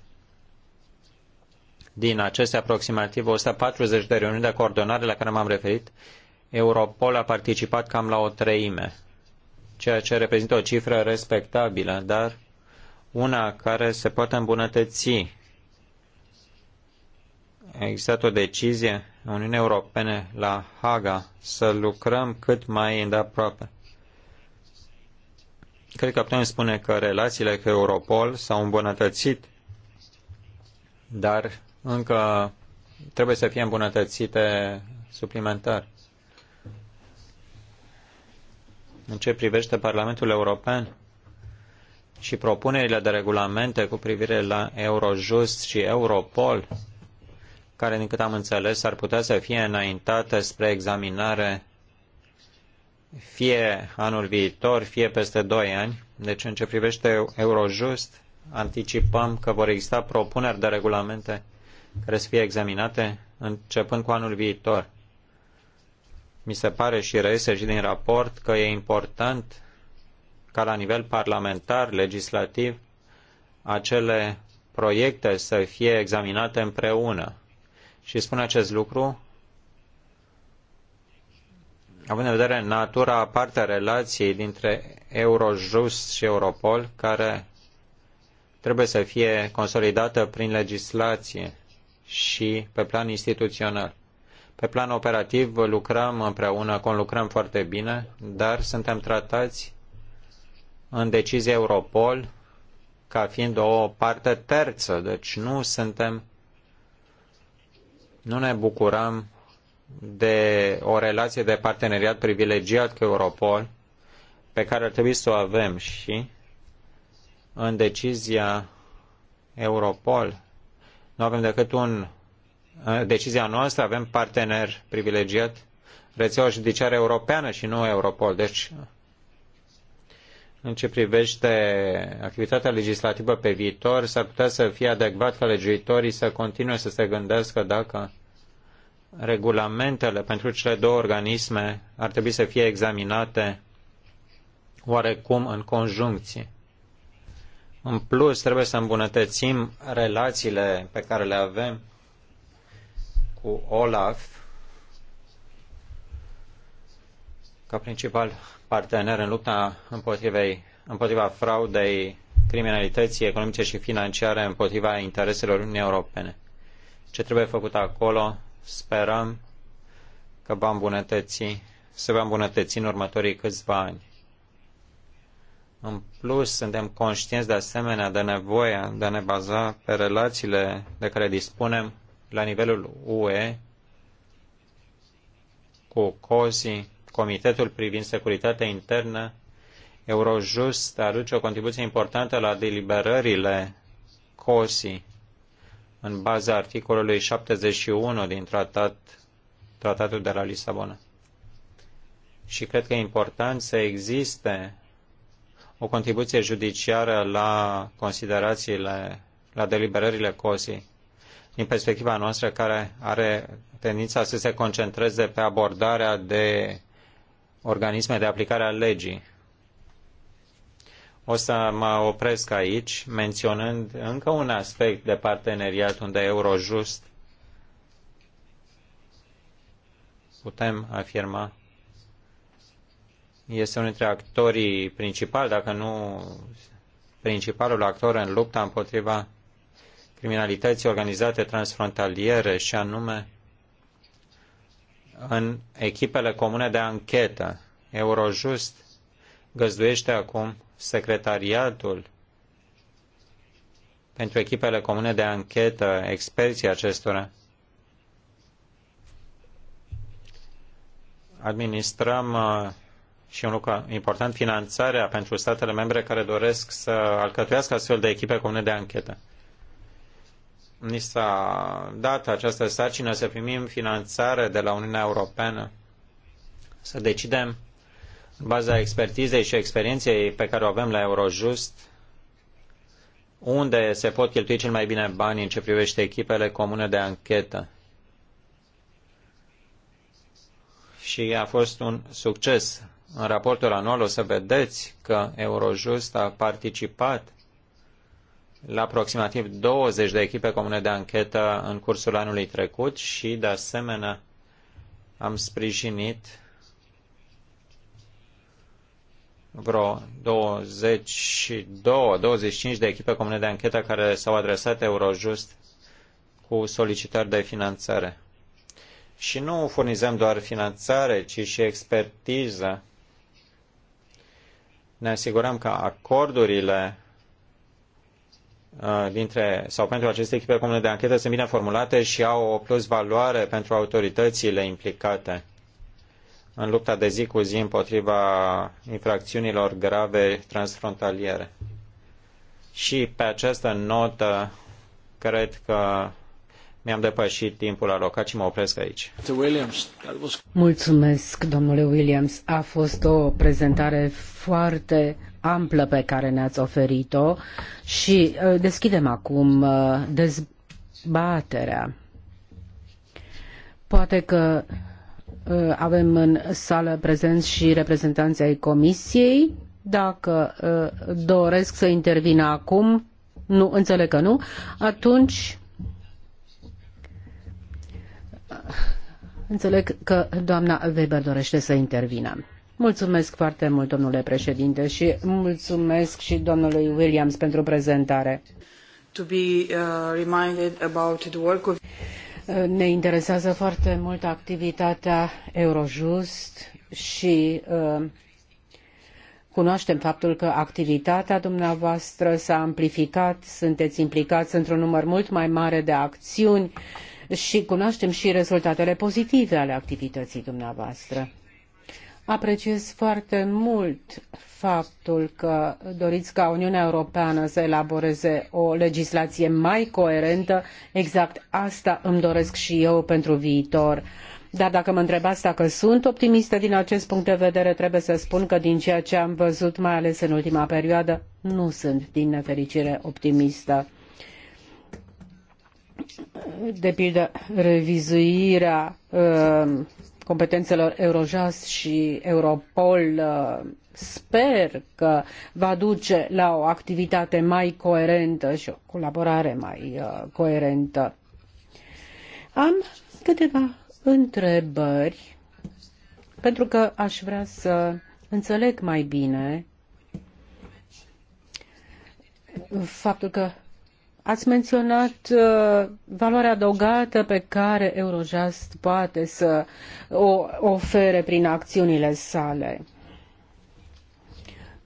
din aceste aproximativ 140 de reuniuni de coordonare la care m-am referit, Europol a participat cam la o treime, ceea ce reprezintă o cifră respectabilă, dar una care se poate îmbunătăți. A existat o decizie a Uniunii Europene la Haga să lucrăm cât mai îndeaproape. Cred că putem spune că relațiile cu Europol s-au îmbunătățit, dar încă trebuie să fie îmbunătățite suplimentar. În ce privește Parlamentul European și propunerile de regulamente cu privire la Eurojust și Europol, care, din cât am înțeles, ar putea să fie înaintate spre examinare fie anul viitor, fie peste doi ani. Deci, în ce privește Eurojust, anticipăm că vor exista propuneri de regulamente care să fie examinate începând cu anul viitor. Mi se pare și reiese și din raport că e important ca la nivel parlamentar, legislativ, acele proiecte să fie examinate împreună. Și spun acest lucru având în vedere natura aparte a relației dintre Eurojust și Europol, care trebuie să fie consolidată prin legislație și pe plan instituțional. Pe plan operativ lucrăm împreună, conlucrăm foarte bine, dar suntem tratați în decizie Europol ca fiind o parte terță, deci nu suntem, nu ne bucurăm de o relație de parteneriat privilegiat cu Europol pe care ar trebui să o avem și în decizia Europol nu avem decât un decizia noastră, avem partener privilegiat, rețeaua judiciară europeană și nu Europol. Deci, în ce privește activitatea legislativă pe viitor, s-ar putea să fie adecvat ca legiuitorii să continue să se gândească dacă regulamentele pentru cele două organisme ar trebui să fie examinate oarecum în conjuncție. În plus, trebuie să îmbunătățim relațiile pe care le avem cu Olaf ca principal partener în lupta împotriva, împotriva fraudei, criminalității economice și financiare, împotriva intereselor Uniunii Europene. Ce trebuie făcut acolo, sperăm că va îmbunătăți, se va îmbunătăți în următorii câțiva ani. În plus, suntem conștienți de asemenea de nevoia de a ne baza pe relațiile de care dispunem la nivelul UE cu COSI, Comitetul privind securitatea internă, Eurojust aduce o contribuție importantă la deliberările COSI în baza articolului 71 din tratat, tratatul de la Lisabona. Și cred că e important să existe o contribuție judiciară la considerațiile, la deliberările COSI, din perspectiva noastră, care are tendința să se concentreze pe abordarea de organisme de aplicare a legii. O să mă opresc aici, menționând încă un aspect de parteneriat unde Eurojust putem afirma este unul dintre actorii principali, dacă nu principalul actor în lupta împotriva criminalității organizate transfrontaliere și anume în echipele comune de anchetă. Eurojust găzduiește acum secretariatul pentru echipele comune de anchetă, experții acestora. Administrăm uh, și un lucru important, finanțarea pentru statele membre care doresc să alcătuiască astfel de echipe comune de anchetă. Ni s-a dat această sarcină să primim finanțare de la Uniunea Europeană, să decidem în baza expertizei și experienței pe care o avem la Eurojust, unde se pot cheltui cel mai bine banii în ce privește echipele comune de anchetă. Și a fost un succes în raportul anual o să vedeți că Eurojust a participat la aproximativ 20 de echipe comune de anchetă în cursul anului trecut și, de asemenea, am sprijinit vreo 22-25 de echipe comune de anchetă care s-au adresat Eurojust cu solicitări de finanțare. Și nu furnizăm doar finanțare, ci și expertiză ne asigurăm că acordurile uh, dintre, sau pentru aceste echipe comune de anchetă sunt bine formulate și au o plus valoare pentru autoritățile implicate în lupta de zi cu zi împotriva infracțiunilor grave transfrontaliere. Și pe această notă, cred că mi-am depășit timpul alocat și mă opresc aici. Mulțumesc, domnule Williams. A fost o prezentare foarte amplă pe care ne-ați oferit-o și uh, deschidem acum uh, dezbaterea. Poate că uh, avem în sală prezenți și reprezentanții ai comisiei. Dacă doresc să intervină acum, nu, înțeleg că nu, atunci Înțeleg că doamna Weber dorește să intervină. Mulțumesc foarte mult, domnule președinte, și mulțumesc și domnului Williams pentru prezentare. To be, uh, reminded about the work of... Ne interesează foarte mult activitatea Eurojust și uh, Cunoaștem faptul că activitatea dumneavoastră s-a amplificat, sunteți implicați într-un număr mult mai mare de acțiuni și cunoaștem și rezultatele pozitive ale activității dumneavoastră. Apreciez foarte mult faptul că doriți ca Uniunea Europeană să elaboreze o legislație mai coerentă. Exact asta îmi doresc și eu pentru viitor. Dar dacă mă întrebați dacă sunt optimistă din acest punct de vedere, trebuie să spun că din ceea ce am văzut, mai ales în ultima perioadă, nu sunt din nefericire optimistă de pildă revizuirea uh, competențelor Eurojust și Europol uh, sper că va duce la o activitate mai coerentă și o colaborare mai uh, coerentă. Am câteva întrebări pentru că aș vrea să înțeleg mai bine faptul că Ați menționat uh, valoarea adăugată pe care Eurojust poate să o ofere prin acțiunile sale.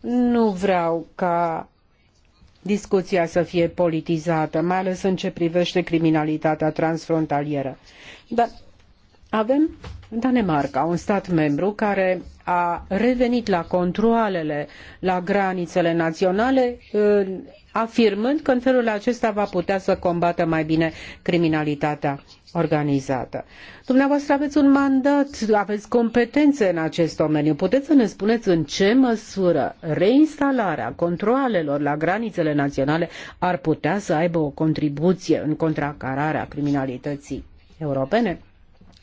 Nu vreau ca discuția să fie politizată, mai ales în ce privește criminalitatea transfrontalieră. Dar avem Danemarca, un stat membru care a revenit la controalele la granițele naționale în afirmând că în felul acesta va putea să combată mai bine criminalitatea organizată. Dumneavoastră aveți un mandat, aveți competențe în acest domeniu. Puteți să ne spuneți în ce măsură reinstalarea controalelor la granițele naționale ar putea să aibă o contribuție în contracararea criminalității europene?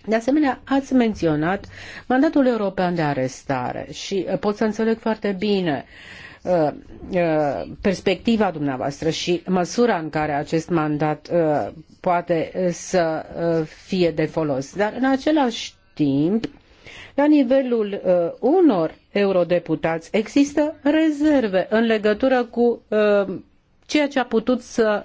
De asemenea, ați menționat mandatul european de arestare și pot să înțeleg foarte bine uh, Uh, uh, perspectiva dumneavoastră și măsura în care acest mandat uh, poate să fie de folos. Dar în același timp, la nivelul unor eurodeputați există rezerve în legătură cu ceea ce a putut să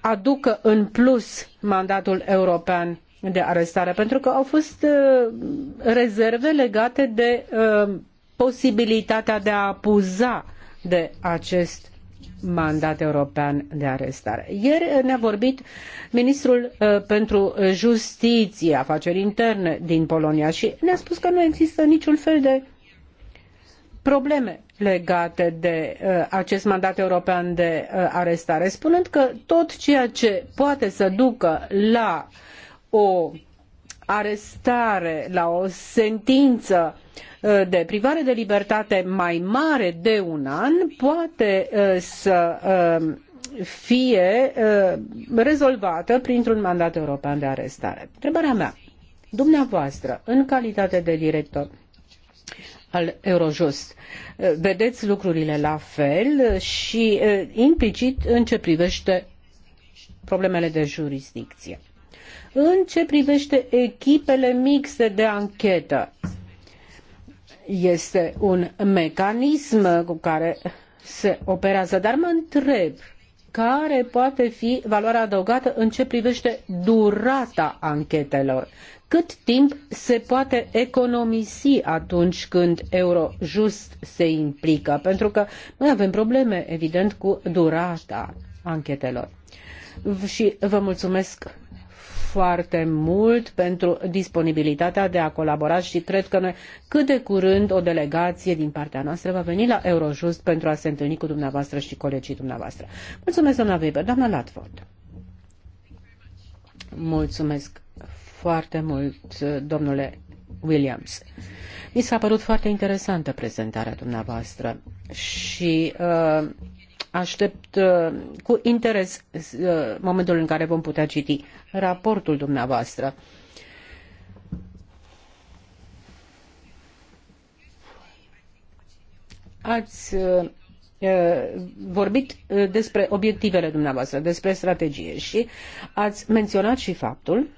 aducă în plus mandatul european de arestare, pentru că au fost rezerve legate de posibilitatea de a apuza de acest mandat european de arestare. Ieri ne-a vorbit ministrul uh, pentru justiție, afaceri interne din Polonia și ne-a spus că nu există niciun fel de probleme legate de uh, acest mandat european de uh, arestare, spunând că tot ceea ce poate să ducă la o arestare, la o sentință uh, de privare de libertate mai mare de un an, poate uh, să uh, fie rezolvată printr-un mandat european de arestare. Întrebarea mea, dumneavoastră, în calitate de director al Eurojust, vedeți lucrurile la fel și implicit în ce privește problemele de jurisdicție. În ce privește echipele mixte de anchetă, este un mecanism cu care se operează, dar mă întreb care poate fi valoarea adăugată în ce privește durata anchetelor. Cât timp se poate economisi atunci când Eurojust se implică? Pentru că noi avem probleme, evident, cu durata anchetelor. Și vă mulțumesc foarte mult pentru disponibilitatea de a colabora și cred că noi, cât de curând o delegație din partea noastră va veni la Eurojust pentru a se întâlni cu dumneavoastră și colegii dumneavoastră. Mulțumesc, doamna Weber. Doamna Latford. Mulțumesc foarte mult, domnule Williams. Mi s-a părut foarte interesantă prezentarea dumneavoastră și uh, aștept uh, cu interes uh, momentul în care vom putea citi raportul dumneavoastră. Ați uh, vorbit despre obiectivele dumneavoastră, despre strategie și ați menționat și faptul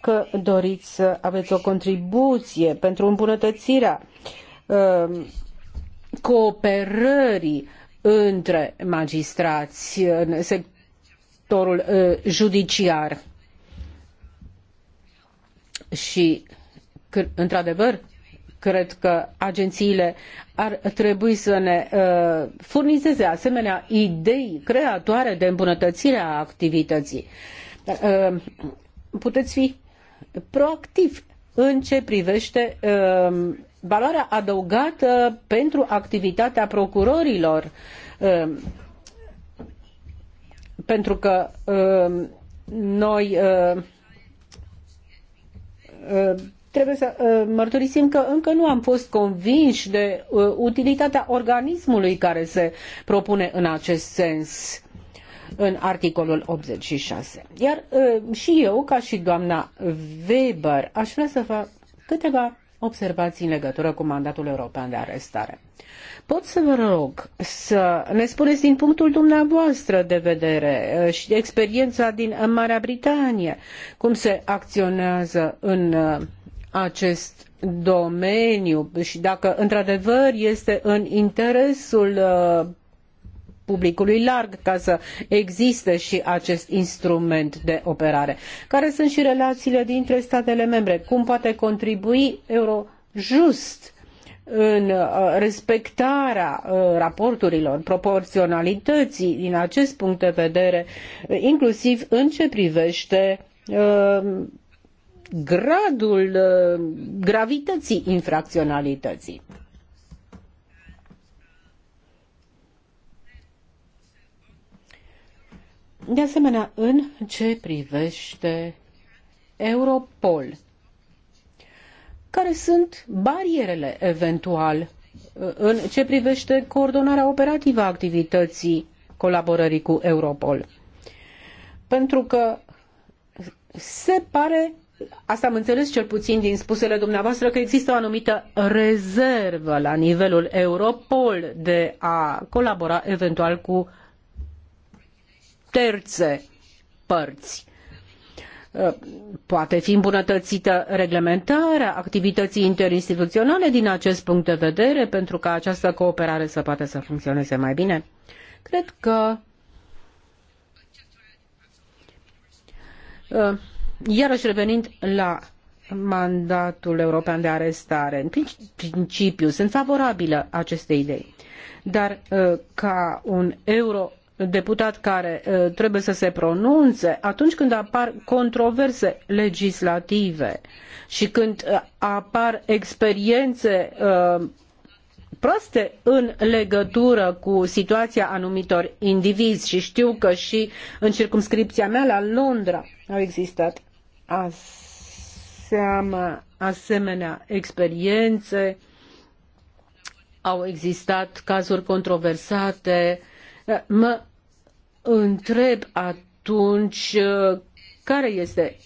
că doriți să aveți o contribuție pentru îmbunătățirea cooperării între magistrați în sectorul uh, judiciar. Și, într-adevăr, cred că agențiile ar trebui să ne uh, furnizeze asemenea idei creatoare de îmbunătățire a activității. Uh, puteți fi proactiv în ce privește uh, valoarea adăugată pentru activitatea procurorilor, ehm, pentru că ehm, noi ehm, trebuie să mărturisim că încă nu am fost convinși de utilitatea organismului care se propune în acest sens în articolul 86. Iar și eu, ca și doamna Weber, aș vrea să fac câteva observații în legătură cu mandatul european de arestare. Pot să vă rog să ne spuneți din punctul dumneavoastră de vedere uh, și experiența din Marea Britanie cum se acționează în uh, acest domeniu și dacă într-adevăr este în interesul uh, publicului larg ca să existe și acest instrument de operare. Care sunt și relațiile dintre statele membre? Cum poate contribui Eurojust în uh, respectarea uh, raporturilor, proporționalității din acest punct de vedere, uh, inclusiv în ce privește gradul gravității infracționalității? De asemenea, în ce privește Europol, care sunt barierele eventual uh, în ce privește coordonarea operativă a activității colaborării cu Europol? Pentru că se pare asta am înțeles cel puțin din spusele dumneavoastră că există o anumită rezervă la nivelul Europol de a colabora eventual cu terțe părți. Uh, poate fi îmbunătăită reglementarea activității interinstituionale din acest punct de vedere pentru ca această cooperare să poată să funcționeze mai bine? Cred că uh, Iarăși revenind la mandatul european de arestare, în principiu sunt favorabilă acestei idei, dar uh, ca un euro deputat care trebuie să se pronunțe atunci când apar controverse legislative și când apar experiențe proaste în legătură cu situația anumitor indivizi și știu că și în circumscripția mea la Londra au existat aseama, asemenea experiențe, au existat cazuri controversate. Mă întreb atunci uh, care este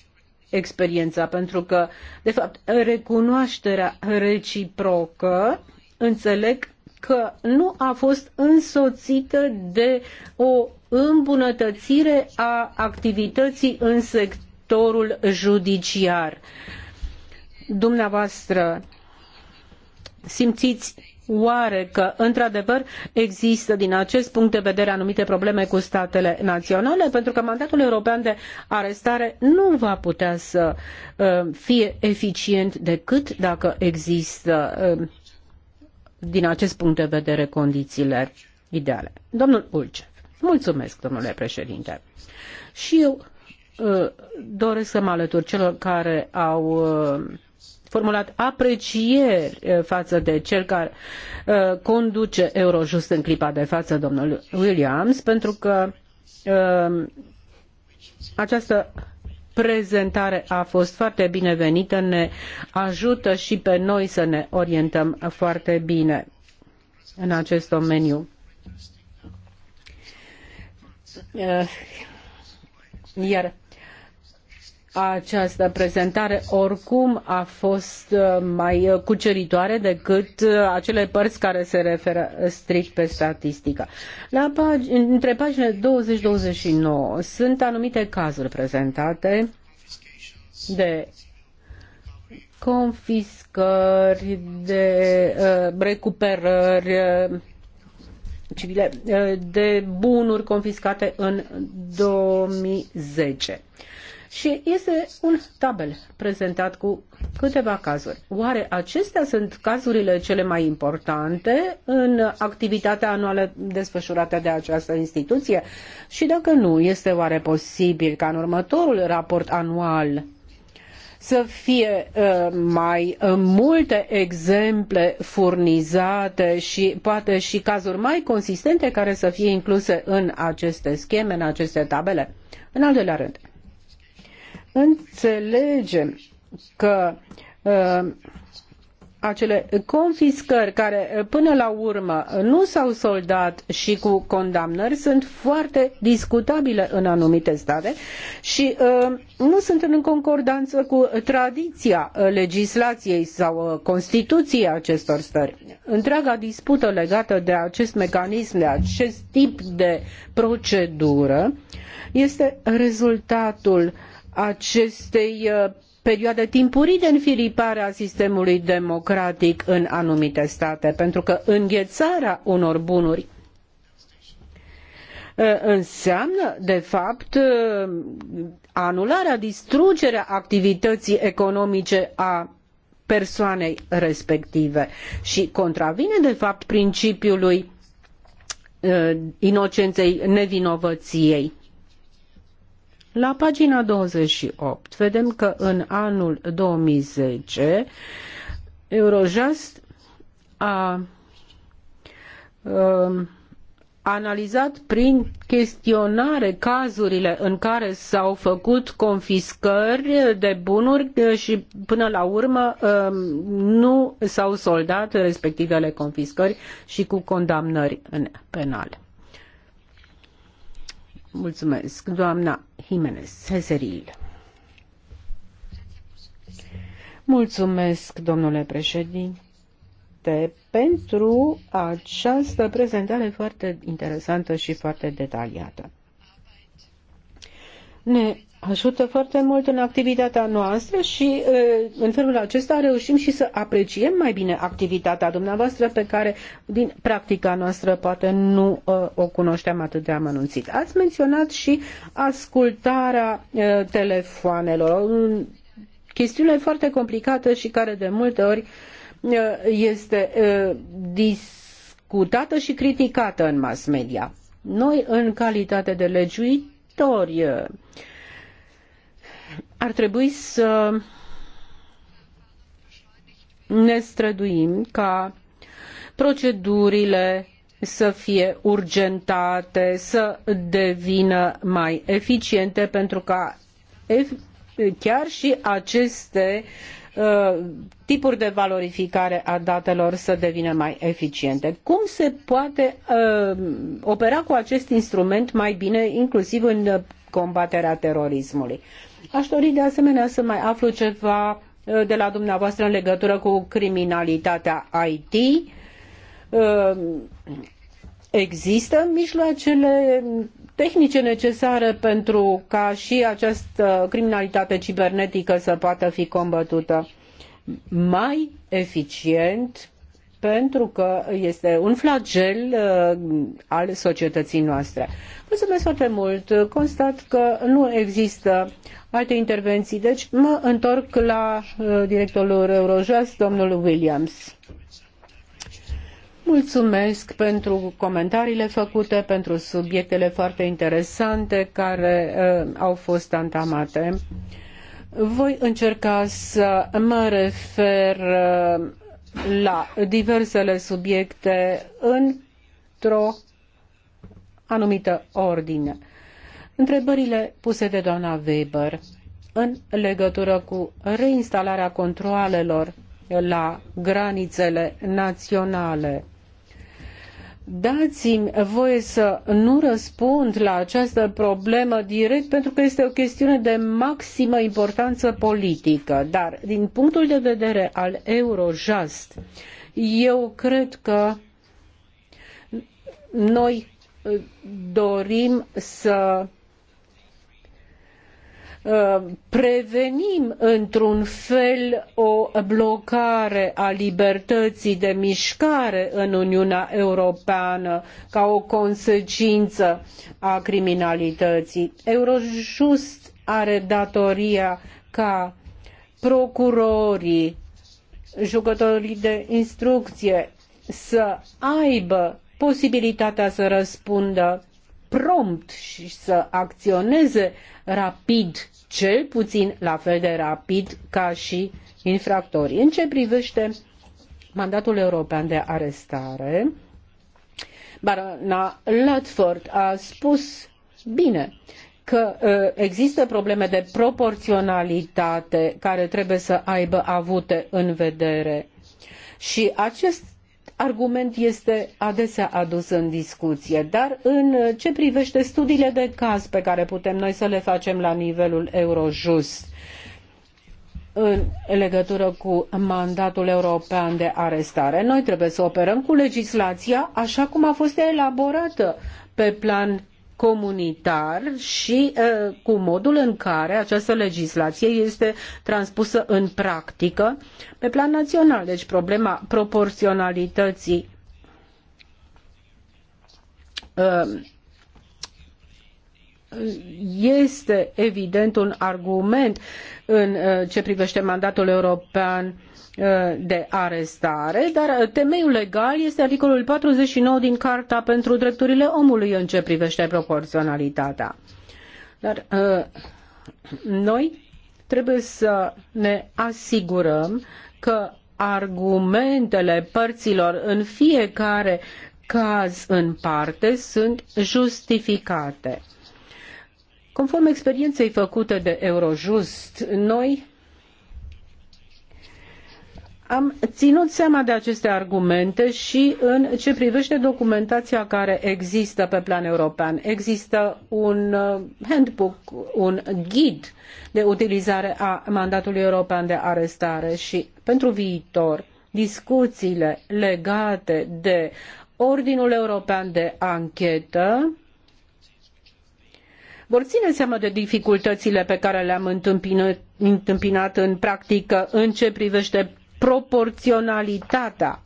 experiența, pentru că, de fapt, recunoașterea reciprocă, înțeleg că nu a fost însoțită de o îmbunătățire a activității în sectorul judiciar. Dumneavoastră simțiți oare că, într-adevăr, există din acest punct de vedere anumite probleme cu statele naționale? Pentru că mandatul european de arestare nu va putea să uh, fie eficient decât dacă există, uh, din acest punct de vedere, condițiile ideale. Domnul Ulcev. Mulțumesc, domnule președinte. Și eu uh, doresc să mă alătur celor care au formulat aprecieri eh, față de cel care eh, conduce Eurojust în clipa de față, domnul Williams, pentru că eh, această prezentare a fost foarte binevenită, ne ajută și pe noi să ne orientăm foarte bine în acest domeniu. Iar această prezentare oricum a fost uh, mai uh, cuceritoare decât uh, acele părți care se referă strict pe statistică. La pag- între paginile 20-29 sunt anumite cazuri prezentate de confiscări, de uh, recuperări civile, uh, de bunuri confiscate în 2010. Și este un tabel prezentat cu câteva cazuri. Oare acestea sunt cazurile cele mai importante în activitatea anuală desfășurată de această instituție? Și dacă nu, este oare posibil ca în următorul raport anual să fie uh, mai uh, multe exemple furnizate și poate și cazuri mai consistente care să fie incluse în aceste scheme, în aceste tabele? În al doilea rând, înțelegem că uh, acele confiscări care uh, până la urmă nu s-au soldat și cu condamnări sunt foarte discutabile în anumite state și uh, nu sunt în concordanță cu tradiția uh, legislației sau uh, Constituției acestor stări. Întreaga dispută legată de acest mecanism, de acest tip de procedură, este rezultatul uh, acestei uh, perioade timpurii de înfiripare a sistemului democratic în anumite state, pentru că înghețarea unor bunuri uh, înseamnă, de fapt, uh, anularea, distrugerea activității economice a persoanei respective și contravine, de fapt, principiului inocenței nevinovăției. La pagina 28 vedem că în anul 2010 Eurojust a um, analizat prin chestionare cazurile în care s-au făcut confiscări de bunuri și până la urmă um, nu s-au soldat respectivele confiscări și cu condamnări penale. Mulțumesc, doamna Jimenez Ceseril. Mulțumesc, domnule președinte pentru această prezentare foarte interesantă și foarte detaliată. Ne ajută foarte mult în activitatea noastră și în felul acesta reușim și să apreciem mai bine activitatea dumneavoastră pe care din practica noastră poate nu o cunoșteam atât de amănunțit. Ați menționat și ascultarea telefoanelor, o chestiune foarte complicată și care de multe ori este discutată și criticată în mass media. Noi, în calitate de legiuitori, ar trebui să ne străduim ca procedurile să fie urgentate, să devină mai eficiente pentru ca chiar și aceste uh, tipuri de valorificare a datelor să devină mai eficiente. Cum se poate uh, opera cu acest instrument mai bine, inclusiv în combaterea terorismului? Aș dori de asemenea să mai aflu ceva uh, de la dumneavoastră în legătură cu criminalitatea IT. Uh, există mijloacele tehnice necesare pentru ca și această criminalitate cibernetică să poată fi combătută mai eficient pentru că este un flagel uh, al societății noastre. Mulțumesc foarte mult. Constat că nu există alte intervenții. Deci mă întorc la uh, directorul Eurojust, domnul Williams. Mulțumesc pentru comentariile făcute, pentru subiectele foarte interesante care uh, au fost antamate. Voi încerca să mă refer uh, la diversele subiecte într-o anumită ordine. Întrebările puse de doamna Weber în legătură cu reinstalarea controalelor la granițele naționale Dați-mi voie să nu răspund la această problemă direct pentru că este o chestiune de maximă importanță politică, dar din punctul de vedere al Eurojust, eu cred că noi dorim să Uh, prevenim într-un fel o blocare a libertății de mișcare în Uniunea Europeană ca o consecință a criminalității. Eurojust are datoria ca procurorii, jucătorii de instrucție să aibă posibilitatea să răspundă prompt și să acționeze rapid, cel puțin la fel de rapid ca și infractorii. În ce privește mandatul european de arestare, Barona Ludford a spus bine că uh, există probleme de proporționalitate care trebuie să aibă avute în vedere. Și acest argument este adesea adus în discuție, dar în uh, ce privește studiile de caz pe care putem noi să le facem la nivelul Eurojust, în legătură cu mandatul european de arestare. Noi trebuie să operăm cu legislația așa cum a fost elaborată pe plan comunitar și uh, cu modul în care această legislație este transpusă în practică pe plan național. Deci problema proporționalității uh, este evident un argument în uh, ce privește mandatul european Uh, de arestare, dar uh, temeiul legal este articolul 49 din Carta pentru Drepturile Omului în ce privește proporționalitatea. Dar uh, noi trebuie să ne asigurăm că argumentele părților în fiecare caz în parte sunt justificate. Conform experienței făcute de Eurojust, noi am ținut seama de aceste argumente și în ce privește documentația care există pe plan european. Există un uh, handbook, un ghid de utilizare a mandatului european de arestare și pentru viitor discuțiile legate de Ordinul European de Anchetă vor ține seama de dificultățile pe care le-am întâmpinat, întâmpinat în practică în ce privește proporționalitatea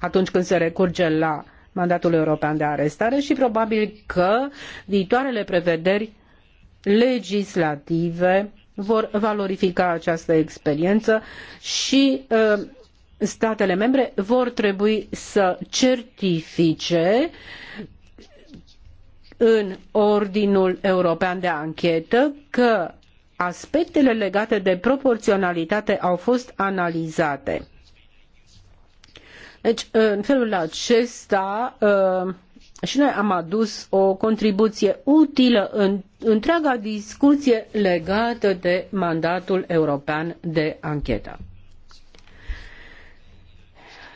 atunci când se recurge la mandatul european de arestare și probabil că viitoarele prevederi legislative vor valorifica această experiență și uh, statele membre vor trebui să certifice în Ordinul European de Anchetă că aspectele legate de proporționalitate au fost analizate. Deci, în felul acesta, uh, și noi am adus o contribuție utilă în întreaga discuție legată de mandatul european de anchetă.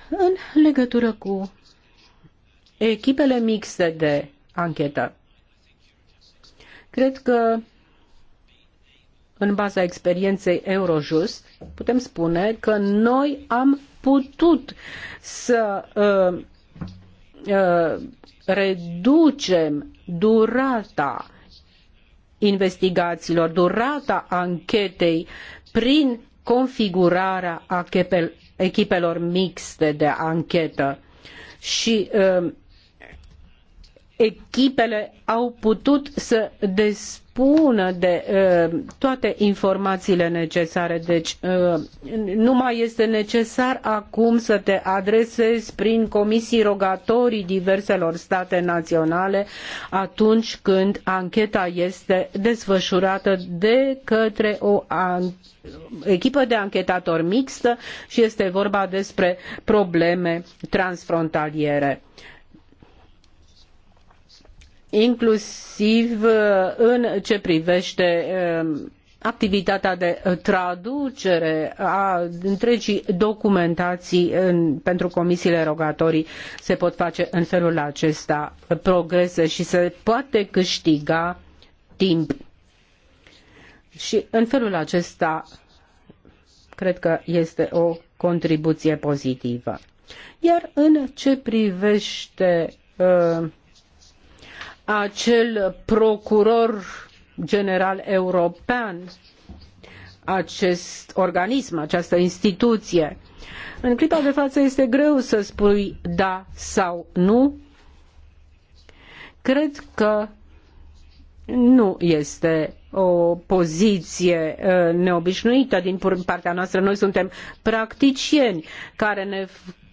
În legătură cu echipele mixte de anchetă, cred că în baza experienței Eurojust, putem spune că noi am putut să uh, uh, reducem durata investigațiilor, durata anchetei prin configurarea echipelor mixte de anchetă. Și uh, echipele au putut să despre dispună de uh, toate informațiile necesare. Deci uh, nu mai este necesar acum să te adresezi prin comisii rogatorii diverselor state naționale atunci când ancheta este desfășurată de către o echipă de anchetatori mixtă și este vorba despre probleme transfrontaliere inclusiv uh, în ce privește um, activitatea de traducere a întregii documentații în, pentru comisiile rogatorii se pot face în felul acesta progrese și se poate câștiga timp. Și în felul acesta cred că este o contribuție pozitivă. Iar în ce privește uh, acel procuror general european, acest organism, această instituție. În clipa de față este greu să spui da sau nu. Cred că nu este o poziție uh, neobișnuită din partea noastră. Noi suntem practicieni care ne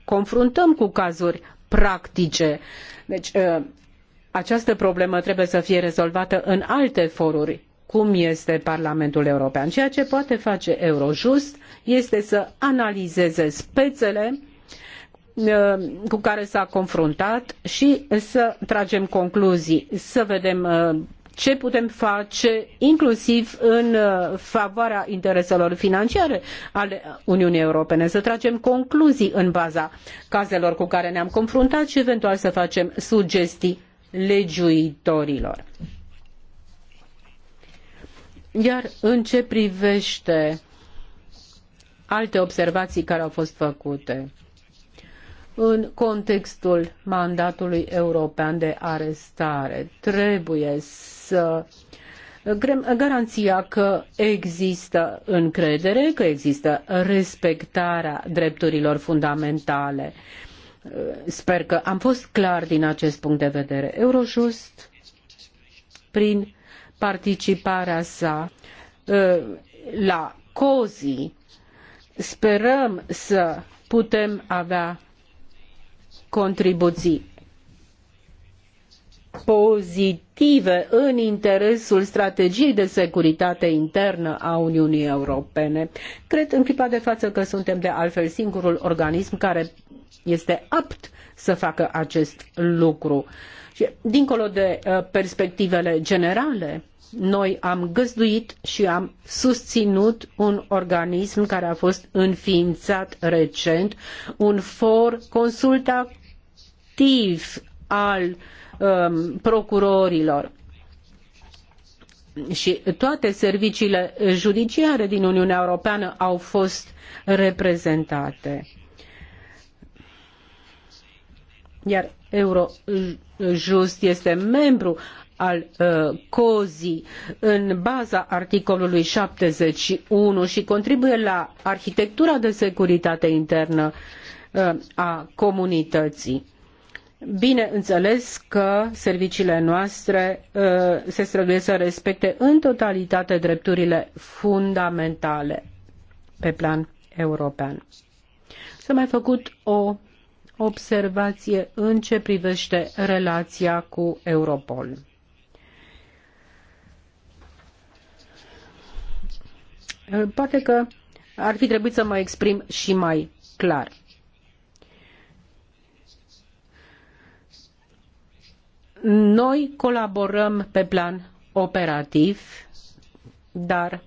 confruntăm cu cazuri practice. Deci uh, această problemă trebuie să fie rezolvată în alte foruri, cum este Parlamentul European. Ceea ce poate face Eurojust este să analizeze spețele uh, cu care s-a confruntat și să tragem concluzii, să vedem uh, ce putem face inclusiv în uh, favoarea intereselor financiare ale Uniunii Europene, să tragem concluzii în baza cazelor cu care ne-am confruntat și eventual să facem sugestii legiuitorilor. Iar în ce privește alte observații care au fost făcute în contextul mandatului european de arestare, trebuie să garanția că există încredere, că există respectarea drepturilor fundamentale. Uh, Sper că am fost clar din acest punct de vedere. Eurojust, prin participarea sa ă, la COZI, sperăm să putem avea contribuții pozitive în interesul strategiei de securitate internă a Uniunii Europene. Cred în clipa de față că suntem de altfel singurul organism care este apt să facă acest lucru. Și, dincolo de uh, perspectivele generale, noi am găzduit și am susținut un organism care a fost înființat recent, un for consultativ al um, procurorilor și toate serviciile judiciare din Uniunea Europeană au fost reprezentate. Iar Eurojust este membru al uh, COZI în baza articolului 71 și contribuie la arhitectura de securitate internă uh, a comunității. Bineînțeles că serviciile noastre uh, se străduie să respecte în totalitate drepturile fundamentale pe plan european. S-a mai făcut o observație în ce privește relația cu Europol. Poate că ar fi trebuit să mă exprim și mai clar. Noi colaborăm pe plan operativ, dar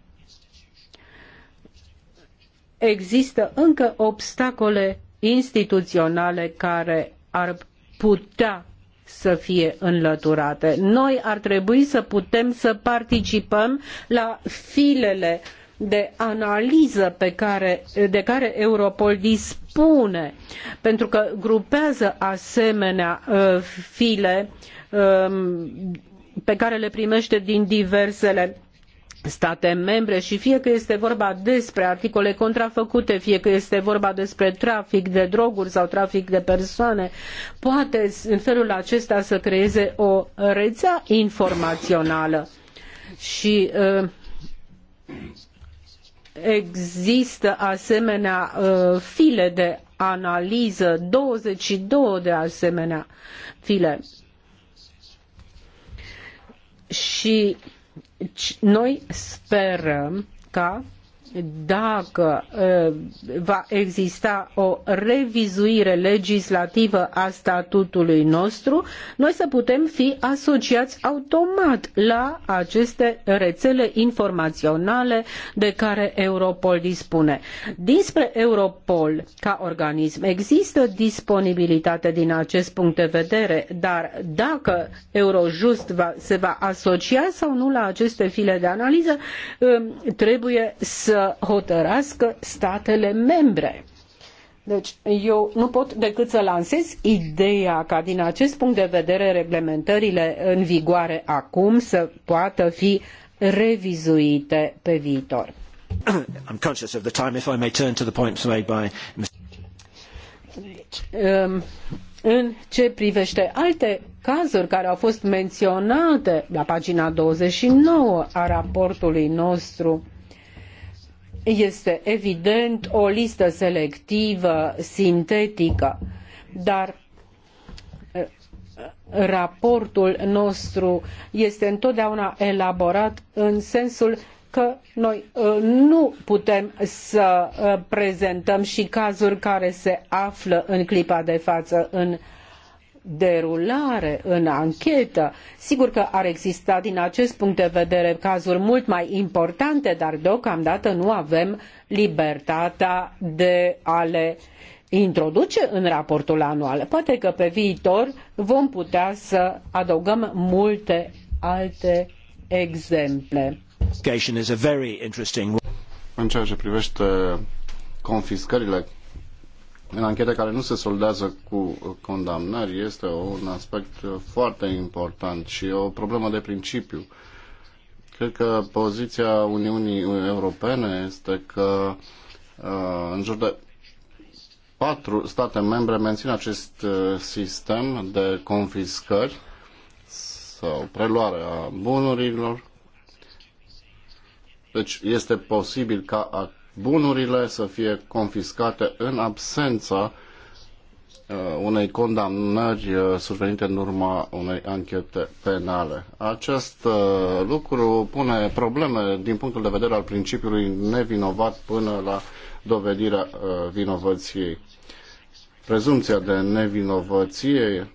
există încă obstacole instituționale care ar putea să fie înlăturate. Noi ar trebui să putem să participăm la filele de analiză pe care, de care Europol dispune, pentru că grupează asemenea uh, file um, pe care le primește din diversele state membre și fie că este vorba despre articole contrafăcute, fie că este vorba despre trafic de droguri sau trafic de persoane, poate în felul acesta să creeze o rețea informațională. Și uh, există asemenea uh, file de analiză, 22 de asemenea file. Și deci, noi sperăm ca dacă va exista o revizuire legislativă a statutului nostru, noi să putem fi asociați automat la aceste rețele informaționale de care Europol dispune. Dinspre Europol ca organism există disponibilitate din acest punct de vedere, dar dacă Eurojust va, se va asocia sau nu la aceste file de analiză, trebuie să să hotărască statele membre. Deci eu nu pot decât să lansez ideea ca din acest punct de vedere reglementările în vigoare acum să poată fi revizuite pe viitor. I'm conscious of the time if I may turn to the points made by deci, um, în ce privește alte cazuri care au fost menționate la pagina 29 a raportului nostru, este evident o listă selectivă, sintetică, dar uh, raportul nostru este întotdeauna elaborat în sensul că noi uh, nu putem să uh, prezentăm și cazuri care se află în clipa de față în derulare în anchetă. Sigur că ar exista din acest punct de vedere cazuri mult mai importante, dar deocamdată nu avem libertatea de a le introduce în raportul anual. Poate că pe viitor vom putea să adăugăm multe alte exemple. În ceea ce privește confiscările în anchete care nu se soldează cu condamnări este un aspect foarte important și o problemă de principiu. Cred că poziția Uniunii Europene este că uh, în jur de patru state membre mențin acest uh, sistem de confiscări sau preluare a bunurilor. Deci este posibil ca bunurile să fie confiscate în absența uh, unei condamnări uh, survenite în urma unei anchete penale. Acest uh, lucru pune probleme din punctul de vedere al principiului nevinovat până la dovedirea vinovăției. Prezumția de nevinovăție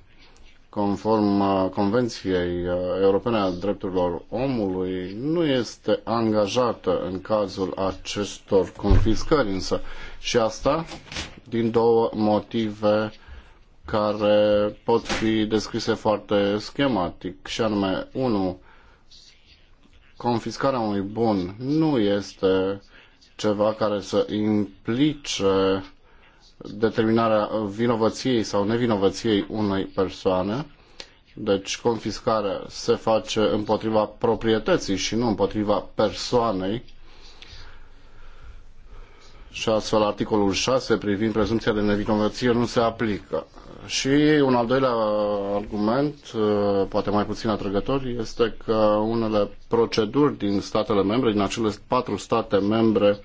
conform uh, Convenției uh, Europene a Drepturilor Omului, nu este angajată în cazul acestor confiscări însă. Și asta din două motive care pot fi descrise foarte schematic, și anume, unu, confiscarea unui bun nu este ceva care să implice determinarea vinovăției sau nevinovăției unei persoane. Deci confiscarea se face împotriva proprietății și nu împotriva persoanei. Și astfel articolul 6 privind prezumția de nevinovăție nu se aplică. Și un al doilea uh, argument, uh, poate mai puțin atrăgător, este că unele proceduri din statele membre, din acele patru state membre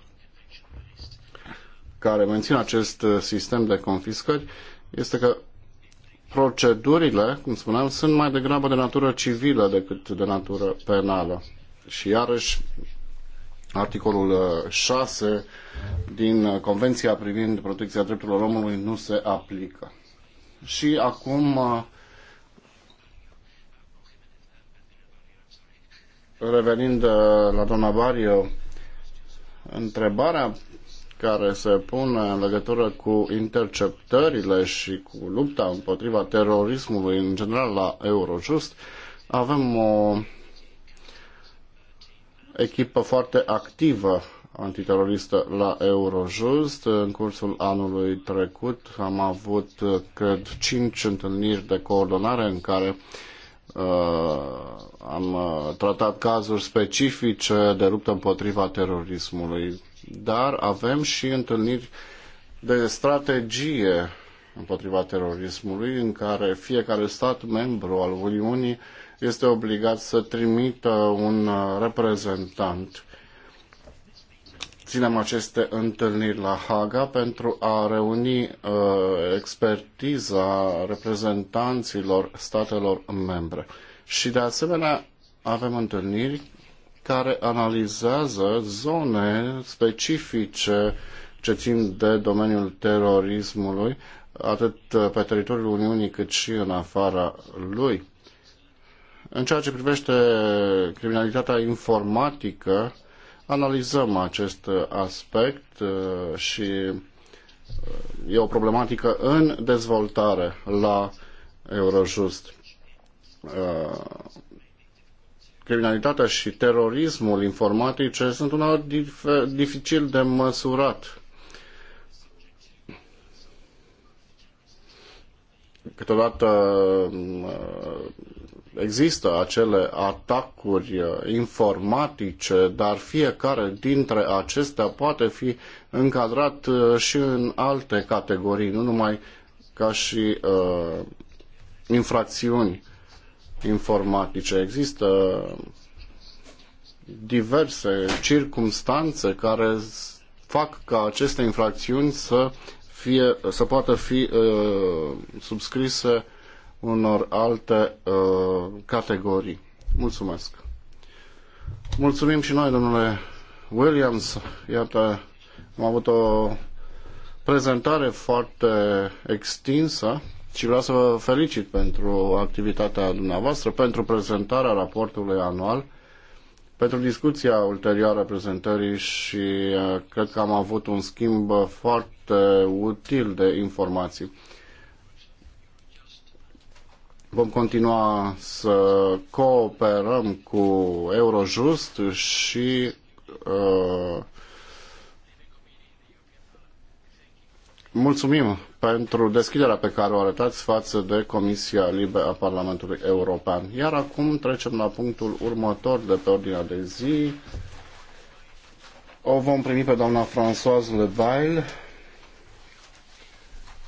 care mențin acest uh, sistem de confiscări este că procedurile, cum spuneam, sunt mai degrabă de natură civilă decât de natură penală. Și iarăși, articolul 6 uh, din uh, Convenția privind protecția drepturilor omului nu se aplică. Și acum revenind la doamna Bario întrebarea care se pune în legătură cu interceptările și cu lupta împotriva terorismului în general la Eurojust, avem o echipă foarte activă antiteroristă la Eurojust. În cursul anului trecut am avut, cred, cinci întâlniri de coordonare în care uh, am uh, tratat cazuri specifice de luptă împotriva terorismului dar avem și întâlniri de strategie împotriva terorismului, în care fiecare stat membru al Uniunii este obligat să trimită un uh, reprezentant. Ținem aceste întâlniri la Haga pentru a reuni uh, expertiza reprezentanților statelor membre. Și de asemenea avem întâlniri care analizează zone specifice ce țin de domeniul terorismului, atât pe teritoriul Uniunii cât și în afara lui. În ceea ce privește criminalitatea informatică, analizăm acest aspect uh, și uh, e o problematică în dezvoltare la Eurojust uh, criminalitatea și terorismul informatice sunt una dif- dificil de măsurat. Câteodată uh, există acele atacuri uh, informatice, dar fiecare dintre acestea poate fi încadrat uh, și în alte categorii, nu numai ca și uh, infracțiuni informatice. Există diverse circumstanțe care fac ca aceste infracțiuni să, fie, să poată fi uh, subscrise unor alte uh, categorii. Mulțumesc! Mulțumim și noi, domnule Williams. Iată, am avut o prezentare foarte extinsă și vreau să vă felicit pentru activitatea dumneavoastră, pentru prezentarea raportului anual, pentru discuția ulterioară prezentării și uh, cred că am avut un schimb foarte util de informații. Vom continua să cooperăm cu Eurojust și uh, mulțumim pentru deschiderea pe care o arătați față de Comisia Libe a Parlamentului European. Iar acum trecem la punctul următor de pe ordinea de zi. O vom primi pe doamna Françoise Lebail,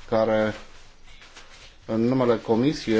care în numele Comisiei